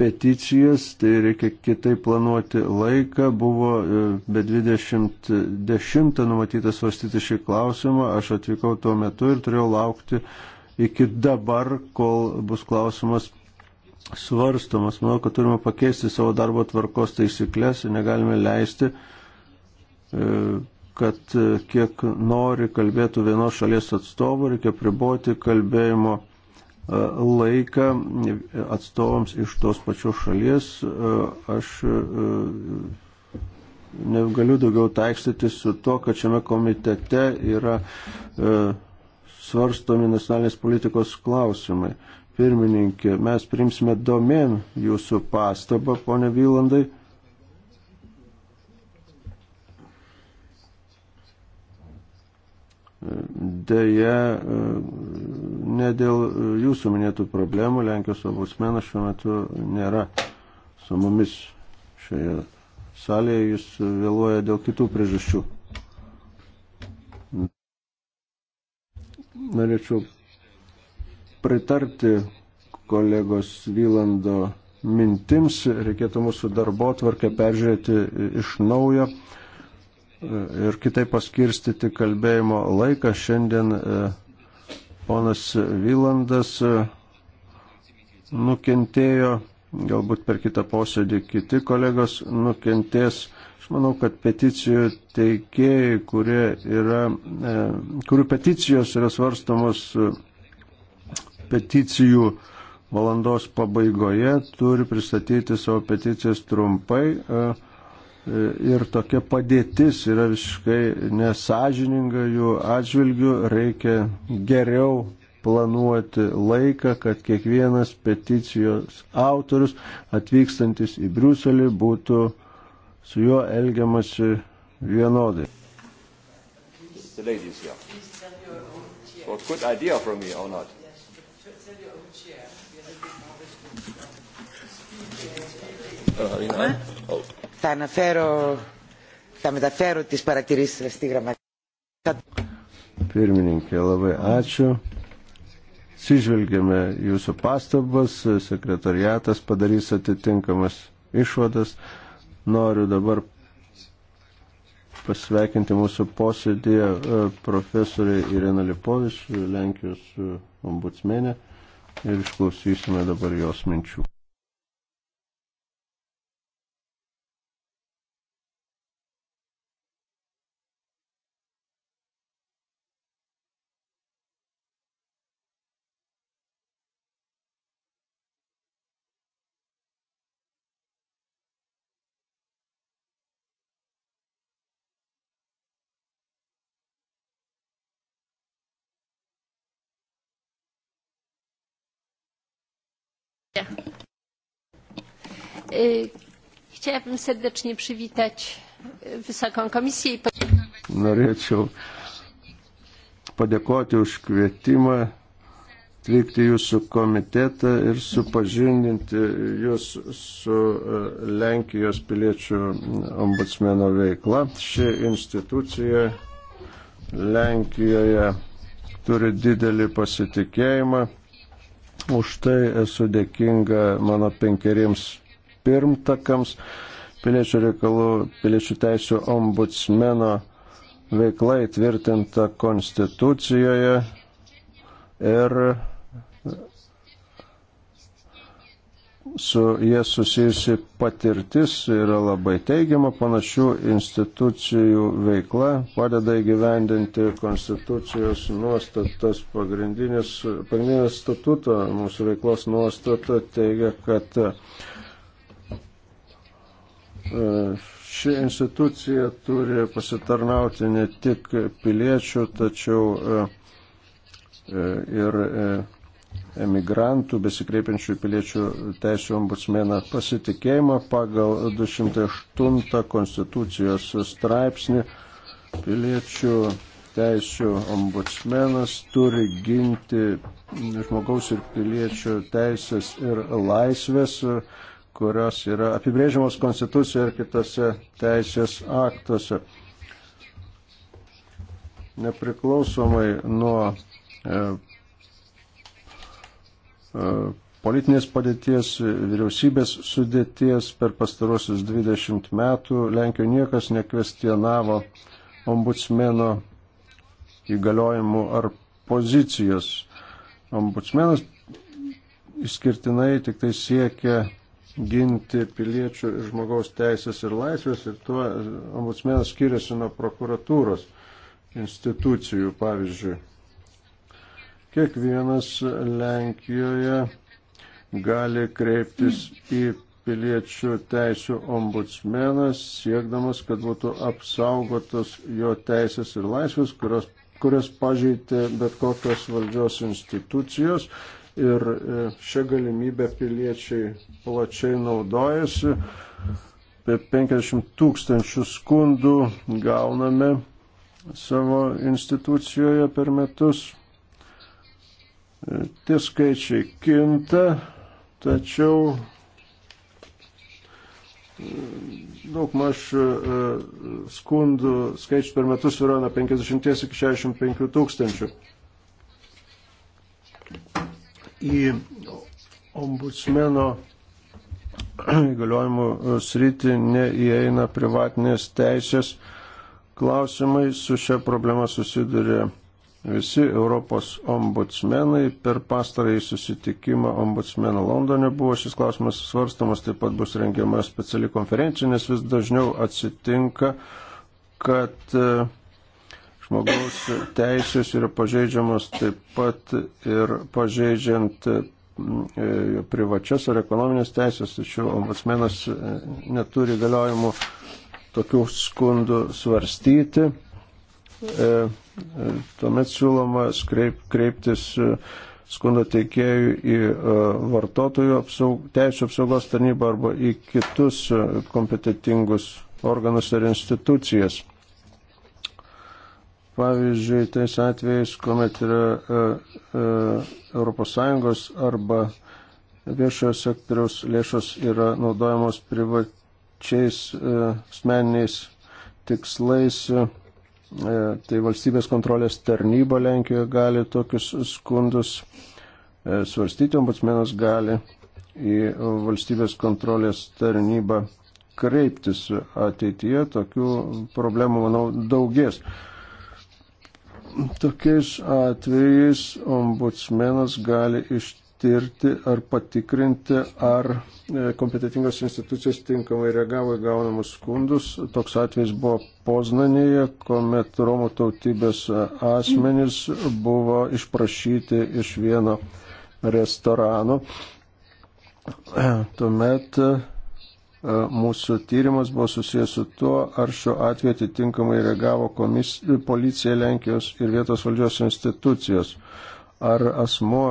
peticijas, tai reikia kitaip planuoti laiką. Buvo e, be 2010 numatytas svarstyti šį klausimą, aš atvykau tuo metu ir turėjau laukti iki dabar, kol bus klausimas svarstomas. Manau, kad turime pakeisti savo darbo tvarkos taisyklės ir negalime leisti e, kad e, kiek nori kalbėtų vienos šalies atstovų, reikia priboti kalbėjimo e, laiką atstovams iš tos pačios šalies. E, aš negaliu daugiau taikstytis su to, kad šiame komitete yra svarstomi nacionalinės politikos klausimai. Pirmininkė, mes primsime domėm jūsų pastabą, ponė Vylandai. Deja, e, ne dėl jūsų minėtų problemų Lenkijos obusmenas šiuo metu nėra su mumis šioje salėje, jis vėluoja dėl kitų priežasčių. Norėčiau pritarti kolegos Vylando mintims, reikėtų mūsų darbo tvarkę peržiūrėti iš naujo ir kitaip paskirstyti kalbėjimo laiką. Šiandien e, ponas Vylandas e, nukentėjo, galbūt per kitą posėdį kiti kolegos nukentės. Aš manau, kad peticijų teikėjai, yra, e, kurių peticijos yra svarstamos peticijų valandos pabaigoje, turi pristatyti savo peticijas trumpai. E, ir tokia padėtis yra visiškai nesažininga jų atžvilgių, reikia geriau planuoti laiką, kad kiekvienas peticijos autorius atvykstantis į Briuselį būtų su juo elgiamasi vienodai. Uh, you know, oh. Θα, αναφέρω, θα μεταφέρω τις παρατηρήσεις σας στη γραμματική. Pirmininkė, labai ačiū. Sižvelgėme jūsų pastabas, sekretariatas padarys atitinkamas išvadas. Noriu dabar pasveikinti mūsų posėdėje e, profesorį Ireną Lipovič, Lenkijos e, ombudsmenę ir išklausysime dabar jos minčių. Chciałabym serdecznie przywitać Wysoką Komisję i podziękować. Norėčiau padėkoti už kvietimą atvykti jūsų komitetą ir supažindinti jūs su e, Lenkijos piliečių ombudsmeno veikla. Ši institucija Lenkijoje turi didelį pasitikėjimą Už tai esu dėkinga mano penkeriems pirmtakams piliečių reikalų, piliečių teisų ombudsmeno veikla įtvirtinta Konstitucijoje ir su jie susijusi patirtis yra labai teigiama, panašių institucijų veikla padeda įgyvendinti konstitucijos nuostatas, pagrindinis, pagrindinis statuto, mūsų veiklos nuostata teigia, kad e, ši institucija turi pasitarnauti ne tik piliečių, tačiau e, e, ir emigrantų besikreipiančių piliečių teisų ombudsmeną pasitikėjimą pagal 208 konstitucijos straipsnį. Piliečių teisų ombudsmenas turi ginti žmogaus ir piliečių teisės ir laisvės, kurios yra apibrėžiamos konstitucijoje ir kitose teisės aktuose. Nepriklausomai nuo e, E, politinės padėties, vyriausybės sudėties per pastarosius 20 metų Lenkijoje niekas nekvestionavo ombudsmeno įgaliojimų ar pozicijos. Ombudsmenas išskirtinai tik tai siekia ginti piliečių ir žmogaus teisės ir laisvės ir tuo ombudsmenas skiriasi nuo prokuratūros institucijų, pavyzdžiui kiekvienas Lenkijoje gali kreiptis į piliečių teisų ombudsmenas, siekdamas, kad būtų apsaugotos jo teisės ir laisvės, kurios, kurias pažeidė bet kokios valdžios institucijos. Ir e, šią galimybę piliečiai plačiai naudojasi. Apie 50 tūkstančių skundų gauname savo institucijoje per metus. Tie skaičiai kinta, tačiau e, daug maž e, skundų skaičius per metus yra nuo 50 iki 65 tūkstančių. Į ombudsmeno įgaliojimų e, sritį neįeina privatinės teisės klausimai, su šia problema susiduria Visi Europos ombudsmenai per pastarąjį susitikimą ombudsmenų Londone buvo šis klausimas svarstamas, taip pat bus rengiama speciali konferencija, nes vis dažniau atsitinka, kad e, žmogaus teisės yra pažeidžiamas taip pat ir pažeidžiant e, privačias ar ekonominės teisės, tačiau ombudsmenas e, neturi galiojimų tokių skundų svarstyti. E, Tuomet siūloma skreip, kreiptis e, skundo teikėjų į e, vartotojų apsaug, teisų apsaugos tarnybą arba į kitus e, kompetitingus organus ar institucijas. Pavyzdžiui, tais atvejais, kuomet yra ES arba viešojo sektoriaus lėšos yra naudojamos privačiais asmeniniais tikslais. E, E, tai valstybės kontrolės tarnyba Lenkijoje gali tokius skundus e, svarstyti, ombudsmenas gali į valstybės kontrolės tarnybą kreiptis ateityje, tokių problemų, manau, daugės. Tokiais atvejais ombudsmenas gali iš tirti ar patikrinti, ar e, kompetitingos institucijos tinkamai reagavo į gaunamus skundus. Toks atvejs buvo Poznanėje, kuomet Romų tautybės e, asmenys buvo išprašyti iš vieno restorano. E, tuomet mūsų tyrimas buvo susijęs su tuo, ar šiuo atveju atitinkamai reagavo komis, policija Lenkijos ir vietos valdžios institucijos, ar asmuo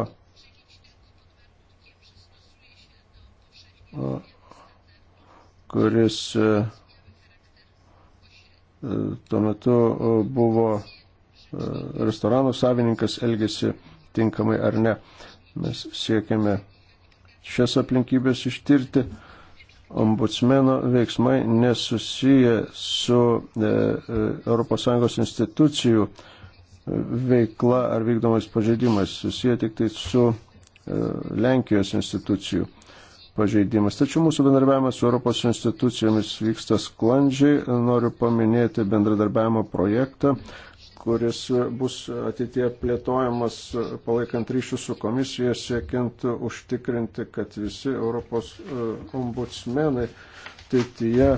kuris e, e, tuo metu e, buvo restorano savininkas elgėsi tinkamai ar ne. Mes siekiame šias aplinkybės ištirti. Ombudsmeno veiksmai nesusiję su ES institucijų veikla ar vykdomais pažeidimais, susiję tik tai su Lenkijos institucijų pažeidimas. Tačiau mūsų bendradarbiavimas su Europos institucijomis vyksta sklandžiai. Noriu paminėti bendradarbiavimo projektą, kuris bus ateitie plėtojamas palaikant ryšių su komisija, siekiant užtikrinti, kad visi Europos e, ombudsmenai ateityje e,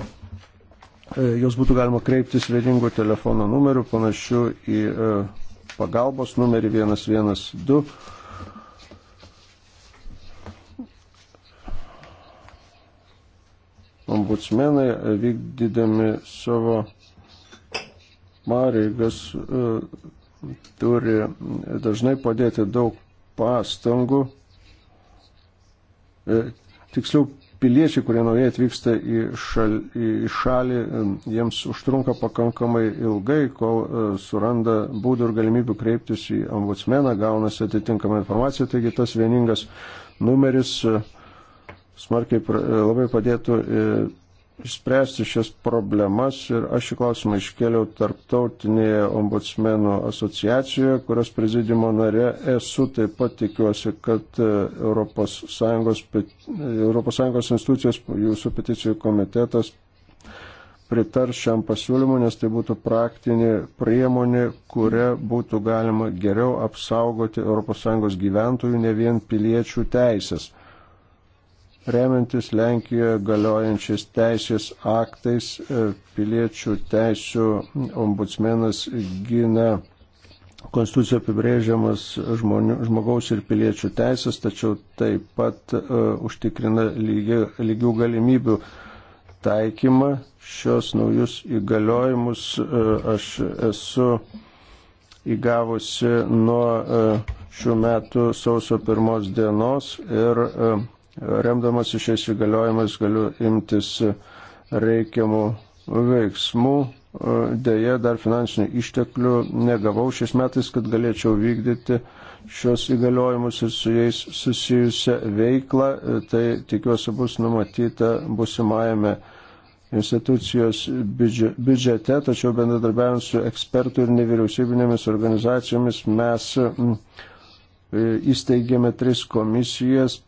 jos būtų galima kreiptis vieningų telefono numerių, panašių į e, pagalbos numerį 112 ombudsmenai vykdydami savo pareigas e, turi dažnai padėti daug pastangų. E, tiksliau, piliečiai, kurie naujai atvyksta į, šal, į šalį, e, jiems užtrunka pakankamai ilgai, kol suranda būdų ir galimybių kreiptis į ombudsmeną, gaunasi atitinkama informacija, taigi tas vieningas numeris uh, smarkiai e, labai padėtų e, išspręsti šias problemas ir aš šį klausimą iškėliau tarptautinėje ombudsmenų asociacijoje, kurios prezidimo nare esu, taip pat tikiuosi, kad ES, ES institucijos, jūsų peticijų komitetas pritars šiam pasiūlymu, nes tai būtų praktinė priemonė, kuria būtų galima geriau apsaugoti ES gyventojų, ne vien piliečių teisės remiantis Lenkijoje galiojančiais teisės aktais, e, piliečių teisų ombudsmenas gina Konstitucija apibrėžiamas žmonių, žmogaus ir piliečių teisės, tačiau taip pat uh, užtikrina lygi, lygių galimybių taikymą. Šios naujus įgaliojimus uh, aš esu įgavusi nuo uh, šių metų sausio pirmos dienos ir uh, remdamas šiais įgaliojimais galiu imtis reikiamų veiksmų. Deja, dar finansinių išteklių negavau šiais metais, kad galėčiau vykdyti šios įgaliojimus ir su jais susijusią veiklą. Tai tikiuosi bus numatyta busimajame institucijos biudžete, tačiau bendradarbiavant su ekspertų ir nevyriausybinėmis organizacijomis mes mm, įsteigėme tris komisijas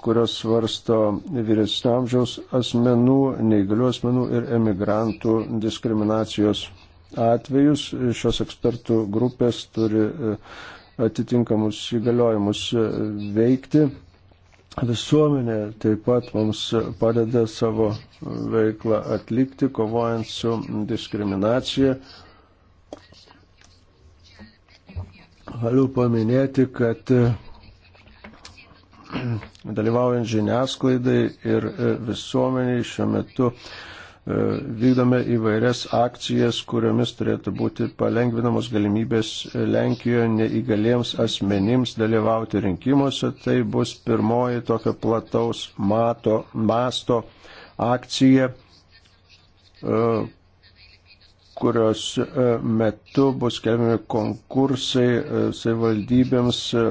kurios svarsto vyresnio amžiaus asmenų, neįgalių asmenų ir emigrantų diskriminacijos atvejus. Šios ekspertų grupės turi e, atitinkamus įgaliojimus e, veikti. Visuomenė taip pat mums padeda savo veiklą atlikti, kovojant su diskriminacija. Galiu paminėti, kad (clears throat) dalyvaujant žiniasklaidai ir e, visuomeniai šiuo metu e, vykdome įvairias akcijas, kuriomis turėtų būti palengvinamos galimybės e, Lenkijoje neįgaliems asmenims dalyvauti rinkimuose. Tai bus pirmoji tokio plataus mato, masto akcija, kurios e, metu bus skelbiami konkursai e, savivaldybėms, e,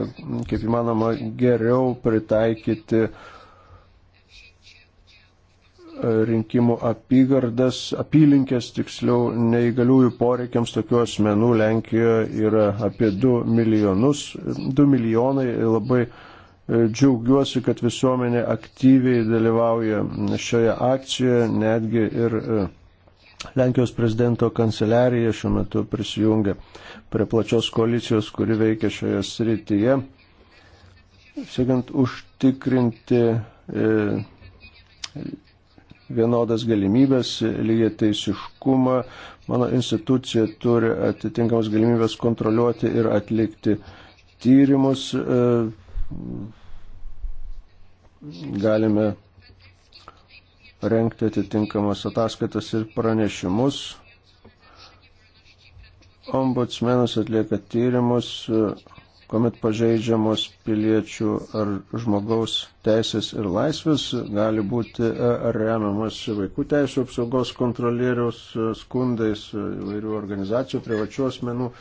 kaip įmanoma, geriau pritaikyti rinkimų apygardas, apylinkės tiksliau neįgaliųjų poreikiams tokių asmenų Lenkijoje yra apie 2 milijonus, 2 milijonai labai džiaugiuosi, kad visuomenė aktyviai dalyvauja šioje akcijoje, netgi ir Lenkijos prezidento kanceliarija šiuo metu prisijungia prie plačios koalicijos, kuri veikia šioje srityje, siekiant užtikrinti e, vienodas galimybės, lygiai teisiškumą. Mano institucija turi atitinkamas galimybės kontroliuoti ir atlikti tyrimus. E, galime renkti atitinkamas ataskaitas ir pranešimus. Ombudsmenas atlieka tyrimus, kuomet pažeidžiamos piliečių ar žmogaus teisės ir laisvės, gali būti e, remiamas vaikų teisų apsaugos kontrolieriaus e, skundais e, įvairių organizacijų, privačių asmenų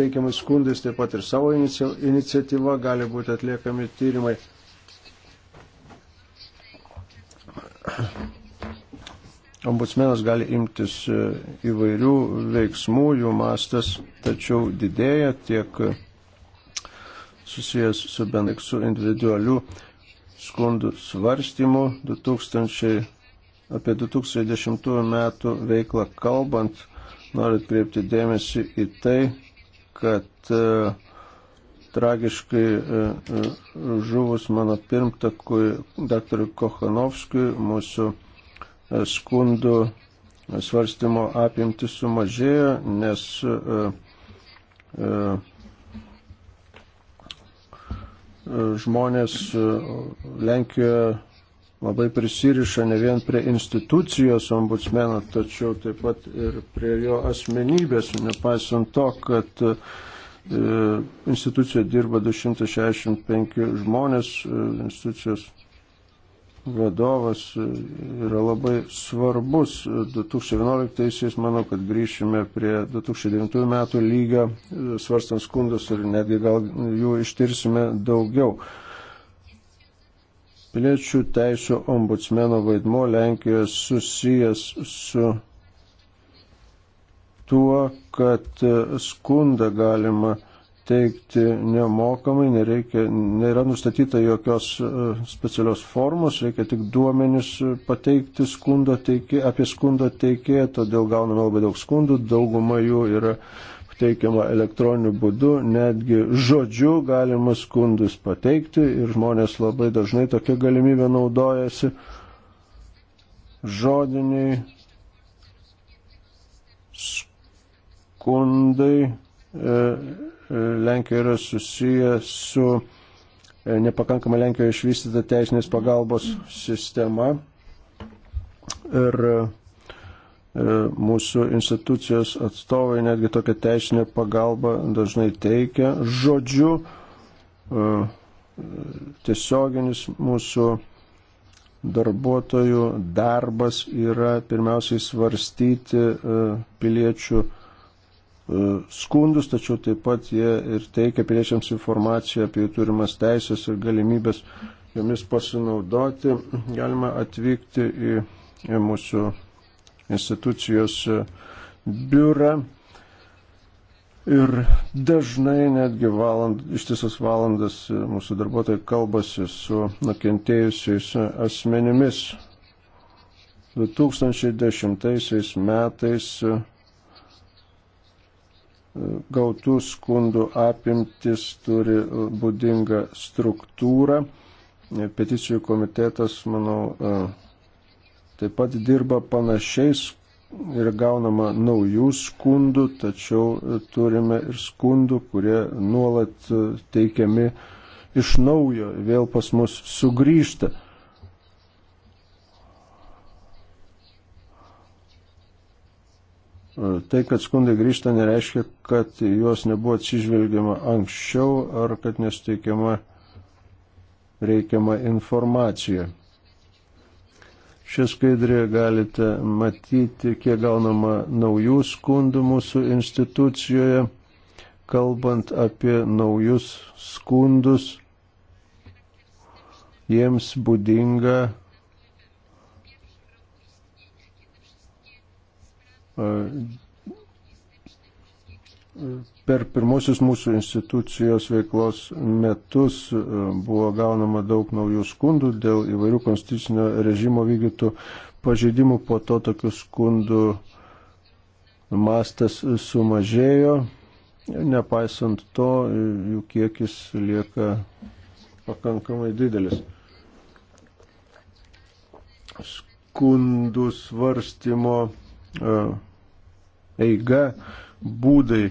teikiamais skundais, taip pat ir savo iniciatyva gali būti atliekami tyrimai. Ombudsmenas gali imtis e, įvairių veiksmų, jų mastas tačiau didėja tiek e, susijęs su bendrai su individualiu skundų svarstymu 2000, apie 2010 metų veiklą kalbant. Noriu atkreipti dėmesį į tai, kad uh, tragiškai e, e, žuvus mano pirmtakui dr. Kochanovskui mūsų e, skundų svarstymo apimtis sumažėjo, nes žmonės Lenkijoje labai prisiriša ne vien prie institucijos ombudsmeno, tačiau taip pat ir prie jo asmenybės, nepaisant to, kad uh, E, institucijoje dirba 265 žmonės, e, institucijos vadovas e, yra labai svarbus. 2011-aisiais manau, kad grįšime prie 2009 metų lygio, svarstant skundus ir netgi gal jų ištirsime daugiau. Piliečių teisų ombudsmeno vaidmo Lenkijoje susijęs su tuo, kad e, skundą galima teikti nemokamai, nereikia, nėra nustatyta jokios e, specialios formos, reikia tik duomenis e, pateikti skundo teikė, apie skundo teikėją, todėl gauname labai daug skundų, dauguma jų yra teikiama elektroniniu būdu, netgi žodžiu galima skundus pateikti ir žmonės labai dažnai tokia galimybė naudojasi žodiniai skundai skundai e, e, Lenkijoje yra susiję su e, nepakankama Lenkijoje išvystyta teisinės pagalbos sistema ir mūsų institucijos atstovai netgi tokią teisinę pagalbą dažnai teikia žodžiu tiesioginis mūsų darbuotojų darbas yra pirmiausiai svarstyti piliečių E, skundus, tačiau taip pat jie ir teikia piliečiams informaciją apie jų turimas teisės ir galimybės jomis pasinaudoti. Galima atvykti į, į mūsų institucijos e, biurą. Ir dažnai netgi valand, ištisas valandas e, mūsų darbuotojai kalbasi su nukentėjusiais asmenimis. 2010 metais gautų skundų apimtis turi būdingą struktūrą. Peticijų komitetas, manau, e, taip pat dirba panašiais ir gaunama naujų skundų, tačiau turime ir skundų, kurie nuolat teikiami iš naujo, vėl pas mus sugrįžta. E, tai, kad skundai grįžta, nereiškia, kad juos nebuvo atsižvelgiama anksčiau ar kad nesteikiama reikiama informacija. Šią skaidrį galite matyti, kiek gaunama naujų skundų mūsų institucijoje, kalbant apie naujus skundus, jiems būdinga Per pirmosius mūsų institucijos veiklos metus e, buvo gaunama daug naujų skundų dėl įvairių konstitucinio režimo vykdytų pažeidimų, po to tokių skundų mastas sumažėjo, nepaisant to jų kiekis lieka pakankamai didelis. Skundų svarstymo E, eiga, būdai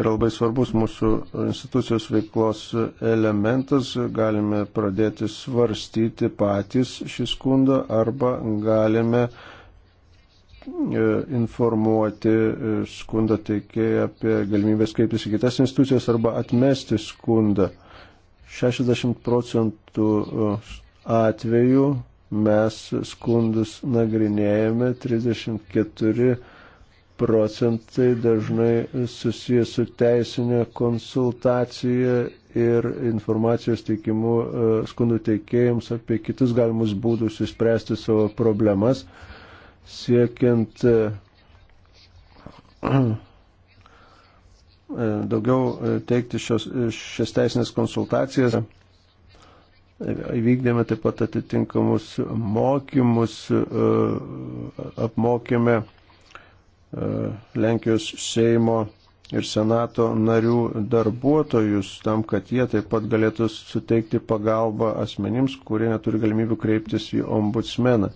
yra labai svarbus mūsų institucijos veiklos elementas. Galime pradėti svarstyti patys šį skundą arba galime e, informuoti e, skundą teikėją apie galimybės kreiptis į kitas institucijas arba atmesti skundą. 60 procentų atveju mes skundus nagrinėjame, 34 procentai dažnai susijęs su teisinė konsultacija ir informacijos teikimu e, skundų teikėjams apie kitus galimus būdus įspręsti savo problemas, siekiant e, (clears throat) e, daugiau teikti šios, šias teisinės konsultacijas Įvykdėme taip pat atitinkamus mokymus, e, apmokėme e, Lenkijos Seimo ir Senato narių darbuotojus tam, kad jie taip pat galėtų suteikti pagalbą asmenims, kurie neturi galimybių kreiptis į ombudsmeną.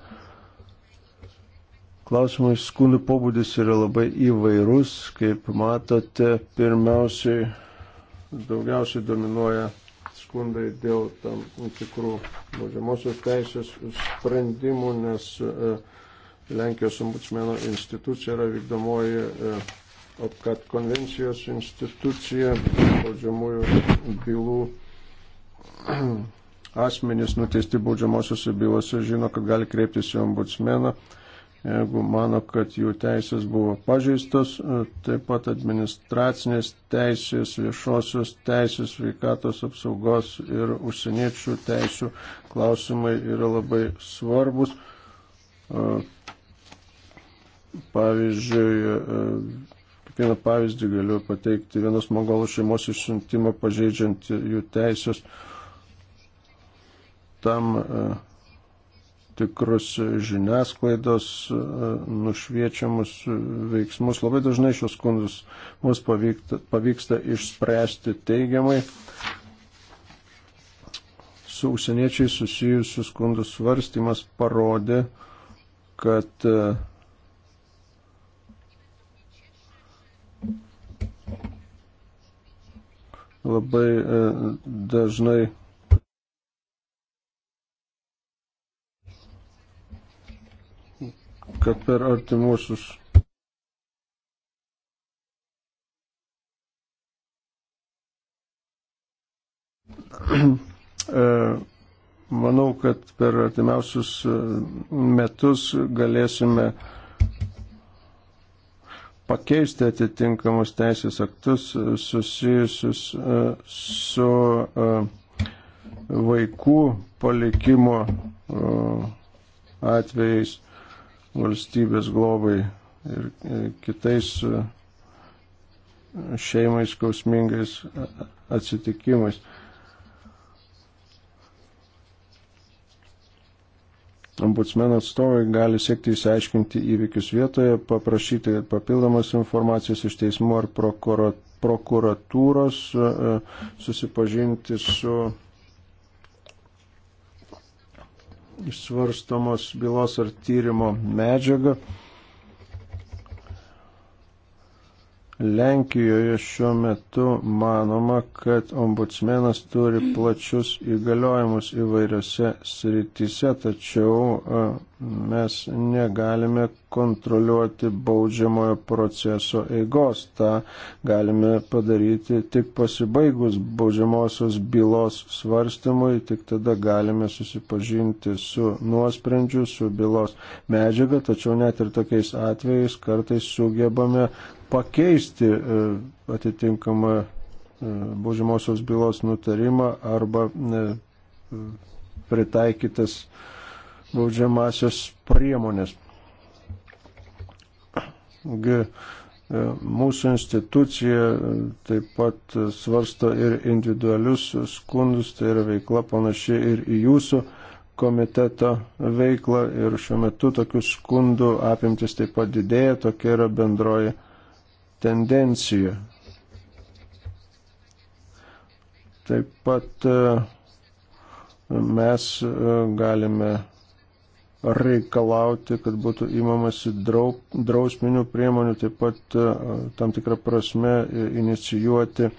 Klausimai skundų pobūdis yra labai įvairus, kaip matote, pirmiausiai daugiausiai dominuoja skundai dėl tam tikrų baudžiamosios teisės sprendimų, nes e, Lenkijos ombudsmeno institucija yra vykdomoji e, OPCAT konvencijos institucija, baudžiamųjų bylų asmenys nuteisti baudžiamosiose bylose žino, kad gali kreiptis į ombudsmeną jeigu mano, kad jų teisės buvo pažeistos, e, taip pat administracinės teisės, viešosios teisės, sveikatos apsaugos ir užsieniečių teisų klausimai yra labai svarbus. E, pavyzdžiui, e, kiekvieną pavyzdį galiu pateikti vienos mongolų šeimos išsiuntimą pažeidžiant jų teisės. Tam uh, tikrus žiniasklaidos e, nušviečiamus veiksmus. Labai dažnai šios skundus mus pavyksta, pavyksta išspręsti teigiamai. Su užsieniečiai susijusių skundų svarstymas parodė, kad e, labai e, dažnai kad per artimuosius (clears throat) e, manau, kad per artimiausius e, metus galėsime pakeisti atitinkamus teisės aktus e, susijusius su vaikų palikimo atvejais valstybės globai ir kitais e, šeimai skausmingais atsitikimais. Ombudsmeno atstovai gali siekti įsiaiškinti įvykius vietoje, paprašyti papildomos informacijos iš teismų ar prokuratūros, e, susipažinti su svarstomos bylos ar tyrimo medžiaga. Lenkijoje šiuo metu manoma, kad ombudsmenas turi plačius įgaliojimus įvairiose srityse, tačiau mes negalime kontroliuoti baudžiamojo proceso eigos. Ta galime padaryti tik pasibaigus baudžiamosios bylos svarstymui, tik tada galime susipažinti su nuosprendžiu, su bylos medžiaga, tačiau net ir tokiais atvejais kartais sugebame pakeisti e, atitinkamą e, baudžiamosios bylos nutarimą arba e, pritaikytas baudžiamasios priemonės. G. Mūsų institucija taip pat svarsto ir individualius skundus, tai yra veikla panaši ir į jūsų komiteto veiklą ir šiuo metu tokių skundų apimtis taip pat didėja, tokia yra bendroji uh, tendencija. Taip pat e, mes e, galime reikalauti, kad būtų įmamasi drausminių priemonių, taip pat e, tam tikrą prasme inicijuoti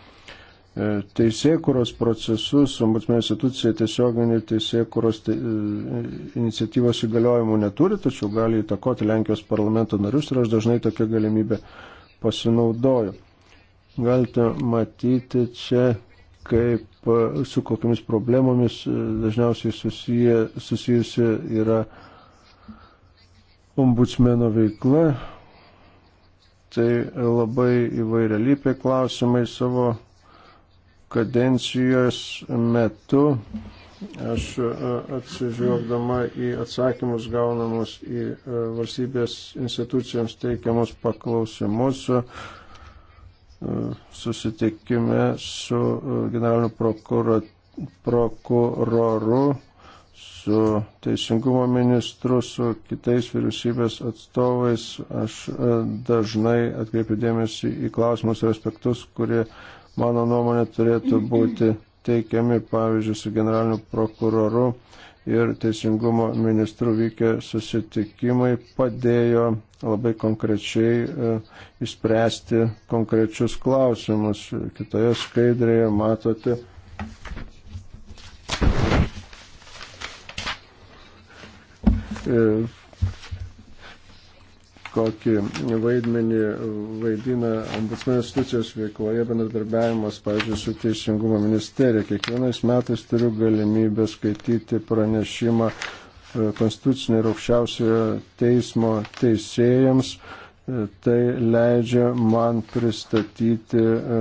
teisėkuros procesus, ombudsmenė institucija tiesioginį teisėkuros te, iniciatyvos įgaliojimų neturi, tačiau gali įtakoti Lenkijos parlamento narius ir aš dažnai tokią galimybę pasinaudojo. Galite matyti čia, kaip e, su kokiamis problemomis e, dažniausiai susiję, susijusi yra ombudsmeno veikla. Tai labai įvairialypė klausimai savo kadencijos metu Aš e, atsižvelgdama į atsakymus gaunamus į e, valstybės institucijoms teikiamus paklausimus e, susitikime su generaliniu prokurat, prokuroru su teisingumo ministru, su kitais vyriausybės atstovais. Aš dažnai atkreipiu dėmesį į klausimus ir aspektus, kurie mano nuomonė turėtų (clears throat) būti teikiami, pavyzdžiui, su generaliniu prokuroru ir teisingumo ministru vykę susitikimai padėjo labai konkrečiai įspręsti e, konkrečius klausimus. Kitoje skaidrėje matote. E, kokį vaidmenį vaidina ombudsmenų institucijos veikloje bendradarbiavimas, pavyzdžiui, su Teisingumo ministerija. Kiekvienais metais turiu galimybę skaityti pranešimą e, Konstitucinio ir aukščiausiojo teismo teisėjams. E, tai leidžia man pristatyti e,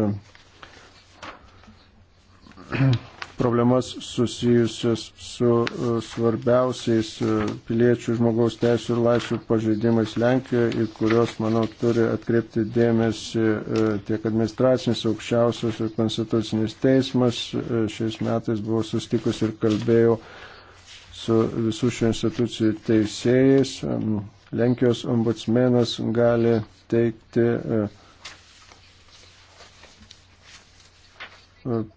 problemas susijusias su e, svarbiausiais e, piliečių žmogaus teisų ir laisvių pažeidimais Lenkijoje, į kuriuos, manau, turi atkreipti dėmesį e, tiek administracinis aukščiausias ir konstitucinis teismas. Šiais metais buvau sustikus ir kalbėjau su visų šių institucijų teisėjais. Lenkijos ombudsmenas gali teikti uh,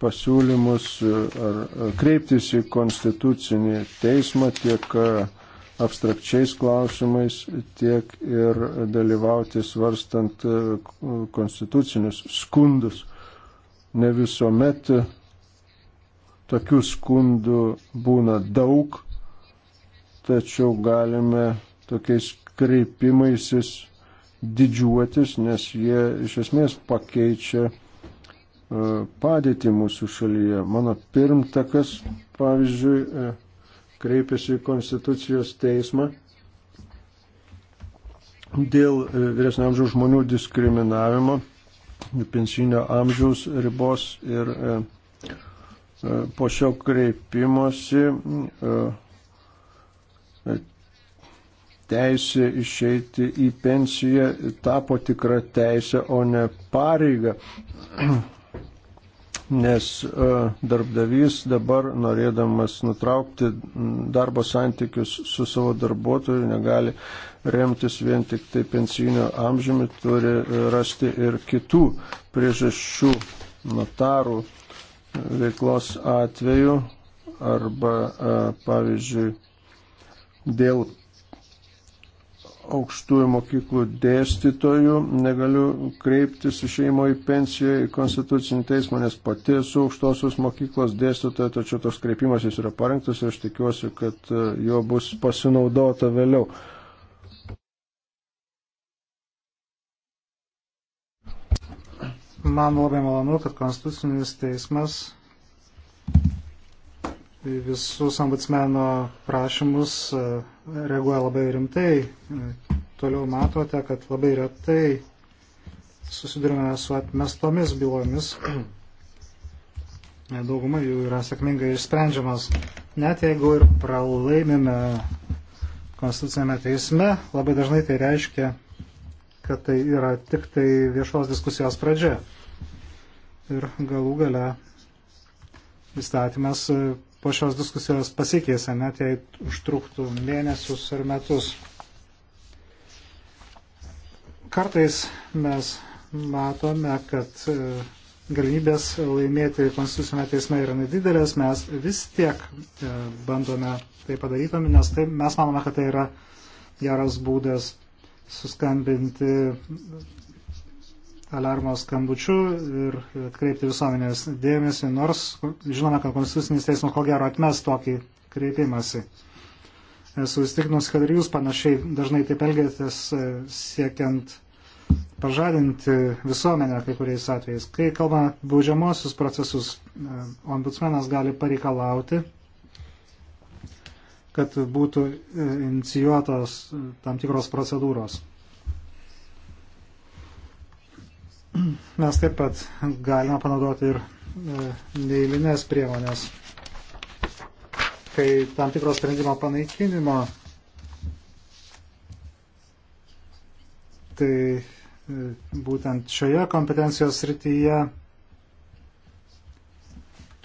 pasiūlymus e, ar kreiptis į konstitucinį teismą tiek e, abstrakčiais klausimais, tiek ir dalyvauti svarstant e, konstitucinius skundus. Ne visuomet tokių skundų būna daug, tačiau galime tokiais kreipimaisis didžiuotis, nes jie iš esmės pakeičia E, padėtį mūsų šalyje. Mano pirmtakas, pavyzdžiui, e, kreipėsi į Konstitucijos teismą dėl e, vyresnio amžiaus žmonių diskriminavimo, pensinio amžiaus ribos ir po šio kreipimosi teisė išeiti į pensiją tapo tikrą teisę, o ne pareigą nes e, darbdavys dabar norėdamas nutraukti darbo santykius su savo darbuotoju negali remtis vien tik tai pensinio amžiumi, turi rasti ir kitų priežasčių notarų veiklos atveju arba, e, pavyzdžiui, dėl aukštųjų mokyklų dėstytojų, negaliu kreiptis išeimo į pensiją į konstitucinį teismą, nes pati esu aukštosios mokyklos dėstytoja, tačiau toks kreipimas jis yra parengtas ir aš tikiuosi, kad e, jo bus pasinaudota vėliau. Man labai malonu, kad konstitucinis teismas visus ambicmeno prašymus e, reaguoja labai rimtai. Toliau matote, kad labai retai susidurime su atmestomis bylomis. Dauguma jų yra sėkmingai išsprendžiamas. Net jeigu ir pralaimime Konstitucinėme teisme, labai dažnai tai reiškia, kad tai yra tik tai viešos diskusijos pradžia. Ir galų gale įstatymas po šios diskusijos pasikeis, net jei užtruktų mėnesius ar metus. Kartais mes matome, kad e, galimybės laimėti konstitucinę teismą yra nedidelės, mes vis tiek e, bandome tai padaryti, nes tai, mes manome, kad tai yra geras būdas suskambinti alarmo skambučiu ir kreipti visuomenės dėmesį, nors žinome, kad Konstitucinis teismas ko gero atmes tokį kreipimąsi. Esu įstikinus, kad ir jūs panašiai dažnai taip elgėtės e, siekiant pažadinti visuomenę kai kuriais atvejais. Kai kalba baudžiamosius procesus, e, ombudsmenas gali pareikalauti, kad būtų e, inicijuotos tam tikros procedūros. mes taip pat galime panaudoti ir e, neįlinės priemonės, kai tam tikro sprendimo panaikinimo tai e, būtent šioje kompetencijos srityje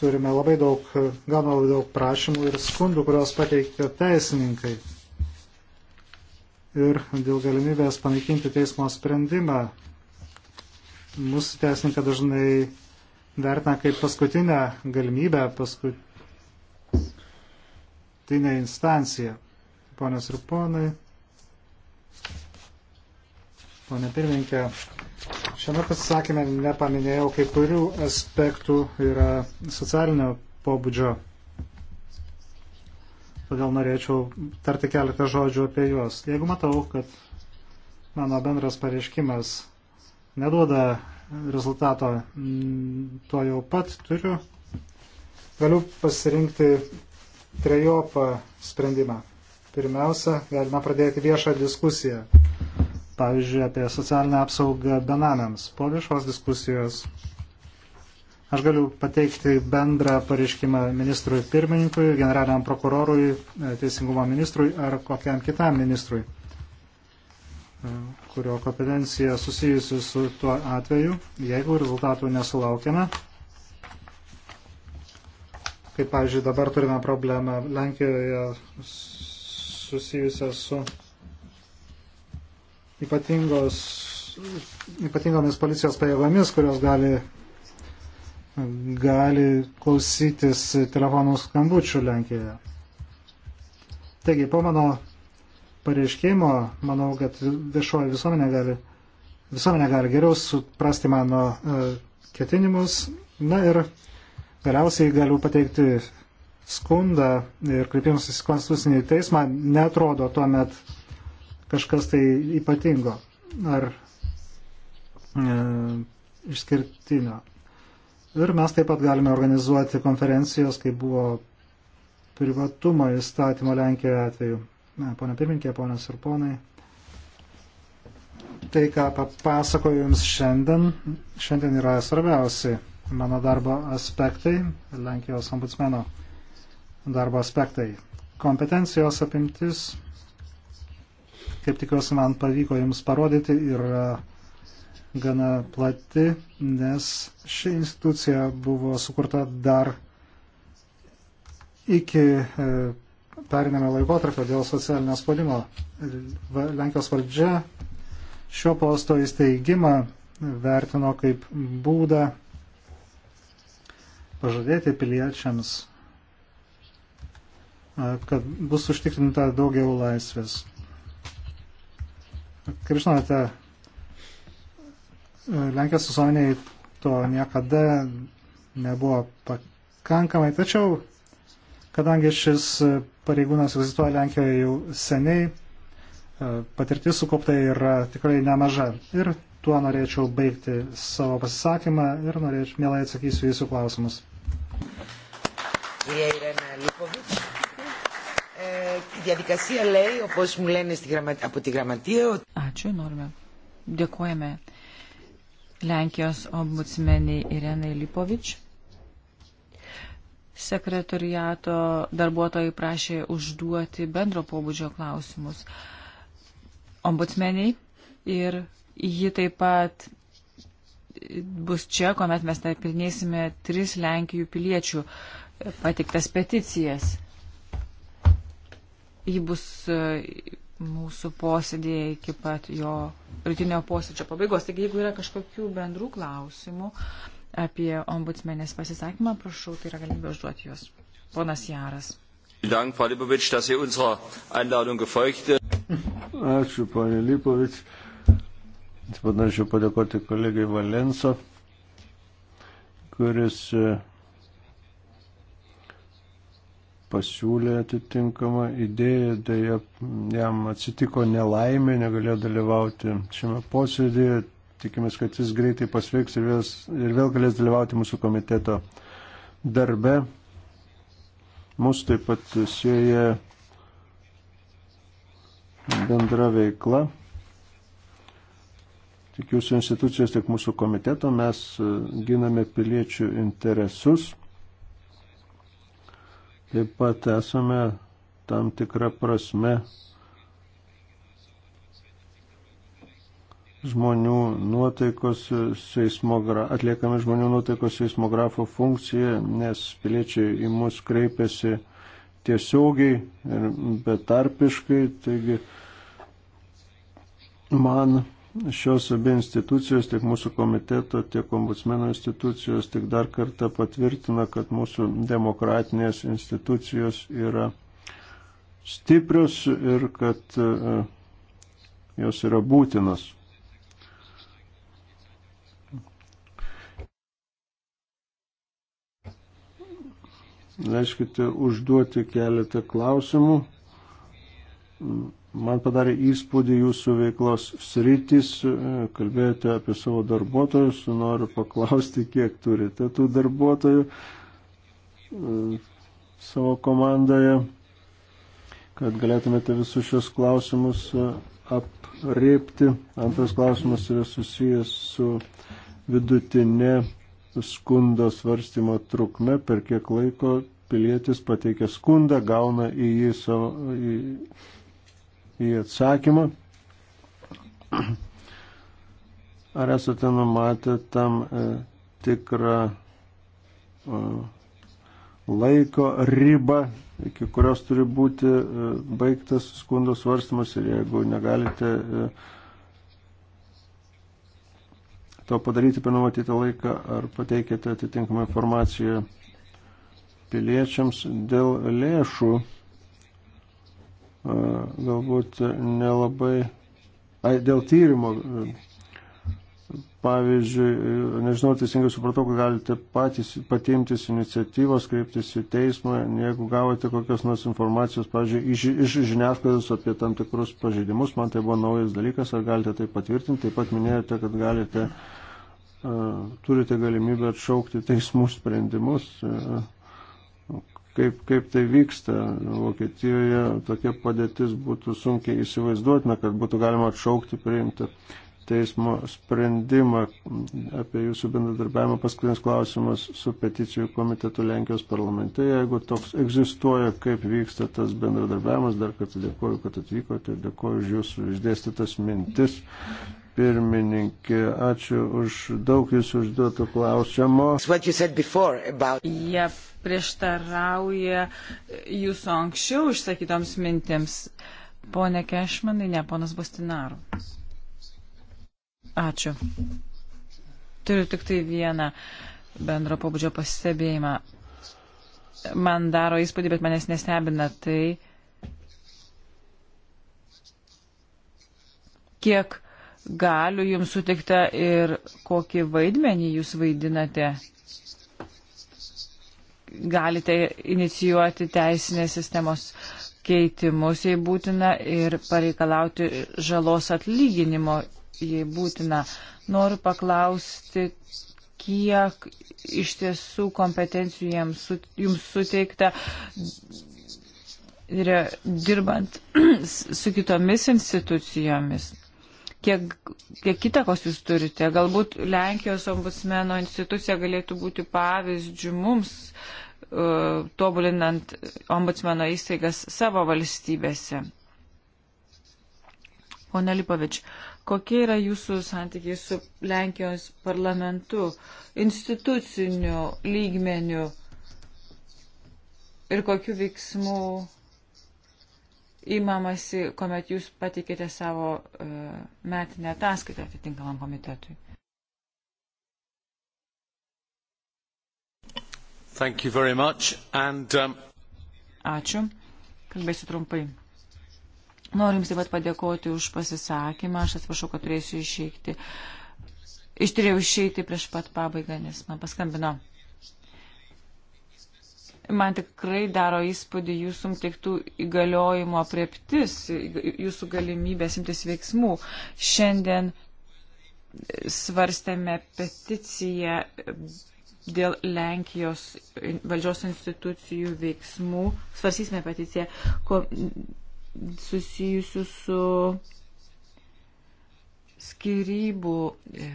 turime labai daug, gauname labai daug prašymų ir skundų, kurios pateikia teisininkai. Ir dėl galimybės panaikinti teismo sprendimą mūsų teisininką dažnai vertina kaip paskutinę galimybę, paskutinę instanciją. Ponios ir ponai, ponė pirmininkė, šiame pasisakymė nepaminėjau kai kurių aspektų tai yra socialinio pobūdžio. Todėl norėčiau tarti keletą žodžių apie juos. Jeigu matau, kad mano bendras pareiškimas neduoda rezultato mm, tuo jau pat turiu. Galiu pasirinkti trejopą sprendimą. Pirmiausia, galima pradėti viešą diskusiją, pavyzdžiui, apie socialinę apsaugą benamiams. Po viešos diskusijos aš galiu pateikti bendrą pareiškimą ministrui pirmininkui, generaliniam prokurorui, teisingumo ministrui ar kokiam kitam ministrui kurio kompetencija susijusi su tuo atveju. Jeigu rezultatų nesulaukime, kaip, pavyzdžiui, dabar turime problemą Lenkijoje susijusią su ypatingomis policijos pajėgomis, kurios gali, gali klausytis telefonų skambučių Lenkijoje. Taigi, po mano pareiškimo, manau, kad viešoji visuomenė gali, visuomenė gali geriau suprasti mano e, ketinimus. Na ir galiausiai galiu pateikti skundą ir kreipimus į konstitucinį teismą, netrodo tuomet kažkas tai ypatingo ar e, išskirtinio. Ir mes taip pat galime organizuoti konferencijos, kaip buvo privatumo įstatymo Lenkijoje atveju. Pone pirminkė, ponas ir ponai, tai, ką papasakoju Jums šiandien, šiandien yra svarbiausi mano darbo aspektai, Lenkijos ombudsmeno darbo aspektai. Kompetencijos apimtis, kaip tikiuosi man pavyko Jums parodyti, yra gana plati, nes ši institucija buvo sukurta dar iki e, periname laikotarpio dėl socialinio spaudimo. Lenkijos valdžia šio posto įsteigimą vertino kaip būdą pažadėti piliečiams, kad bus užtikrinta daugiau laisvės. Kaip žinote, Lenkijos visuomeniai to niekada nebuvo pakankamai, tačiau kadangi šis pareigūnas egzistuoja Lenkijoje jau seniai, e, patirtis sukaupta yra tikrai nemaža. Ir tuo norėčiau baigti savo pasisakymą ir norėčiau, mielai atsakysiu jūsų klausimus. Κυρία Ιρένα Λίποβιτς, ε, η διαδικασία λέει, όπως μου λένε στη γραμμα... από τη γραμματεία... Ότι... Ačiū, norime. Dėkojame Lenkijos ombudsmeniai Irenai Lipovič sekretoriato darbuotojai prašė užduoti bendro pobūdžio klausimus ombudsmeniai ir ji taip pat bus čia, kuomet mes nagrinėsime tris Lenkijų piliečių patiktas peticijas. Ji bus e, mūsų posėdėje iki pat jo rytinio posėdžio pabaigos. Taigi, jeigu yra kažkokių bendrų klausimų, apie ombudsmenės pasisakymą. Prašau, tai yra galimybė užduoti juos. Ponas Jaras. Ačiū, ponė Lipovič. Taip pat norėčiau padėkoti kolegai Valenso, kuris e, pasiūlė atitinkamą idėją, dėja jam atsitiko nelaimė, negalėjo dalyvauti šiame posėdėje, Tikimės, kad jis greitai pasveiks ir, vės, ir vėl galės dalyvauti mūsų komiteto darbe. Mūsų taip pat sieja bendra veikla. Tiek jūsų institucijos, tiek mūsų komiteto mes e, giname piliečių interesus. Taip pat esame tam tikrą prasme žmonių nuotaikos seismogra, atliekame žmonių nuotaikos seismografo funkciją, nes piliečiai į mus kreipiasi tiesiogiai ir betarpiškai, taigi man šios abi institucijos, tiek mūsų komiteto, tiek ombudsmeno institucijos, tik dar kartą patvirtina, kad mūsų demokratinės institucijos yra stiprios ir kad e, jos yra būtinos. leiskite užduoti keletą klausimų. Man padarė įspūdį jūsų veiklos sritis, kalbėjote apie savo darbuotojus, noriu paklausti, kiek turite tų darbuotojų e, savo komandoje, kad galėtumėte visus šios klausimus e, apriepti. Antras klausimas yra susijęs su vidutinė skundo svarstymo trukme, per kiek laiko pilietis pateikia skundą, gauna į jį savo į, į atsakymą. (clears throat) Ar esate numatę tam e, tikrą e, laiko ribą, iki kurios turi būti e, baigtas skundos svarstymas ir jeigu negalite e, to padaryti per numatytą laiką, ar pateikėte atitinkamą informaciją piliečiams dėl lėšų. Galbūt nelabai, ai, dėl tyrimo Pavyzdžiui, nežinau, teisingai supratau, kad galite patys patimtis iniciatyvos, kreiptis į teismą, jeigu gavote kokios nors informacijos, pavyzdžiui, iš, iš žiniasklaidos apie tam tikrus pažeidimus, man tai buvo naujas dalykas, ar galite tai patvirtinti, taip pat minėjote, kad galite, uh, turite galimybę atšaukti teismų sprendimus. Uh, kaip, kaip tai vyksta Vokietijoje, tokia padėtis būtų sunkiai įsivaizduotina, kad būtų galima atšaukti priimtą teismo sprendimą apie jūsų bendradarbiavimą. Paskutinis klausimas su peticijų komitetu Lenkijos parlamente. Jeigu toks egzistuoja, kaip vyksta tas bendradarbiavimas, dar kartą dėkoju, kad atvykote ir dėkoju už jūsų išdėstytas mintis. Pirmininkė, ačiū už daug jūsų užduotų klausimų. About... Jie prieštarauja jūsų anksčiau išsakytoms mintims. Pone Kešmanai, ne ponas Bustinaru. Ačiū. Turiu tik tai vieną bendro pobūdžio pastebėjimą. Man daro įspūdį, bet manęs nestebina tai, kiek galių jums sutikta ir kokį vaidmenį jūs vaidinate. Galite inicijuoti teisinės sistemos keitimus, jei būtina, ir pareikalauti žalos atlyginimo jei būtina. Noriu paklausti, kiek iš tiesų kompetencijų jums, jums suteikta dirbant (clears throat) su kitomis institucijomis. Kiek, kiek įtakos jūs turite? Galbūt Lenkijos ombudsmeno institucija galėtų būti pavyzdžių mums, e, tobulinant ombudsmeno įstaigas savo valstybėse. Pone Lipovič, uh, Kokie yra jūsų santykiai su Lenkijos parlamentu, instituciniu lygmeniu ir kokiu veiksmu įmamasi, kuomet jūs patikėte savo e, metinę ataskaitą atitinkamam komitetui? Thank you very much. And, um... Ačiū. Kalbėsiu trumpai. Noriu Jums taip pat padėkoti už pasisakymą. Aš atsiprašau, kad turėsiu išeikti. Išturėjau išeiti prieš pat pabaigą, nes man paskambino. Man tikrai daro įspūdį jūsų teiktų įgaliojimo apreptis, jūsų galimybės imtis veiksmų. Šiandien svarstėme peticiją dėl Lenkijos valdžios institucijų veiksmų. Svarsysime peticiją susijusių su skirybų e,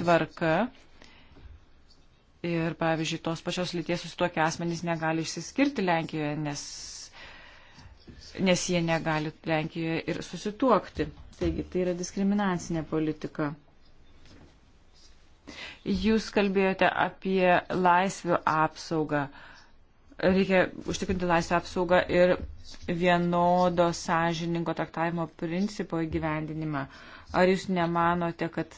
tvarka. Ir, pavyzdžiui, tos pačios lyties susituokę asmenys negali išsiskirti Lenkijoje, nes, nes jie negali Lenkijoje ir susituokti. Taigi, tai yra diskriminacinė politika. Jūs kalbėjote apie laisvių apsaugą. Uh, Reikia užtikrinti laisvę apsaugą ir vienodo sąžininko traktavimo principo įgyvendinimą. Ar jūs nemanote, kad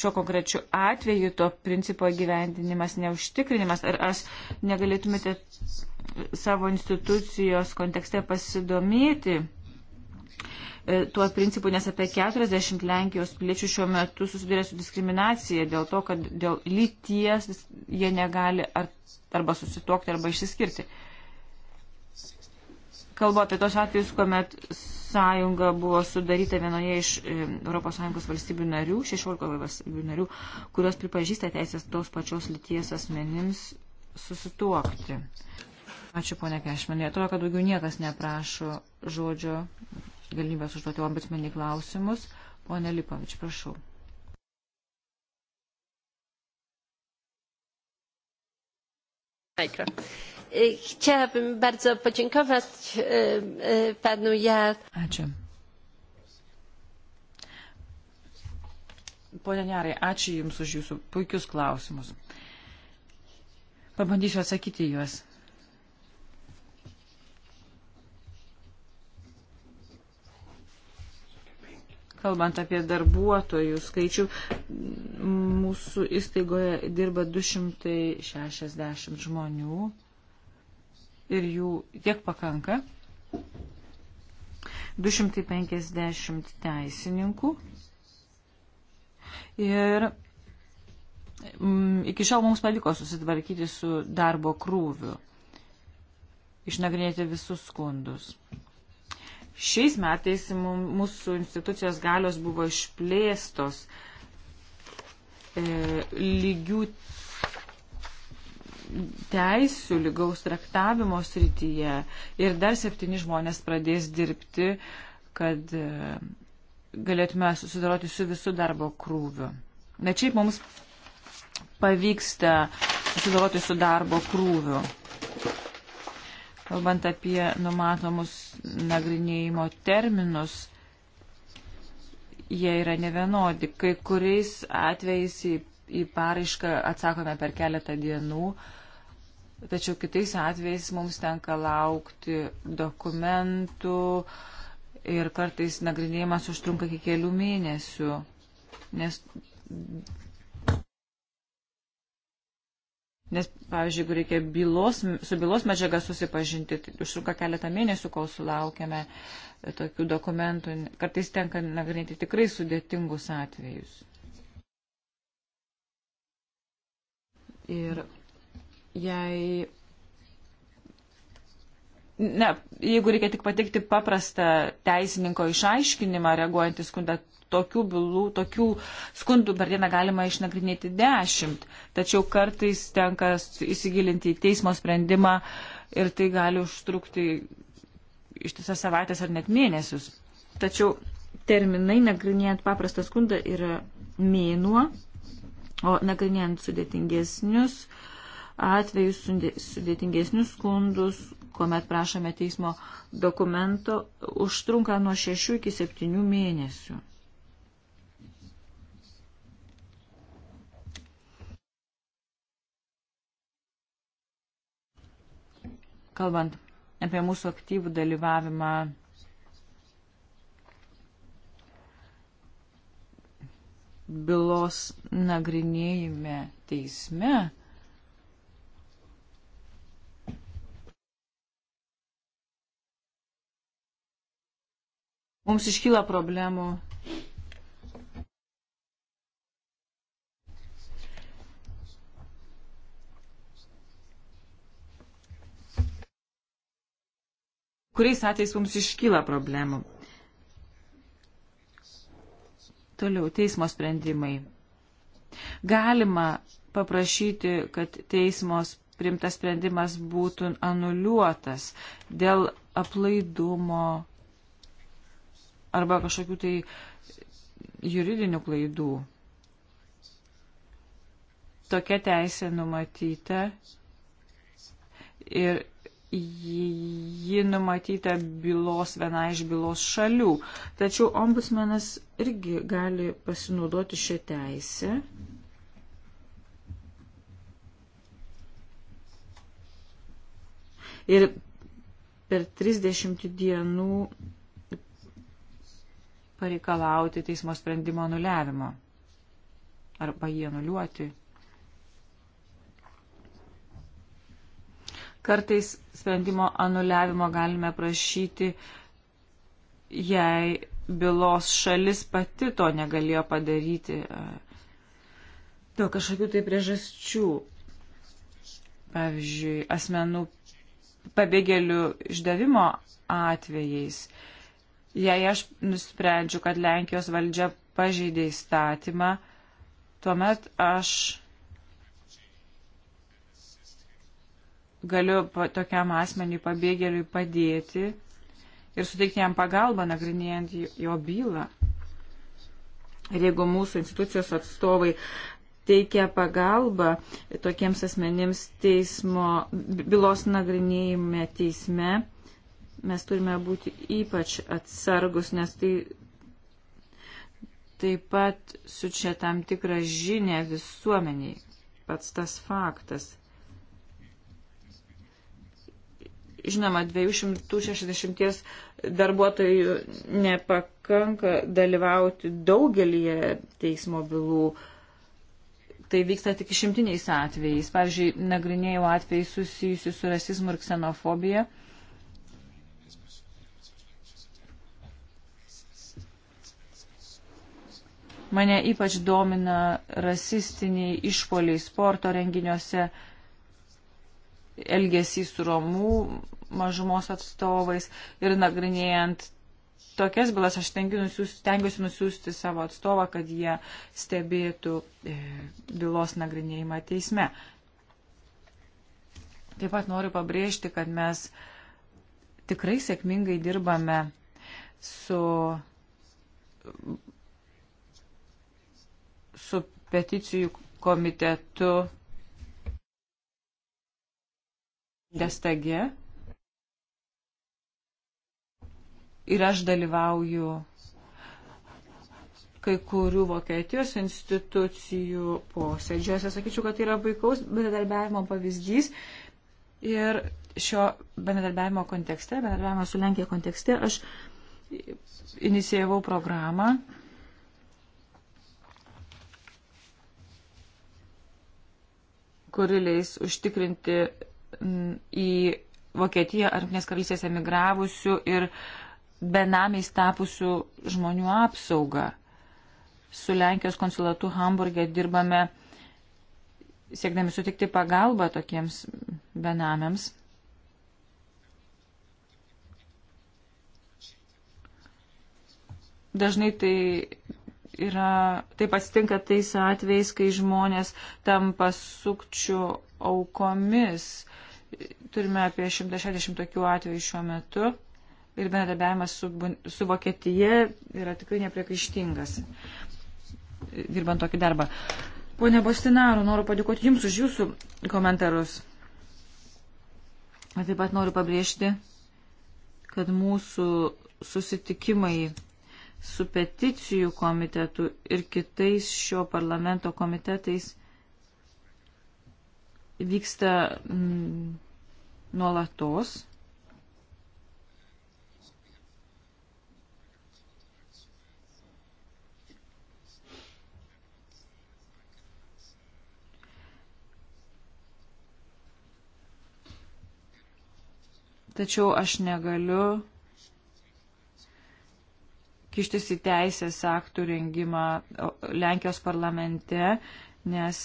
šiuo konkrečiu atveju to principo įgyvendinimas neužtikrinimas? Ar aš negalėtumėte savo institucijos kontekste pasidomėti? E, tuo principu, nes apie 40 Lenkijos piliečių šiuo metu susiduria su diskriminacija dėl to, kad dėl lyties jie negali ar, arba susituokti, arba išsiskirti. Kalbu apie tos atvejus, kuomet sąjunga buvo sudaryta vienoje iš ES valstybių narių, 16 valstybių narių, kurios pripažįsta teisės tos pačios lyties asmenims susituokti. Ačiū, ponia Kešmenė. Atrodo, kad daugiau niekas neprašo žodžio galimybės užduoti ombudsmenį klausimus. Pone Lipovič, prašau. E, chciałabym bardzo podziękować e, e, panu Jar. Ačiū. Pone Jarai, ačiū Jums už Jūsų puikius klausimus. Pabandysiu atsakyti juos. kalbant apie darbuotojų skaičių, mūsų įstaigoje dirba 260 žmonių ir jų tiek pakanka. 250 teisininkų. Ir mm, iki šiol mums pavyko susitvarkyti su darbo krūviu, išnagrinėti visus skundus. Šiais metais mūsų institucijos galios buvo išplėstos e, lygių teisų, lygaus traktavimo srityje ir dar septyni žmonės pradės dirbti, kad e, galėtume susidaroti su visų darbo krūviu. Bet šiaip mums pavyksta susidaroti su darbo krūviu. Kalbant apie numatomus nagrinėjimo terminus, jie yra nevienodi. Kai kuriais atvejais į, į paraišką atsakome per keletą dienų, tačiau kitais atvejais mums tenka laukti dokumentų ir kartais nagrinėjimas užtrunka iki kelių mėnesių, nes Nes, pavyzdžiui, jeigu reikia bylos, su bylos medžiaga susipažinti, tai užtruka keletą mėnesių, kol sulaukiame e, tokių dokumentų. Kartais tenka nagrinėti tikrai sudėtingus atvejus. Ir jei. Ne, jeigu reikia tik patikti paprastą teisininko išaiškinimą, reaguojant į skundą, tokių bylų, tokių skundų per dieną galima išnagrinėti dešimt, tačiau kartais tenka įsigilinti į teismo sprendimą ir tai gali užtrukti ištisas savaitės ar net mėnesius. Tačiau terminai nagrinėjant paprastą skundą yra mėnuo, o nagrinėjant sudėtingesnius atvejus, sudėtingesnius skundus, kuomet prašome teismo dokumento, užtrunka nuo 6 iki 7 mėnesių. kalbant apie mūsų aktyvų dalyvavimą bylos nagrinėjime teisme, mums iškyla problemų kuriais atvejais mums iškyla problemų. Toliau, teismo sprendimai. Galima paprašyti, kad teismos primtas sprendimas būtų anuliuotas dėl aplaidumo arba kažkokių tai juridinių klaidų. Tokia teisė numatyta ir ji numatyta bylos viena iš bylos šalių. Tačiau ombudsmenas irgi gali pasinaudoti šią teisę. Ir per 30 dienų pareikalauti teismo sprendimo nuliavimo arba jį nuliuoti. Kartais sprendimo anuliavimo galime prašyti, jei bylos šalis pati to negalėjo padaryti e, dėl kažkokių tai priežasčių. Pavyzdžiui, asmenų pabėgėlių išdavimo atvejais. Jei aš nusprendžiu, kad Lenkijos valdžia pažeidė įstatymą, tuomet aš galiu tokiam asmeniui pabėgėliui padėti ir suteikti jam pagalbą nagrinėjant jo bylą. Ir jeigu mūsų institucijos atstovai teikia pagalbą tokiems asmenims teismo, bylos nagrinėjime teisme, mes turime būti ypač atsargus, nes tai taip pat sučia tam tikrą žinę visuomeniai, pats tas faktas. Žinoma, 260 darbuotojų nepakanka dalyvauti daugelį teismo bylų. Tai vyksta tik išimtiniais atvejais. Pavyzdžiui, nagrinėjau atvejai susijusi su rasizmu ir ksenofobija. Mane ypač domina rasistiniai išpoliai sporto renginiuose, elgesys su romų mažumos atstovais ir nagrinėjant tokias bylas aš nusiųst, stengiuosi nusiųsti savo atstovą, kad jie stebėtų e, bylos nagrinėjimą teisme. Taip pat noriu pabrėžti, kad mes tikrai sėkmingai dirbame su, su peticijų komitetu Destage ir aš dalyvauju kai kurių Vokietijos institucijų posėdžiuose. Sakyčiau, kad tai yra vaikaus bendradarbiavimo pavyzdys. Ir šio bendradarbiavimo kontekste, bendradarbiavimo su Lenkija kontekste, aš inicijavau programą. kuri leis užtikrinti mm, į Vokietiją ar Nes karalystės emigravusių ir uh, benamiais tapusių žmonių apsaugą. Su Lenkijos konsulatu Hamburgė dirbame siekdami sutikti pagalbą tokiems benamiams. Dažnai tai yra, tai pasitinka tais atvejais, kai žmonės tampa sukčių aukomis. Turime apie 160 tokių atvejų šiuo metu ir bendradarbiavimas su, su Vokietija yra tikrai nepriekaištingas, dirbant tokį darbą. Pone Bostinaru, noriu padėkoti Jums už Jūsų komentarus. Taip pat noriu pabrėžti, kad mūsų susitikimai su peticijų komitetu ir kitais šio parlamento komitetais vyksta mm, nuolatos Tačiau aš negaliu kištis į teisės aktų rengimą Lenkijos parlamente, nes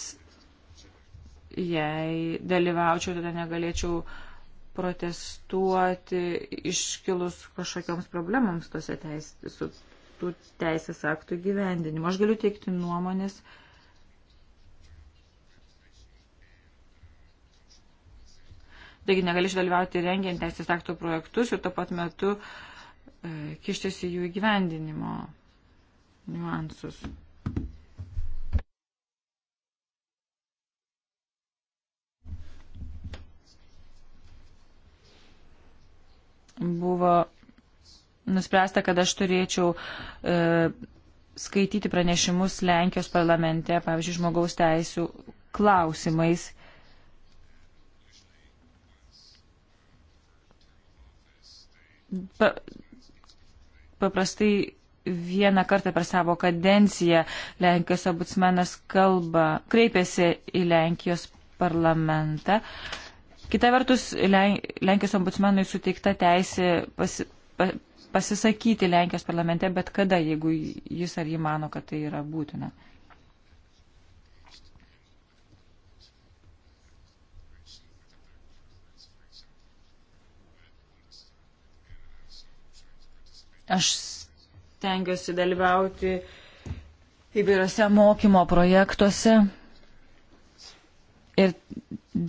jei dalyvaučiau, tada negalėčiau protestuoti iškilus kažkokiams problemams tose teis, su, tų teisės aktų gyvendinimu. Aš galiu teikti nuomonės, uh, taigi negali išdalyvauti rengiant teisės aktų projektus ir tuo pat metu e, kištis į jų įgyvendinimo niuansus. Buvo nuspręsta, kad aš turėčiau e, skaityti pranešimus Lenkijos parlamente, pavyzdžiui, žmogaus teisų klausimais. pa, paprastai vieną kartą per savo kadenciją Lenkijos abudsmenas kalba, kreipiasi į Lenkijos parlamentą. Kita vertus, Lenkijos ombudsmenui suteikta teisė pasi, pa, pasisakyti Lenkijos parlamente, bet kada, jeigu jis ar jį mano, kad tai yra būtina. Aš stengiuosi dalyvauti įvairiose mokymo projektuose ir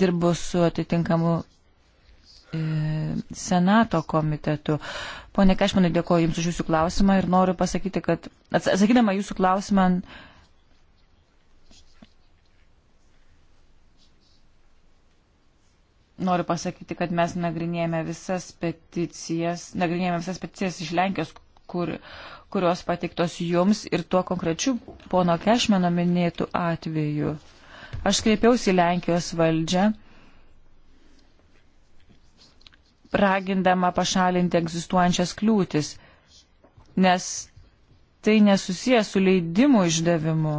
dirbu su atitinkamu e, Senato komitetu. Pone Kešmanai, dėkoju Jums už Jūsų klausimą ir noriu pasakyti, kad atsakydama Jūsų klausimą Noriu pasakyti, kad mes nagrinėjame visas peticijas, nagrinėjame visas peticijas iš Lenkijos, kur, kurios patiktos jums ir tuo konkrečiu pono Kešmeno minėtų atveju. Aš kreipiausi Lenkijos valdžią, ragindama pašalinti egzistuojančias kliūtis, nes tai nesusijęs su leidimu išdavimu.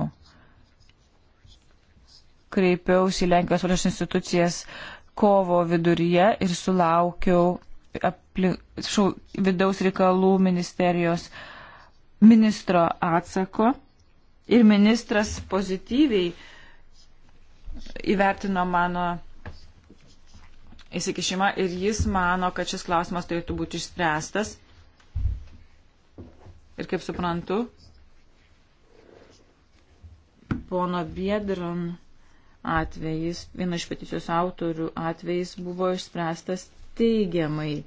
Kreipiausi Lenkijos valdžios institucijas kovo viduryje ir sulaukiau aplink, šau, vidaus reikalų ministerijos ministro atsako. Ir ministras pozityviai įvertino mano įsikišimą ir jis mano, kad šis klausimas turėtų būti išspręstas. Ir kaip suprantu, pono Biedron atvejis, viena iš peticijos autorių atvejis buvo išspręstas teigiamai.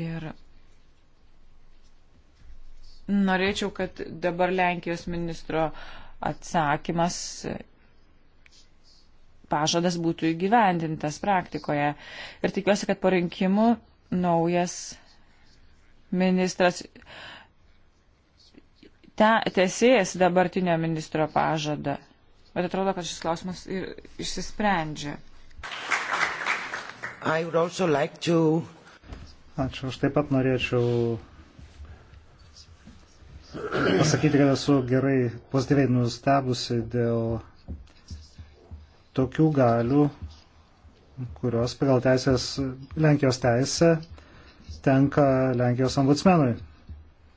Ir norėčiau, kad dabar Lenkijos ministro atsakymas pažadas būtų įgyvendintas praktikoje. Ir tikiuosi, kad po rinkimų naujas ministras tesėjęs dabartinio ministro pažadą. Bet atrodo, kad šis klausimas ir išsisprendžia. Like to... Ačiū, aš taip pat norėčiau pasakyti, kad esu gerai pozityviai nustebusi dėl tokių galių, kurios pagal teisės, Lenkijos teisę tenka Lenkijos ombudsmenui.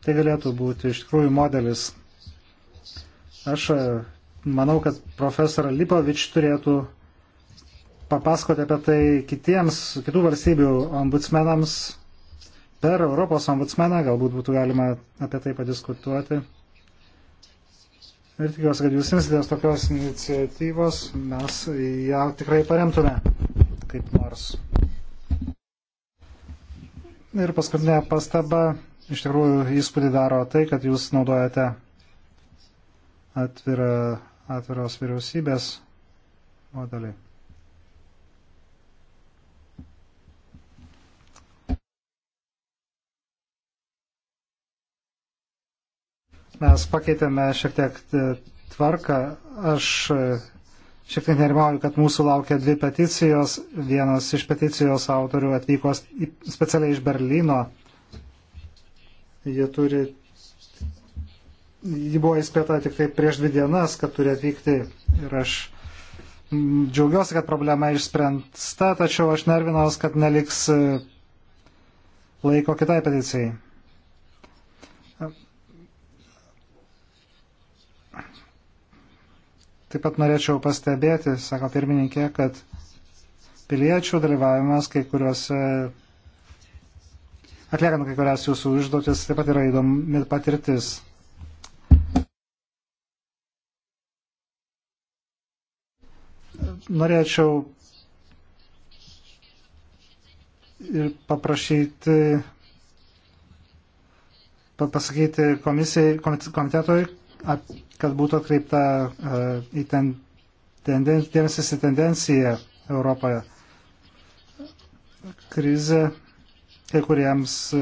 Tai galėtų būti iš tikrųjų modelis. Aš e, manau, kad profesora Lipovič turėtų papasakoti apie tai kitiems, kitų valstybių ombudsmenams per Europos ombudsmeną, galbūt būtų galima apie tai padiskutuoti. Ir tikiuosi, kad jūs imsitės tokios iniciatyvos, mes ją tikrai paremtume kaip nors. Ir paskutinė pastaba, iš tikrųjų įspūdį daro tai, kad jūs naudojate atvira, atviros vyriausybės modelį. Mes pakeitėme šiek tiek tvarką. Aš Šiek tiek nerimauju, kad mūsų laukia dvi peticijos. Vienas iš peticijos autorių atvyko specialiai iš Berlyno. Jie turi. Ji buvo įspėta tik tai prieš dvi dienas, kad turi atvykti. Ir aš mm, džiaugiuosi, kad problema išsprendsta, tačiau aš nervinaus, kad neliks e, laiko kitai peticijai. Taip pat norėčiau pastebėti, sako pirmininkė, kad piliečių dalyvavimas kai kuriuose, atliekant kai kurias jūsų užduotis, taip pat yra įdomi patirtis. Norėčiau ir paprašyti, pasakyti komisijai, komitetui, kad būtų atkreipta e, į ten, tenden, dėmesis į tendenciją Europoje. Krize kai kuriems e,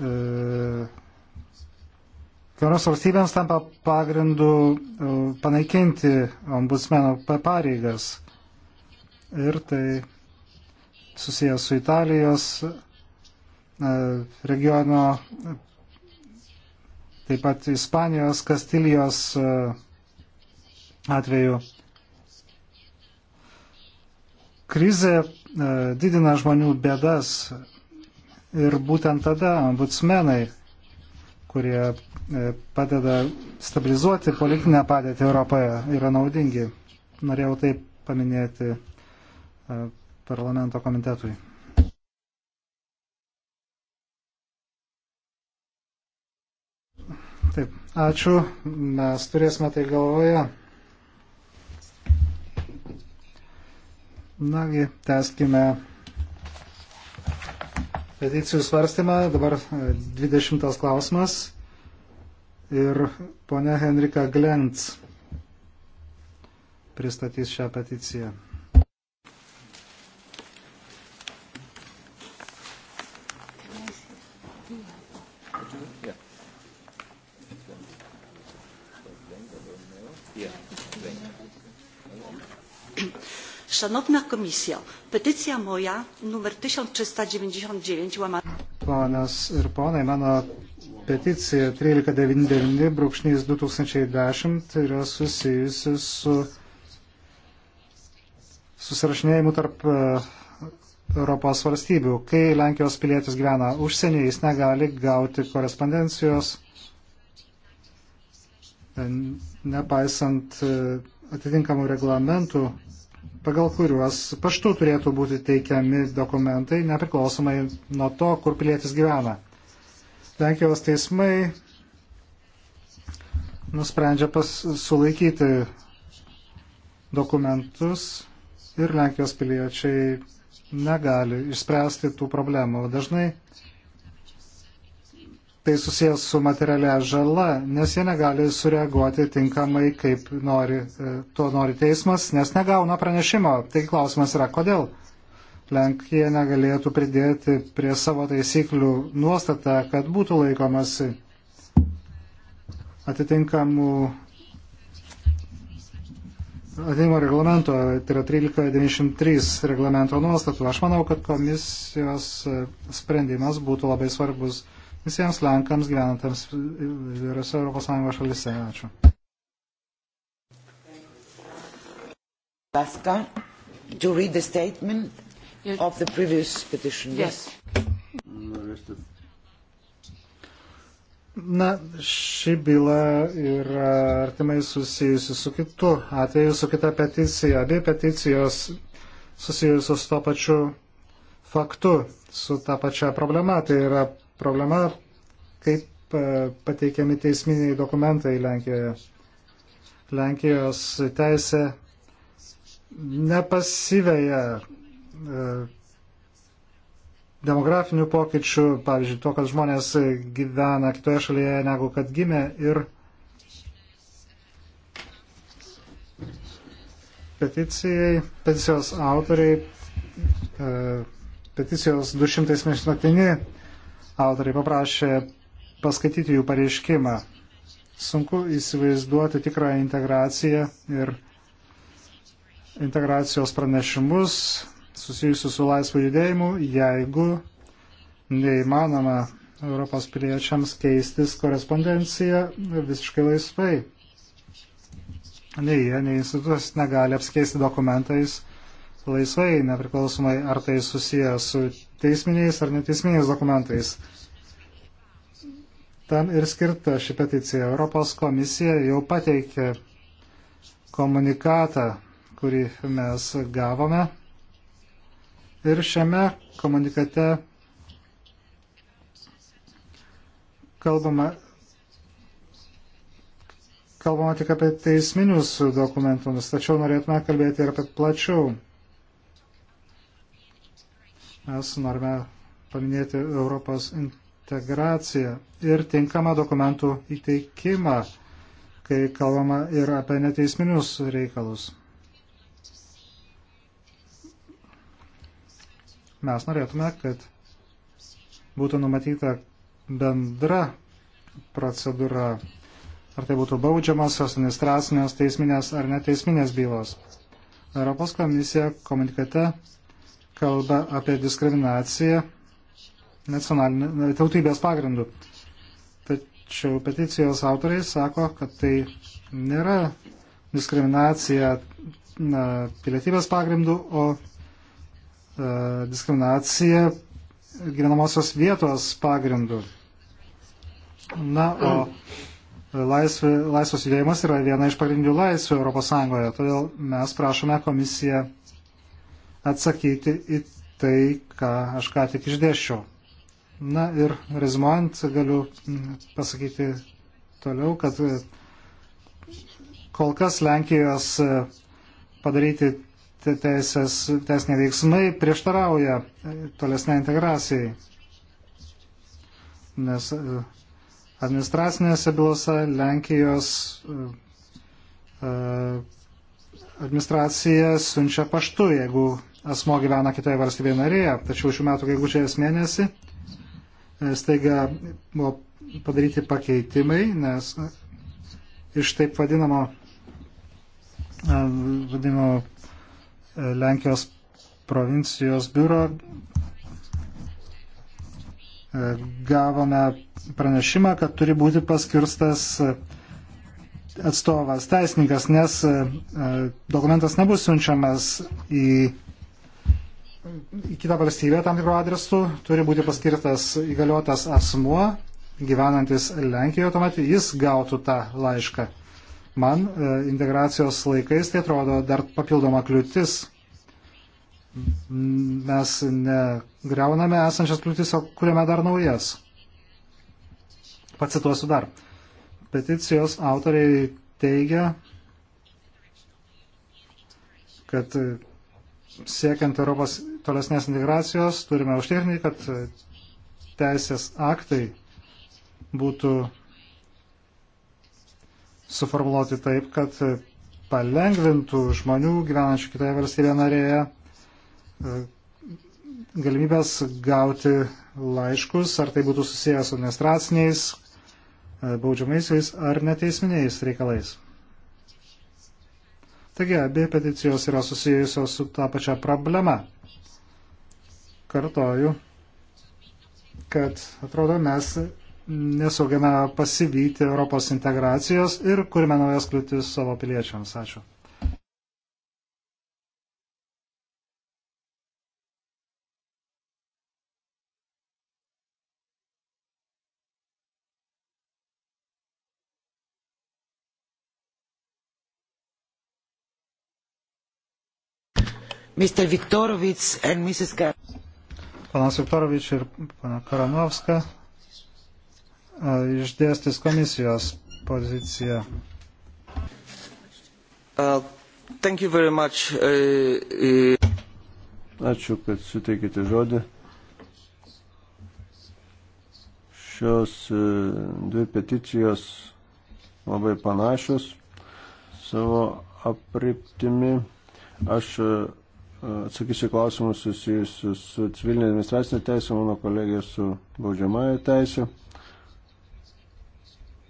e, kiekvienos valstybėms tampa pagrindu panaikinti ombudsmeno pareigas. Ir tai susijęs su Italijos regiono taip pat Ispanijos, Kastilijos e, atveju. Krize didina žmonių bėdas ir būtent tada ombudsmenai, kurie e, padeda stabilizuoti politinę padėtį Europoje, yra naudingi. Norėjau tai paminėti e, parlamento komitetui. Taip, ačiū. Mes turėsime tai galvoje. Nagi, teskime peticijų svarstymą. Dabar 20 klausimas. Ir ponia Henrika Glentz pristatys šią peticiją. Szanowna Komisjo, petycja moja numer 1399 łamana. Ponas ir ponai, mano peticija 1399-2010 yra susijusi su susirašinėjimu tarp e, Europos valstybių. Kai Lenkijos pilietis gyvena užsienyje, jis negali gauti korespondencijos, e, nepaisant e, atitinkamų reglamentų pagal kuriuos paštu turėtų būti teikiami dokumentai, nepriklausomai nuo to, kur pilietis gyvena. Lenkijos teismai nusprendžia pas, sulaikyti dokumentus ir Lenkijos piliečiai negali išspręsti tų problemų. Dažnai tai susijęs su materialia žala, nes jie negali sureaguoti tinkamai, kaip nori, e, to nori teismas, nes negauna pranešimo. Taigi klausimas yra, kodėl Lenkija negalėtų pridėti prie savo taisyklių nuostatą, kad būtų laikomasi atitinkamų atėjimo reglamento, tai yra 1393 reglamento nuostatų. Aš manau, kad komisijos e, sprendimas būtų labai svarbus visiems Lenkams gyvenantams įvairiose ES šalise. Ačiū. Laska, to read the statement of the previous petition. Yes. Na, ši byla yra artimai susijusi su kitu atveju, su kita peticija. Abi peticijos susijusios su to pačiu faktu, su ta pačia problema, tai yra Problema, kaip e, pateikiami teisminiai dokumentai Lenkijoje. Lenkijos teisė nepasiveja e, demografinių pokyčių, pavyzdžiui, to, kad žmonės gyvena kitoje šalyje negu kad gimė ir peticijai, peticijos autoriai, e, peticijos 279 autoriai paprašė paskaityti jų pareiškimą. Sunku įsivaizduoti tikrą integraciją ir integracijos pranešimus susijusius su laisvu judėjimu, jeigu neįmanoma Europos piliečiams keistis korespondenciją visiškai laisvai. Nei jie, nei institutas negali apskeisti dokumentais laisvai, nepriklausomai ar tai susiję su teisminiais ar neteisminiais dokumentais. Tam ir skirta ši peticija. Europos komisija jau pateikė komunikatą, kurį mes gavome. Ir šiame komunikate kalbama, kalbama tik apie teisminius dokumentus, tačiau norėtume kalbėti ir apie plačiau Mes norime paminėti Europos integraciją ir tinkamą dokumentų įteikimą, kai kalbama ir apie neteisminius reikalus. Mes norėtume, kad būtų numatyta bendra procedūra, ar tai būtų baudžiamasios, administracinės, teisminės ar neteisminės bylos. Europos komisija komunikate kalba apie diskriminaciją tautybės pagrindų. Tačiau peticijos autoriai sako, kad tai nėra diskriminacija na, pilietybės pagrindų, o e, diskriminacija gyvenamosios vietos pagrindų. Na, o e, laisvė, laisvos judėjimas yra viena iš pagrindinių laisvių ES, todėl mes prašome komisiją atsakyti į tai, ką aš ką tik išdėščiau. Na ir rezumuojant, galiu mm, pasakyti toliau, kad e, kol kas Lenkijos e, padaryti teisės, teisiniai veiksmai prieštarauja e, tolesnė integracijai. Nes administracinėse bylose Lenkijos administracija siunčia paštu, jeigu asmo gyvena kitoje valstybėje narėje, tačiau šių metų gegužės mėnesį e, staiga buvo padaryti pakeitimai, nes e, iš taip vadinamo, e, vadinamo Lenkijos provincijos biuro gavome pranešimą, kad turi būti paskirstas atstovas, teisininkas, nes dokumentas nebus siunčiamas į į kitą valstybę tam tikrų adresų turi būti paskirtas įgaliotas asmuo, gyvenantis Lenkijoje, tuomet jis gautų tą laišką. Man e, integracijos laikais tai atrodo dar papildoma kliūtis. Mes negreuname esančias kliūtis, o kuriame dar naujas. Pacituosiu dar. Peticijos autoriai teigia, kad siekiant Europos tolesnės integracijos, turime užtikrinti, kad teisės aktai būtų suformuoluoti taip, kad palengvintų žmonių gyvenančių kitoje valstybėje narėje e, galimybės gauti laiškus, ar tai būtų susijęs su administraciniais, e, baudžiamaisiais ar neteisminiais reikalais. Taigi, abi peticijos yra susijusios su tą pačią problemą. Kartoju, kad atrodo mes nesugebame pasivyti Europos integracijos ir kurime naujas kliūtis savo piliečiams. Ačiū. Mr. Viktorovic and Mrs. Ka Panas Viktorovič ir pana Karanovska išdėstys komisijos poziciją. Uh, thank you very much. Uh, uh... Ačiū, kad suteikite žodį. Šios e, dvi peticijos labai panašios savo apriptimi. Aš e, atsakysiu klausimus susijusius su civilinė administracinė teisė, mano kolegė su baudžiamąją teisė.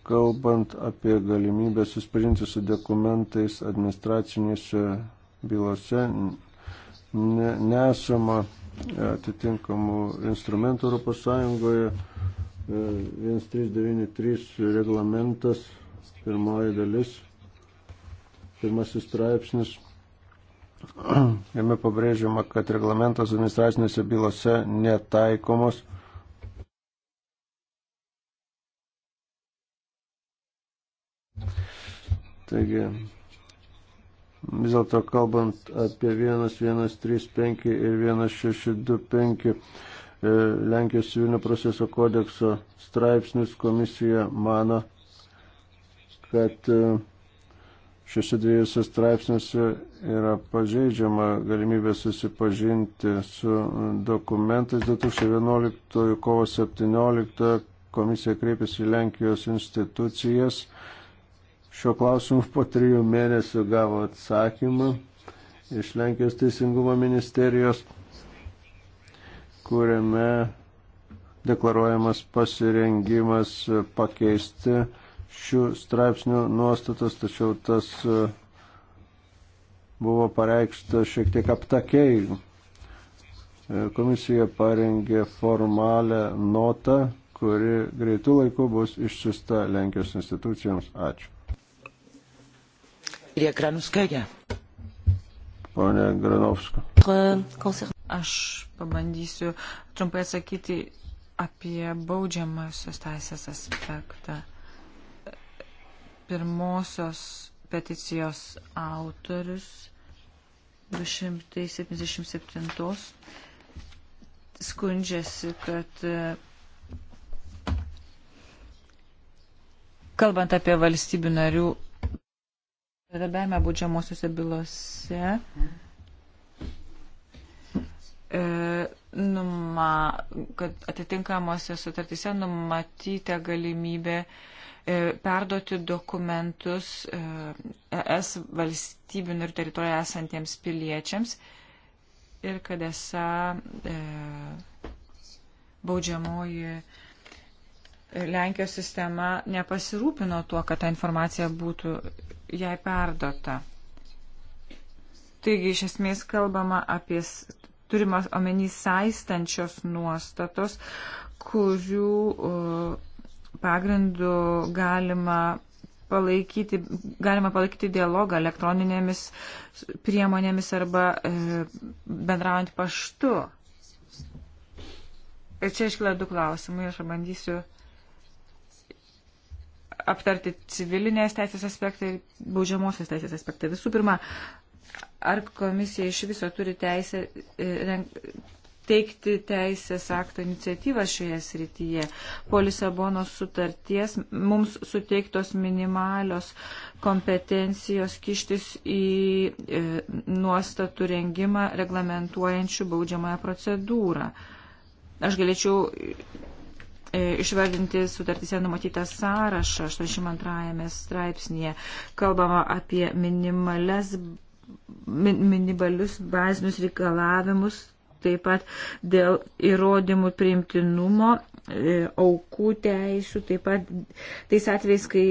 Kalbant apie galimybę susipažinti su dokumentais administracinėse bylose, ne, nesama e, atitinkamų instrumentų Europos Sąjungoje. 1393 e, reglamentas, pirmoji dalis, pirmasis straipsnis Jame pabrėžiama, kad reglamentas administracinėse bylose netaikomos. Taigi, vis dėlto kalbant apie 1135 ir 1625 e, Lenkijos civilinio proceso kodekso straipsnius, komisija mano, kad uh, šiuose dviejose straipsniuose yra pažeidžiama galimybė susipažinti su dokumentais. 2011 kovo 17 komisija kreipėsi į Lenkijos institucijas. Šiuo klausimu po trijų mėnesių gavo atsakymą iš Lenkijos teisingumo ministerijos, kuriame deklaruojamas pasirengimas pakeisti šių straipsnių nuostatas, tačiau tas e, buvo pareikšta šiek tiek aptakiai. E, komisija parengė formalę notą, kuri greitų laikų bus išsiusta Lenkijos institucijoms. Ačiū. Pone Granovska. Aš pabandysiu trumpai atsakyti apie baudžiamasios teisės aspektą pirmosios peticijos autorius 277 skundžiasi, kad kalbant apie valstybių narių bendradarbiavimą būdžiamosiuose bylose, e, numa, kad atitinkamuose sutartyse numatyta galimybė uh, E, perduoti dokumentus ES e valstybių ir teritorijoje esantiems piliečiams ir kad esą e, baudžiamoji e, Lenkijos sistema nepasirūpino tuo, kad ta informacija būtų jai perdota. Taigi, iš esmės kalbama apie turimas omenys saistančios nuostatos, kurių uh, pagrindų galima palaikyti, galima palaikyti dialogą elektroninėmis priemonėmis arba e, bendraujant paštu. Ir čia iškyla du klausimai, aš bandysiu aptarti civilinės teisės aspektą ir baudžiamosios teisės aspektą. Visų pirma, ar komisija iš viso turi teisę e, renk, teikti teisės akto iniciatyvas šioje srityje. Po Lisabonos sutarties mums suteiktos minimalios kompetencijos kištis į e, nuostatų rengimą reglamentuojančių baudžiamąją procedūrą. Aš galėčiau e, išvardinti sutartise numatytą sąrašą 82 straipsnėje. Kalbama apie minimales minimalius bazinius reikalavimus taip pat dėl įrodymų priimtinumo, e, aukų teisų, taip pat tais atvejais, kai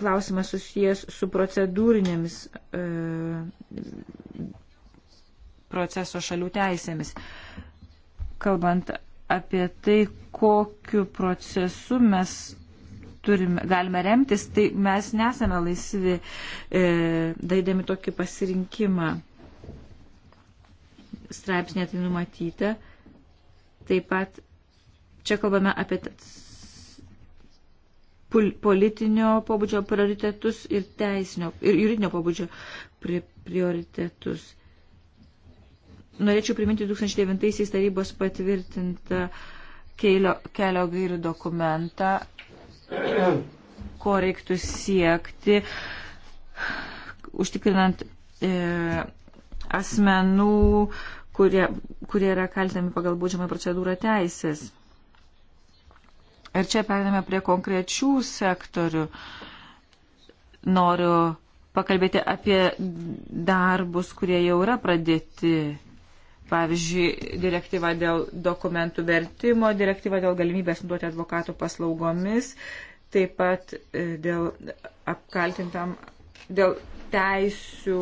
klausimas susijęs su procedūrinėmis e, proceso šalių teisėmis. Kalbant apie tai, kokiu procesu mes turime, galime remtis, tai mes nesame laisvi e, daidami tokį pasirinkimą straipsnė tai numatyta. Taip pat čia kalbame apie politinio pobūdžio prioritetus ir teisinio ir juridinio pobūdžio pri prioritetus. Norėčiau priminti 2009 tarybos patvirtintą kelio, kelio gairių dokumentą, (clears throat) ko reiktų siekti, užtikrinant e, asmenų, kurie, kurie yra kaltinami pagal būdžiamą procedūrą teisės. Ir čia periname prie konkrečių sektorių. Noriu pakalbėti apie darbus, kurie jau yra pradėti. Pavyzdžiui, direktyva dėl dokumentų vertimo, direktyva dėl galimybės duoti advokatų paslaugomis, taip pat e, dėl apkaltintam, dėl teisių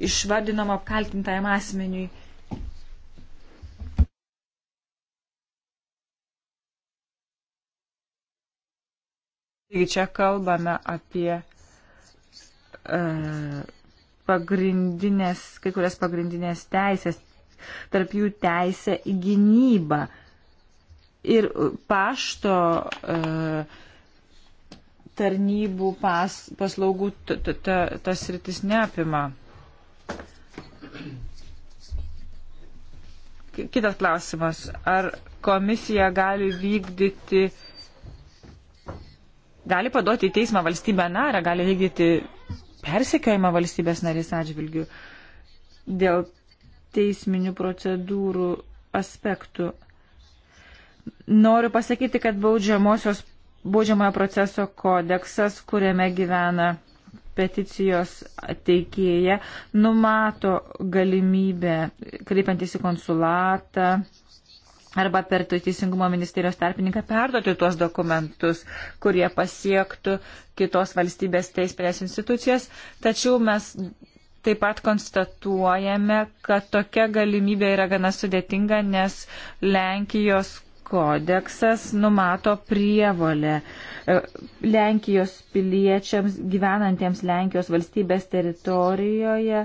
išvardinama apkaltintajam asmeniui. Taigi čia kalbame apie e, pagrindinės, kai kurias pagrindinės teisės, tarp jų teisę į gynybą. Ir pašto e, tarnybų pas, paslaugų tas rytis neapima. Kitas klausimas. Ar komisija gali vykdyti, gali paduoti į teismą valstybę narę, gali vykdyti persekiojimą valstybės narės atžvilgių dėl teisminių procedūrų aspektų. Noriu pasakyti, kad baudžiamosios, baudžiamojo proceso kodeksas, kuriame gyvena peticijos teikėja numato galimybę, kreipiantis į konsulatą arba per Teisingumo ministerijos tarpininką perduoti tuos dokumentus, kurie pasiektų kitos valstybės teisinės institucijas. Tačiau mes taip pat konstatuojame, kad tokia galimybė yra gana sudėtinga, nes Lenkijos kodeksas numato prievolę e, Lenkijos piliečiams gyvenantiems Lenkijos valstybės teritorijoje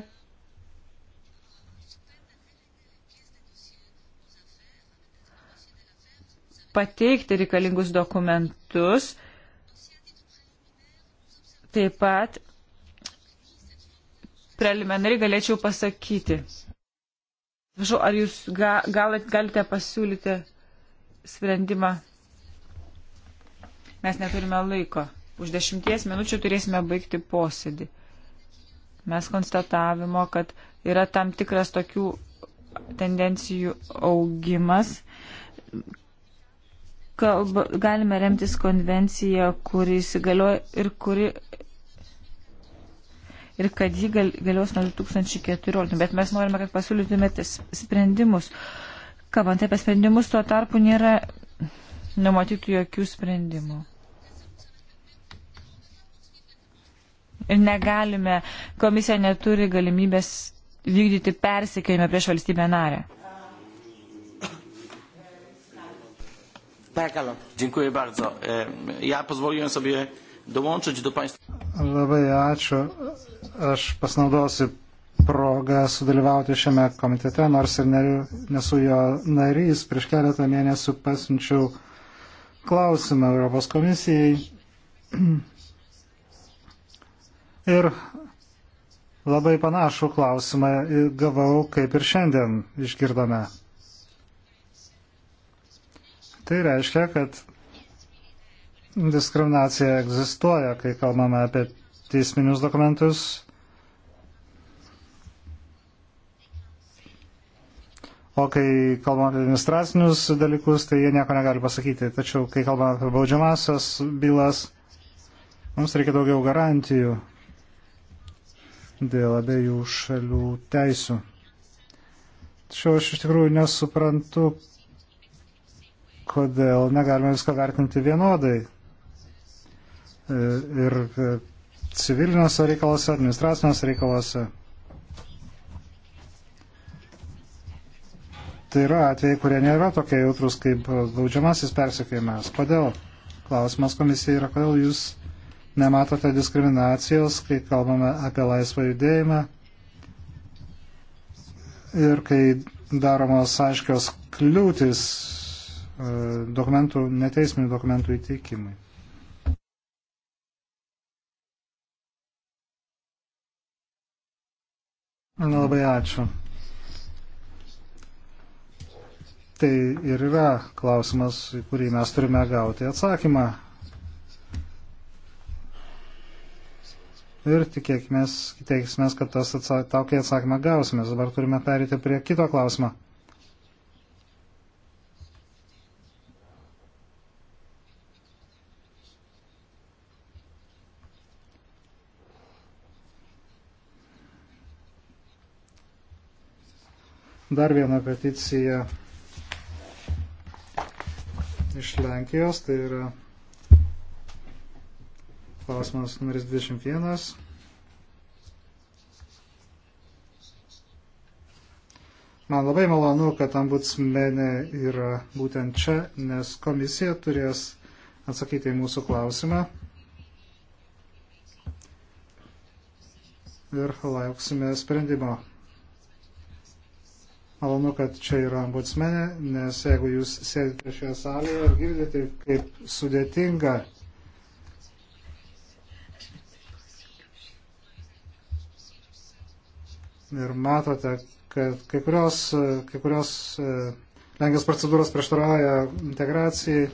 pateikti reikalingus dokumentus. Taip pat preliminariai galėčiau pasakyti. Žinau, ar jūs ga, gal, galite pasiūlyti sprendimą. Mes neturime laiko. Už dešimties minučių turėsime baigti posėdį. Mes konstatavimo, kad yra tam tikras tokių tendencijų augimas. Kalba, galime remtis konvenciją, kuri įsigalioja ir kuri. Ir kad ji gal, galios nuo 2014, bet mes norime, kad pasiūlytumėte sprendimus. Uh, Kalbant apie sprendimus, tuo tarpu nėra numatytų jokių sprendimų. Ir negalime, komisija neturi galimybės vykdyti persikėjimą prieš valstybę narę. Dziękuję bardzo. E, ja pozwoliłem sobie dołączyć do Państwa. Labai ačiū. Aš pasinaudosiu progą sudalyvauti šiame komitete, nors ir ne, nesu jo narys. Prieš keletą mėnesių pasinčiau klausimą Europos komisijai. (clears throat) Ir labai panašų klausimą gavau, kaip ir šiandien išgirdome. Tai reiškia, kad diskriminacija egzistuoja, kai kalbame apie teisminius dokumentus O kai kalbame apie administracinius dalykus, tai jie nieko negali pasakyti. Tačiau, kai kalbame apie baudžiamasias bylas, mums reikia daugiau garantijų dėl abiejų šalių teisų. Tačiau aš iš tikrųjų nesuprantu, kodėl negalime viską vertinti vienodai. E, ir e, civiliniuose reikaluose, administraciniuose reikaluose. tai yra atvejai, kurie nėra tokie jautrus kaip daudžiamasis persekėjimas. Kodėl? Klausimas komisijai yra, kodėl jūs nematote diskriminacijos, kai kalbame apie laisvą judėjimą ir kai daromos aiškios kliūtis e, dokumentų, neteisminių dokumentų įteikimui. Labai ačiū. Tai ir yra klausimas, į kurį mes turime gauti atsakymą. Ir tikėkime, kad tas atsak, tokį atsakymą gausime. Dabar turime perėti prie kito klausimo. Dar viena peticija iš Lenkijos, tai yra klausimas numeris 21. Man labai malonu, kad ambutsmenė yra būtent čia, nes komisija turės atsakyti į mūsų klausimą. Ir lauksime sprendimo. Malonu, kad čia yra ambutsmenė, nes jeigu jūs sėdite šioje salėje ir girdite, kaip sudėtinga ir matote, kad kai kurios, kai kurios e, Lenkijos procedūros prieštarauja integracijai,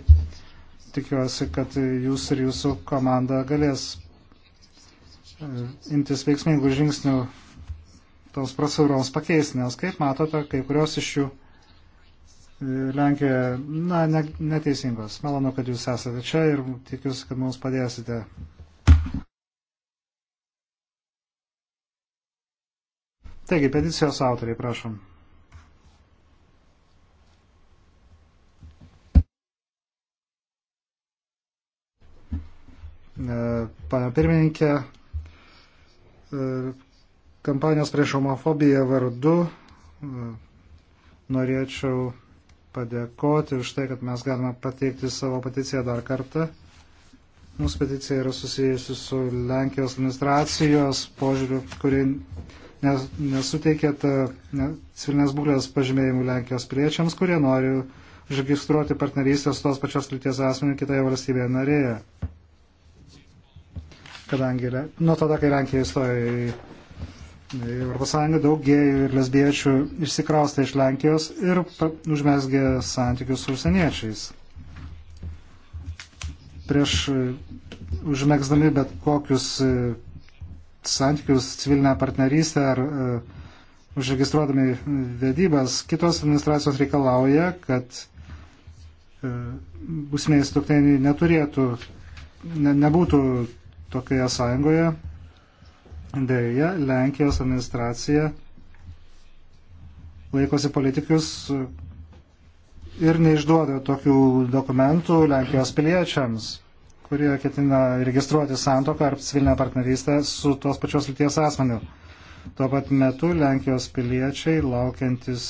tikiuosi, kad jūs ir jūsų komanda galės e, imtis veiksmingų žingsnių toms procedūroms pakeisti, nes kaip matote, kai kurios iš jų e, Lenkijoje, na, ne, neteisingos. Malonu, kad jūs esate čia ir tikiuosi, kad mums padėsite. Taigi, peticijos autoriai, prašom. E, Pane pirmininkė, e, kampanijos prieš homofobiją vardu norėčiau padėkoti už tai, kad mes galime pateikti savo peticiją dar kartą. Mūsų peticija yra susijusi su Lenkijos administracijos požiūriu, kuri nes, nesuteikė ne, civilinės būklės pažymėjimų Lenkijos priečiams, kurie nori užregistruoti partnerystę su tos pačios lyties asmeniu kitoje valstybėje narėje. Kadangi nuo tada, kai Lenkija įstojo į Europos Sąjunga daug gėjų ir lesbiečių išsikraustė iš Lenkijos ir užmesgė santykius su užsieniečiais. Prieš e, užmėgsdami bet kokius e, santykius civilinę partnerystę ar e, užregistruodami vedybas, kitos administracijos reikalauja, kad būsimieji sutuoktiniai neturėtų, ne, nebūtų tokioje sąjungoje Deja, Lenkijos administracija laikosi politikius ir neišduoda tokių dokumentų Lenkijos piliečiams, kurie ketina registruoti santoką ar civilinę partnerystę su tos pačios lyties asmeniu. Tuo pat metu Lenkijos piliečiai laukiantis,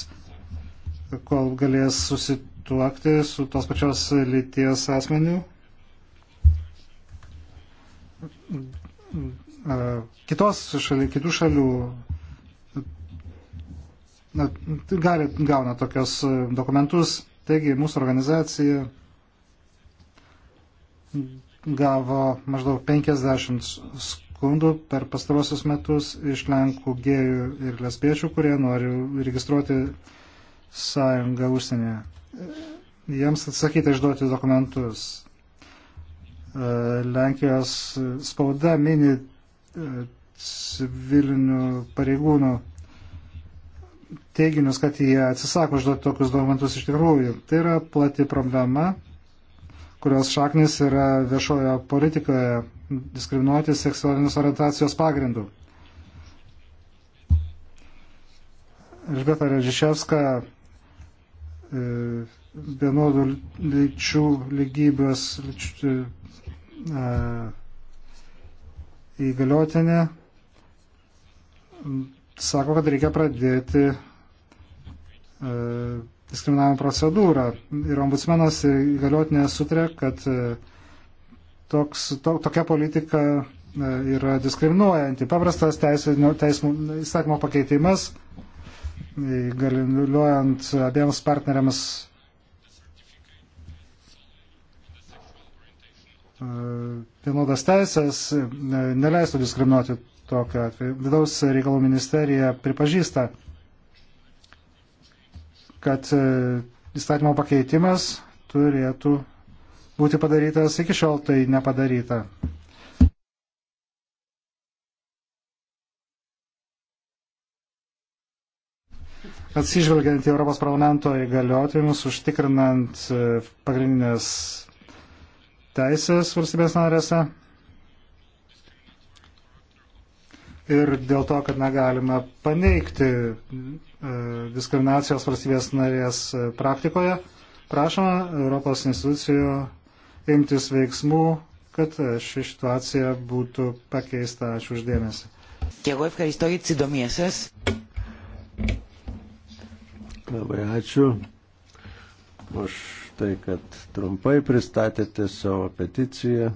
kol galės susituokti su tos pačios lyties asmeniu, kitos šalių, kitų šalių na, gali gauna tokios dokumentus. Taigi mūsų organizacija gavo maždaug 50 skundų per pastarosius metus iš Lenkų gėjų ir lesbiečių, kurie nori registruoti sąjungą užsienyje. Jiems atsakyta išduoti dokumentus. Lenkijos spauda mini E, civilinių pareigūnų teiginius, kad jie atsisako užduoti tokius dokumentus iš tikrųjų. Tai yra plati problema, kurios šaknis yra viešojo politikoje diskriminuoti seksualinės orientacijos pagrindų. Elžbieta Režiševska e, vienodų lyčių lygybės lyčių, a, e, įgaliotinė sako, kad reikia pradėti e, diskriminavimo procedūrą. Ir ombudsmenas ir įgaliotinė sutrė, kad e, toks, to, tokia politika e, yra diskriminuojanti. Paprastas teisinio, teismų įstatymo pakeitimas, galiuojant abiems partneriams vienodas teisės neleistų diskriminuoti tokio atveju. Vidaus reikalų ministerija pripažįsta, kad e, įstatymo pakeitimas turėtų būti padarytas, iki šiol tai nepadaryta. Atsižvelgiant į Europos parlamento įgaliotimus, užtikrinant e, pagrindinės teisės valstybės narėse ir dėl to, kad negalime paneigti e, diskriminacijos valstybės narės praktikoje, prašoma Europos institucijų imtis veiksmų, kad ši situacija būtų pakeista. Ačiū uždėmesi. Labai ačiū. Aš tai, kad trumpai pristatėte savo peticiją.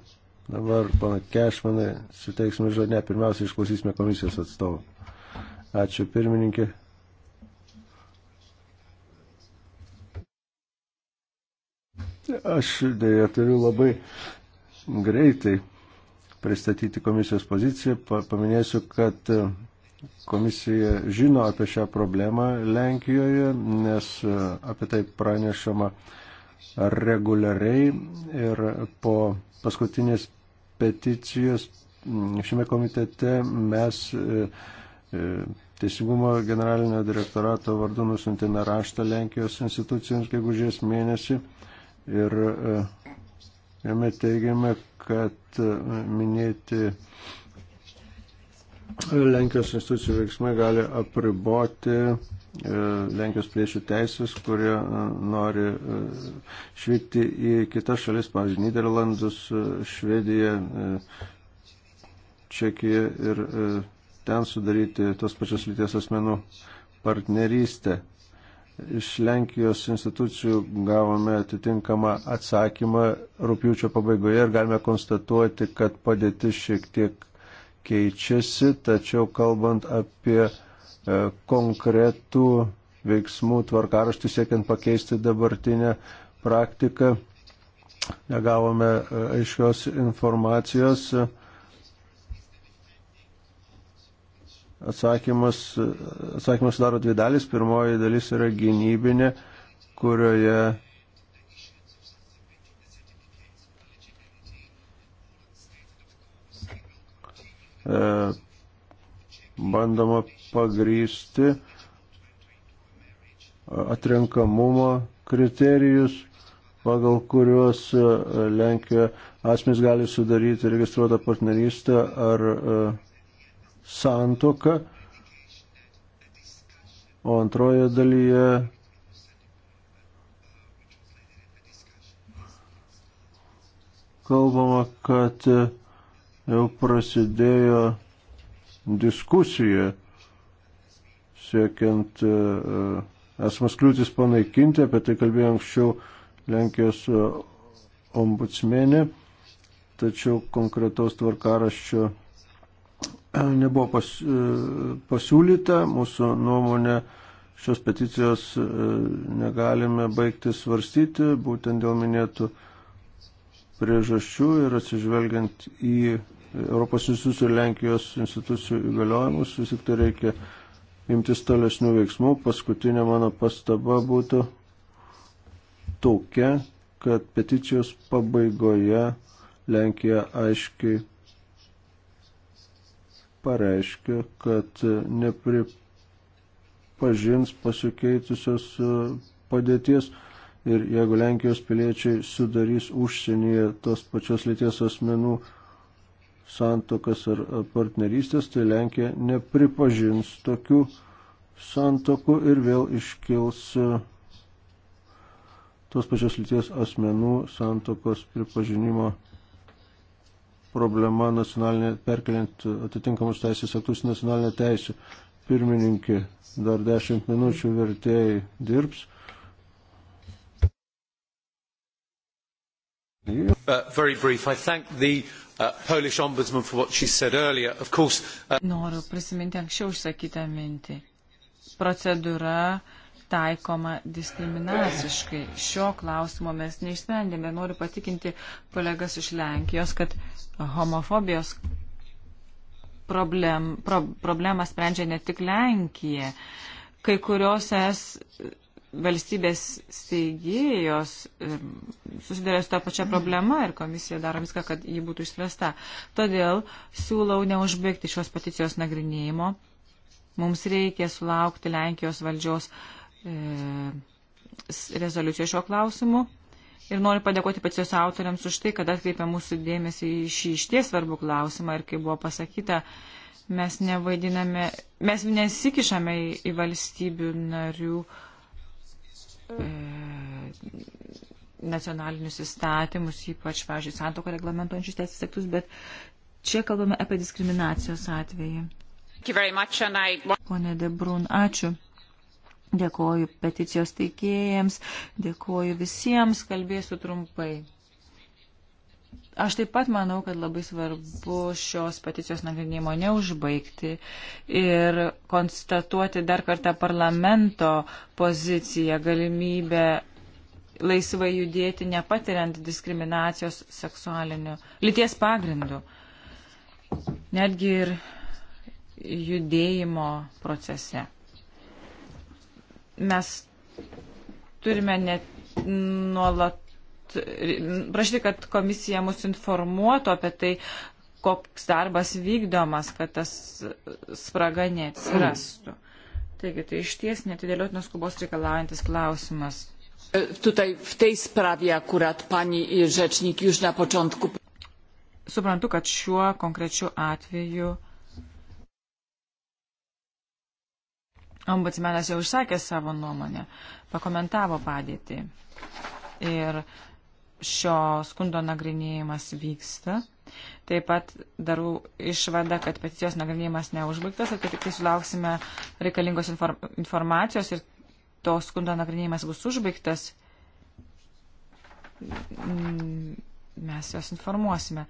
Dabar, pana Kešmanai, suteiksime žodį, ne, pirmiausia, išklausysime komisijos atstovų. Ačiū, pirmininkė. Aš dėja turiu labai greitai pristatyti komisijos poziciją. Paminėsiu, kad e, komisija žino apie šią problemą Lenkijoje, nes e, apie tai pranešama reguliariai ir po paskutinės peticijos šiame komitete mes e, e, Teisingumo generalinio direktorato vardu nusintėme raštą Lenkijos institucijoms gegužės mėnesį ir e, jame teigiame, kad minėti Lenkijos institucijų veiksmai gali apriboti E, Lenkijos priešių teisės, kurie e, nori e, švykti į kitas šalis, pavyzdžiui, Niderlandus, Švediją, Čekiją ir ten sudaryti tos pačios lyties asmenų partnerystę. Iš Lenkijos institucijų gavome atitinkamą atsakymą rūpiučio pabaigoje ir galime konstatuoti, kad padėtis šiek tiek keičiasi, tačiau kalbant apie E, konkretų veiksmų tvarkaraštį siekiant pakeisti dabartinę praktiką. Negavome e, aiškios informacijos. Atsakymas, atsakymas daro dvi dalis. Pirmoji dalis yra gynybinė, kurioje e, bandoma pagrysti atrenkamumo kriterijus, pagal kuriuos e, Lenkijoje asmenys gali sudaryti registruotą partnerystę ar e, santoką. O antroje dalyje kalbama, kad e, jau prasidėjo diskusija siekiant e, e, esamas kliūtis panaikinti, apie tai kalbėjo anksčiau Lenkijos e, ombudsmenė, tačiau konkretaus tvarkaraščio nebuvo pas, pasiūlyta, mūsų nuomonė šios peticijos negalime baigti svarstyti, būtent dėl minėtų priežasčių ir atsižvelgiant į Europos institucijų ir Lenkijos institucijų įgaliojimus, vis tik tai reikia imtis tolesnių veiksmų. Paskutinė mano pastaba būtų tokia, kad peticijos pabaigoje Lenkija aiškiai pareiškia, kad nepripažins pasikeitusios padėties ir jeigu Lenkijos piliečiai sudarys užsienyje tos pačios lyties asmenų santokas ar partnerystės, tai Lenkija nepripažins tokių santokų ir vėl iškils e, tos pačios lyties asmenų santokos pripažinimo problema nacionalinė, perkeliant atitinkamus teisės aktus nacionalinę teisę. Pirmininkė, dar dešimt minučių vertėjai dirbs. Uh, very brief. I thank the uh, Polish ombudsman for what she said earlier. Of course, uh, Noriu prisiminti anksčiau užsakytą mintį. Procedūra taikoma diskriminaciškai. Šio klausimo mes neišsprendėme. Noriu patikinti kolegas iš Lenkijos, kad homofobijos problem, pro, problemą sprendžia ne tik Lenkija. Kai kurios es valstybės steigėjos susidarė su tą pačią mhm. problemą ir komisija daro viską, kad ji būtų išspręsta. Todėl siūlau neužbaigti šios peticijos nagrinėjimo. Mums reikia sulaukti Lenkijos valdžios e, rezoliucijos šio klausimu. Ir noriu padėkoti peticijos autoriams už tai, kad atkreipė mūsų dėmesį į šį išties svarbų klausimą ir kaip buvo pasakyta, mes nevaidiname, mes nesikišame į, į valstybių narių uh, E, nacionalinius įstatymus, ypač, pavyzdžiui, santoko reglamentuojančius teisės aktus, bet čia kalbame apie diskriminacijos atvejį. Pone Debrun, ačiū. Dėkoju peticijos teikėjams, dėkoju visiems, kalbėsiu trumpai. Aš taip pat manau, kad labai svarbu šios peticijos nagrinėjimo neužbaigti ir konstatuoti dar kartą parlamento poziciją, galimybę laisvai judėti, nepatiriant diskriminacijos seksualiniu, lyties pagrindu. Netgi ir judėjimo procese. Mes turime net nuolat prašyti, kad komisija mus informuotų apie tai, koks darbas vykdomas, kad tas spraga neatsirastų. Taigi tai iš ties netidėliotinos skubos reikalaujantis klausimas. E, tutaj w tej sprawie akurat pani e, rzecznik już na początku. Suprantu, kad šiuo konkrečiu atveju ombudsmenas jau išsakė savo nuomonę, pakomentavo padėtį. Ir šio skundo nagrinėjimas vyksta. Taip pat darau išvadą, kad peticijos nagrinėjimas neužbaigtas, kad tik tai sulauksime reikalingos informacijos ir to skundo nagrinėjimas bus užbaigtas, mm, mes jos informuosime.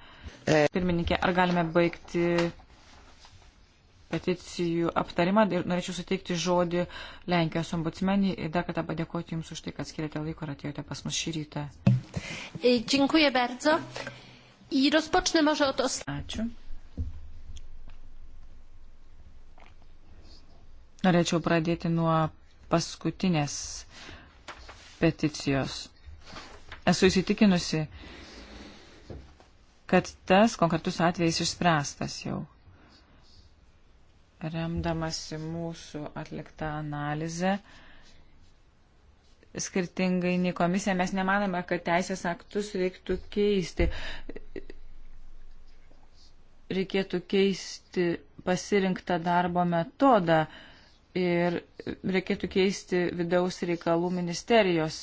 E. Pirmininkė, ar galime baigti peticijų aptarimą ir norėčiau suteikti žodį Lenkijos ombudsmenį ir dar kartą padėkoti Jums už tai, kad skiriate laiko ir atėjote pas mus šį rytą. E, dziękuję bardzo. I rozpocznę może od Ačiū. Norėčiau pradėti nuo paskutinės peticijos. Esu įsitikinusi, kad tas konkretus atvejis išspręstas jau remdamasi mūsų atliktą analizę, skirtingai nei komisija, mes nemanome, kad teisės aktus reiktų keisti. Reikėtų keisti pasirinktą darbo metodą ir reikėtų keisti vidaus reikalų ministerijos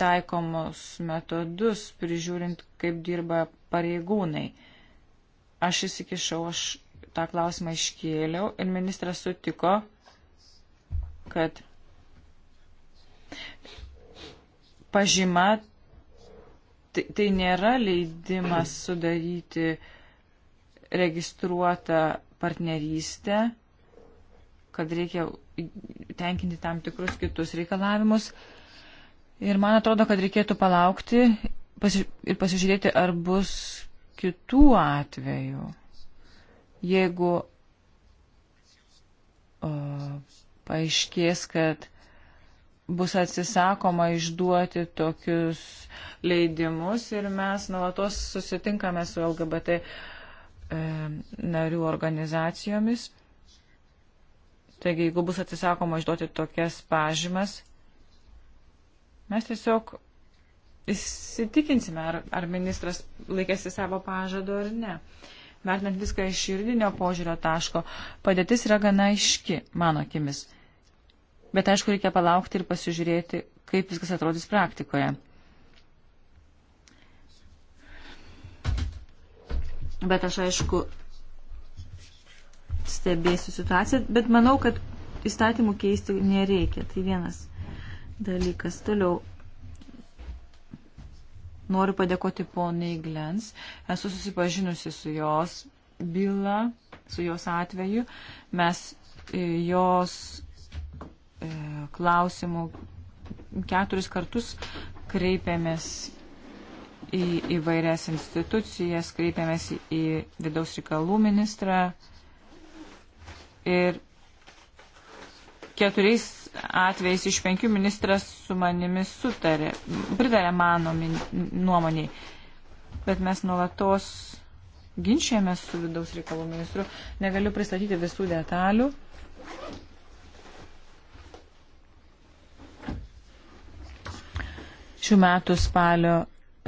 taikomus metodus, prižiūrint, kaip dirba pareigūnai. Aš įsikišau, aš tą klausimą iškėliau ir ministras sutiko, kad pažyma tai, tai nėra leidimas sudaryti registruotą partnerystę, kad reikia tenkinti tam tikrus kitus reikalavimus. Ir man atrodo, kad reikėtų palaukti pasi ir pasižiūrėti, ar bus kitų atvejų. Jeigu o, paaiškės, kad bus atsisakoma išduoti tokius leidimus ir mes nuolatos susitinkame su LGBT e, narių organizacijomis. Taigi, jeigu bus atsisakoma išduoti tokias pažymas, mes tiesiog įsitikinsime, ar, ar ministras laikėsi savo pažado ar ne. E, vertinant viską iš širdinio požiūrio taško, padėtis yra gana aiški, mano akimis. Bet aišku, reikia palaukti ir pasižiūrėti, kaip viskas atrodys praktikoje. Bet aš aišku stebėsiu situaciją, bet manau, kad įstatymų keisti nereikia. Tai vienas dalykas. Toliau Noriu padėkoti poniai Glens. Esu susipažinusi su jos byla, su jos atveju. Mes e, jos e, klausimų keturis kartus kreipėmės į įvairias institucijas, kreipėmės į vidaus reikalų ministrą ir keturiais atvejais iš penkių ministras su manimi sutarė, pritarė mano nuomoniai, bet mes nuolatos ginčiamės su vidaus reikalų ministru. Negaliu pristatyti visų detalių. Šių metų spalio,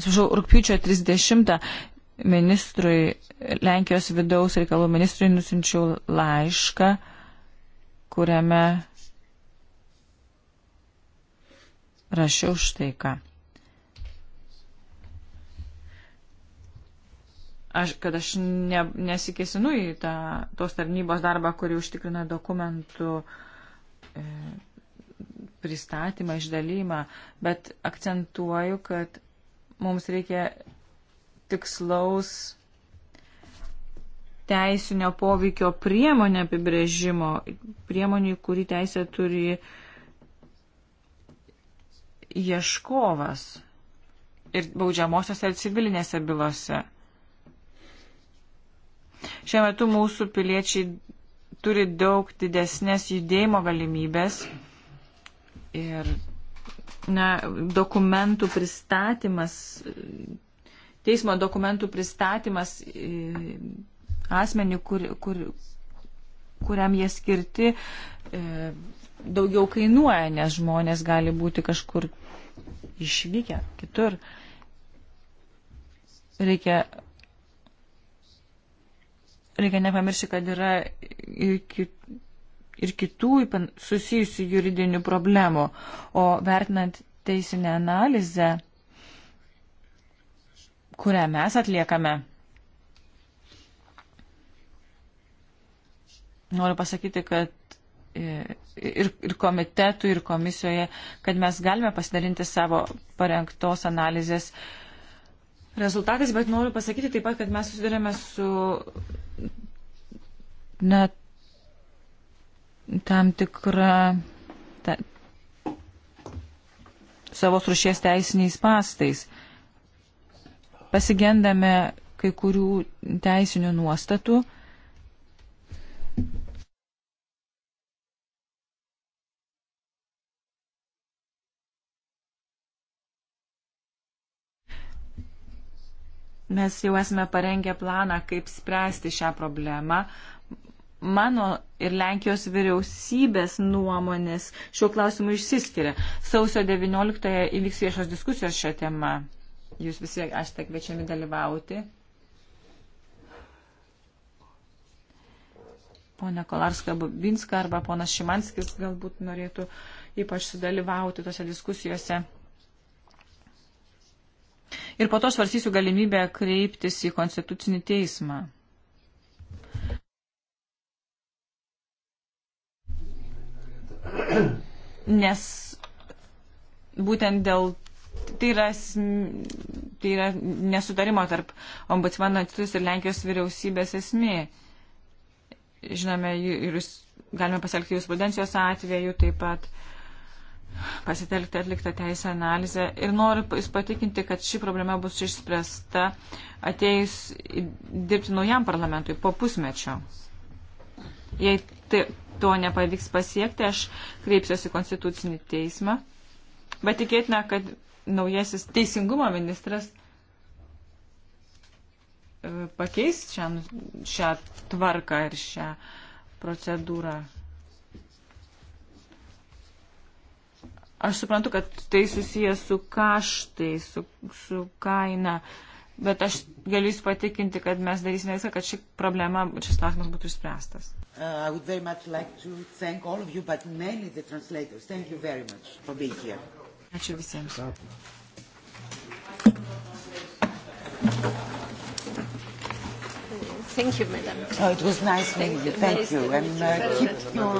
sužau, rūpiučio 30 ministrui, Lenkijos vidaus reikalų ministrui nusinčiau laišką, kuriame rašiau štai ką. Aš, kad aš ne, nesikėsinu į tą, tos tarnybos darbą, kuri užtikrina dokumentų e, pristatymą, išdalymą, bet akcentuoju, kad mums reikia tikslaus teisinio poveikio priemonė apibrėžimo, priemonių, kurį teisė turi e, ieškovas ir baudžiamosiose ir civilinėse bylose. Šiuo metu mūsų piliečiai turi daug didesnės judėjimo galimybės ir na, dokumentų pristatymas, teismo dokumentų pristatymas e, asmenį, kur, kur, kuriam jie skirti, e, daugiau kainuoja, nes žmonės gali būti kažkur išvykę kitur. Reikia, reikia nepamiršti, kad yra ir, kit, ir kitų susijusių juridinių problemų, o vertinant teisinę analizę, kurią mes atliekame. Noriu pasakyti, kad ir, ir komitetų, ir komisijoje, kad mes galime pasidalinti savo parengtos analizės rezultatais, bet noriu pasakyti taip pat, kad mes susidurėme su na, tam tikra ta, savo rušies teisiniais pastais. Pasigendame kai kurių teisinių nuostatų, Mes jau esame parengę planą, kaip spręsti šią problemą. Mano ir Lenkijos vyriausybės nuomonės šiuo klausimu išsiskiria. Sausio 19-ąją įvyks viešos diskusijos šią temą. Jūs visi esate kviečiami dalyvauti. Pone Kolarska Bubinska arba ponas Šimanskis galbūt norėtų ypač sudalyvauti tose diskusijose ir po to svarsysiu galimybę kreiptis į konstitucinį teismą. Nes būtent dėl tai yra, tai yra nesutarimo tarp ombudsmano institucijos ir Lenkijos vyriausybės esmė. Žinome, ir jūs, galime pasielgti jurisprudencijos atveju taip pat. Uh, pasitelkti atliktą teisę analizę ir noriu patikinti, kad ši problema bus išspręsta atėjus dirbti naujam parlamentui po pusmečio. Jei tai, to nepavyks pasiekti, aš kreipsiuosi konstitucinį teismą, bet tikėtina, kad naujasis teisingumo ministras e, pakeis šią, šią tvarką ir šią procedūrą. Aš suprantu, kad tai susijęs su kaštai, su, su kaina, bet aš galiu jūs patikinti, kad mes darysime viską, kad ši problema, šis klausimas būtų išspręstas. Uh, like you, Ačiū visiems. Thank you, madam. Oh, it was nice meeting you. Thank you. And uh, keep your.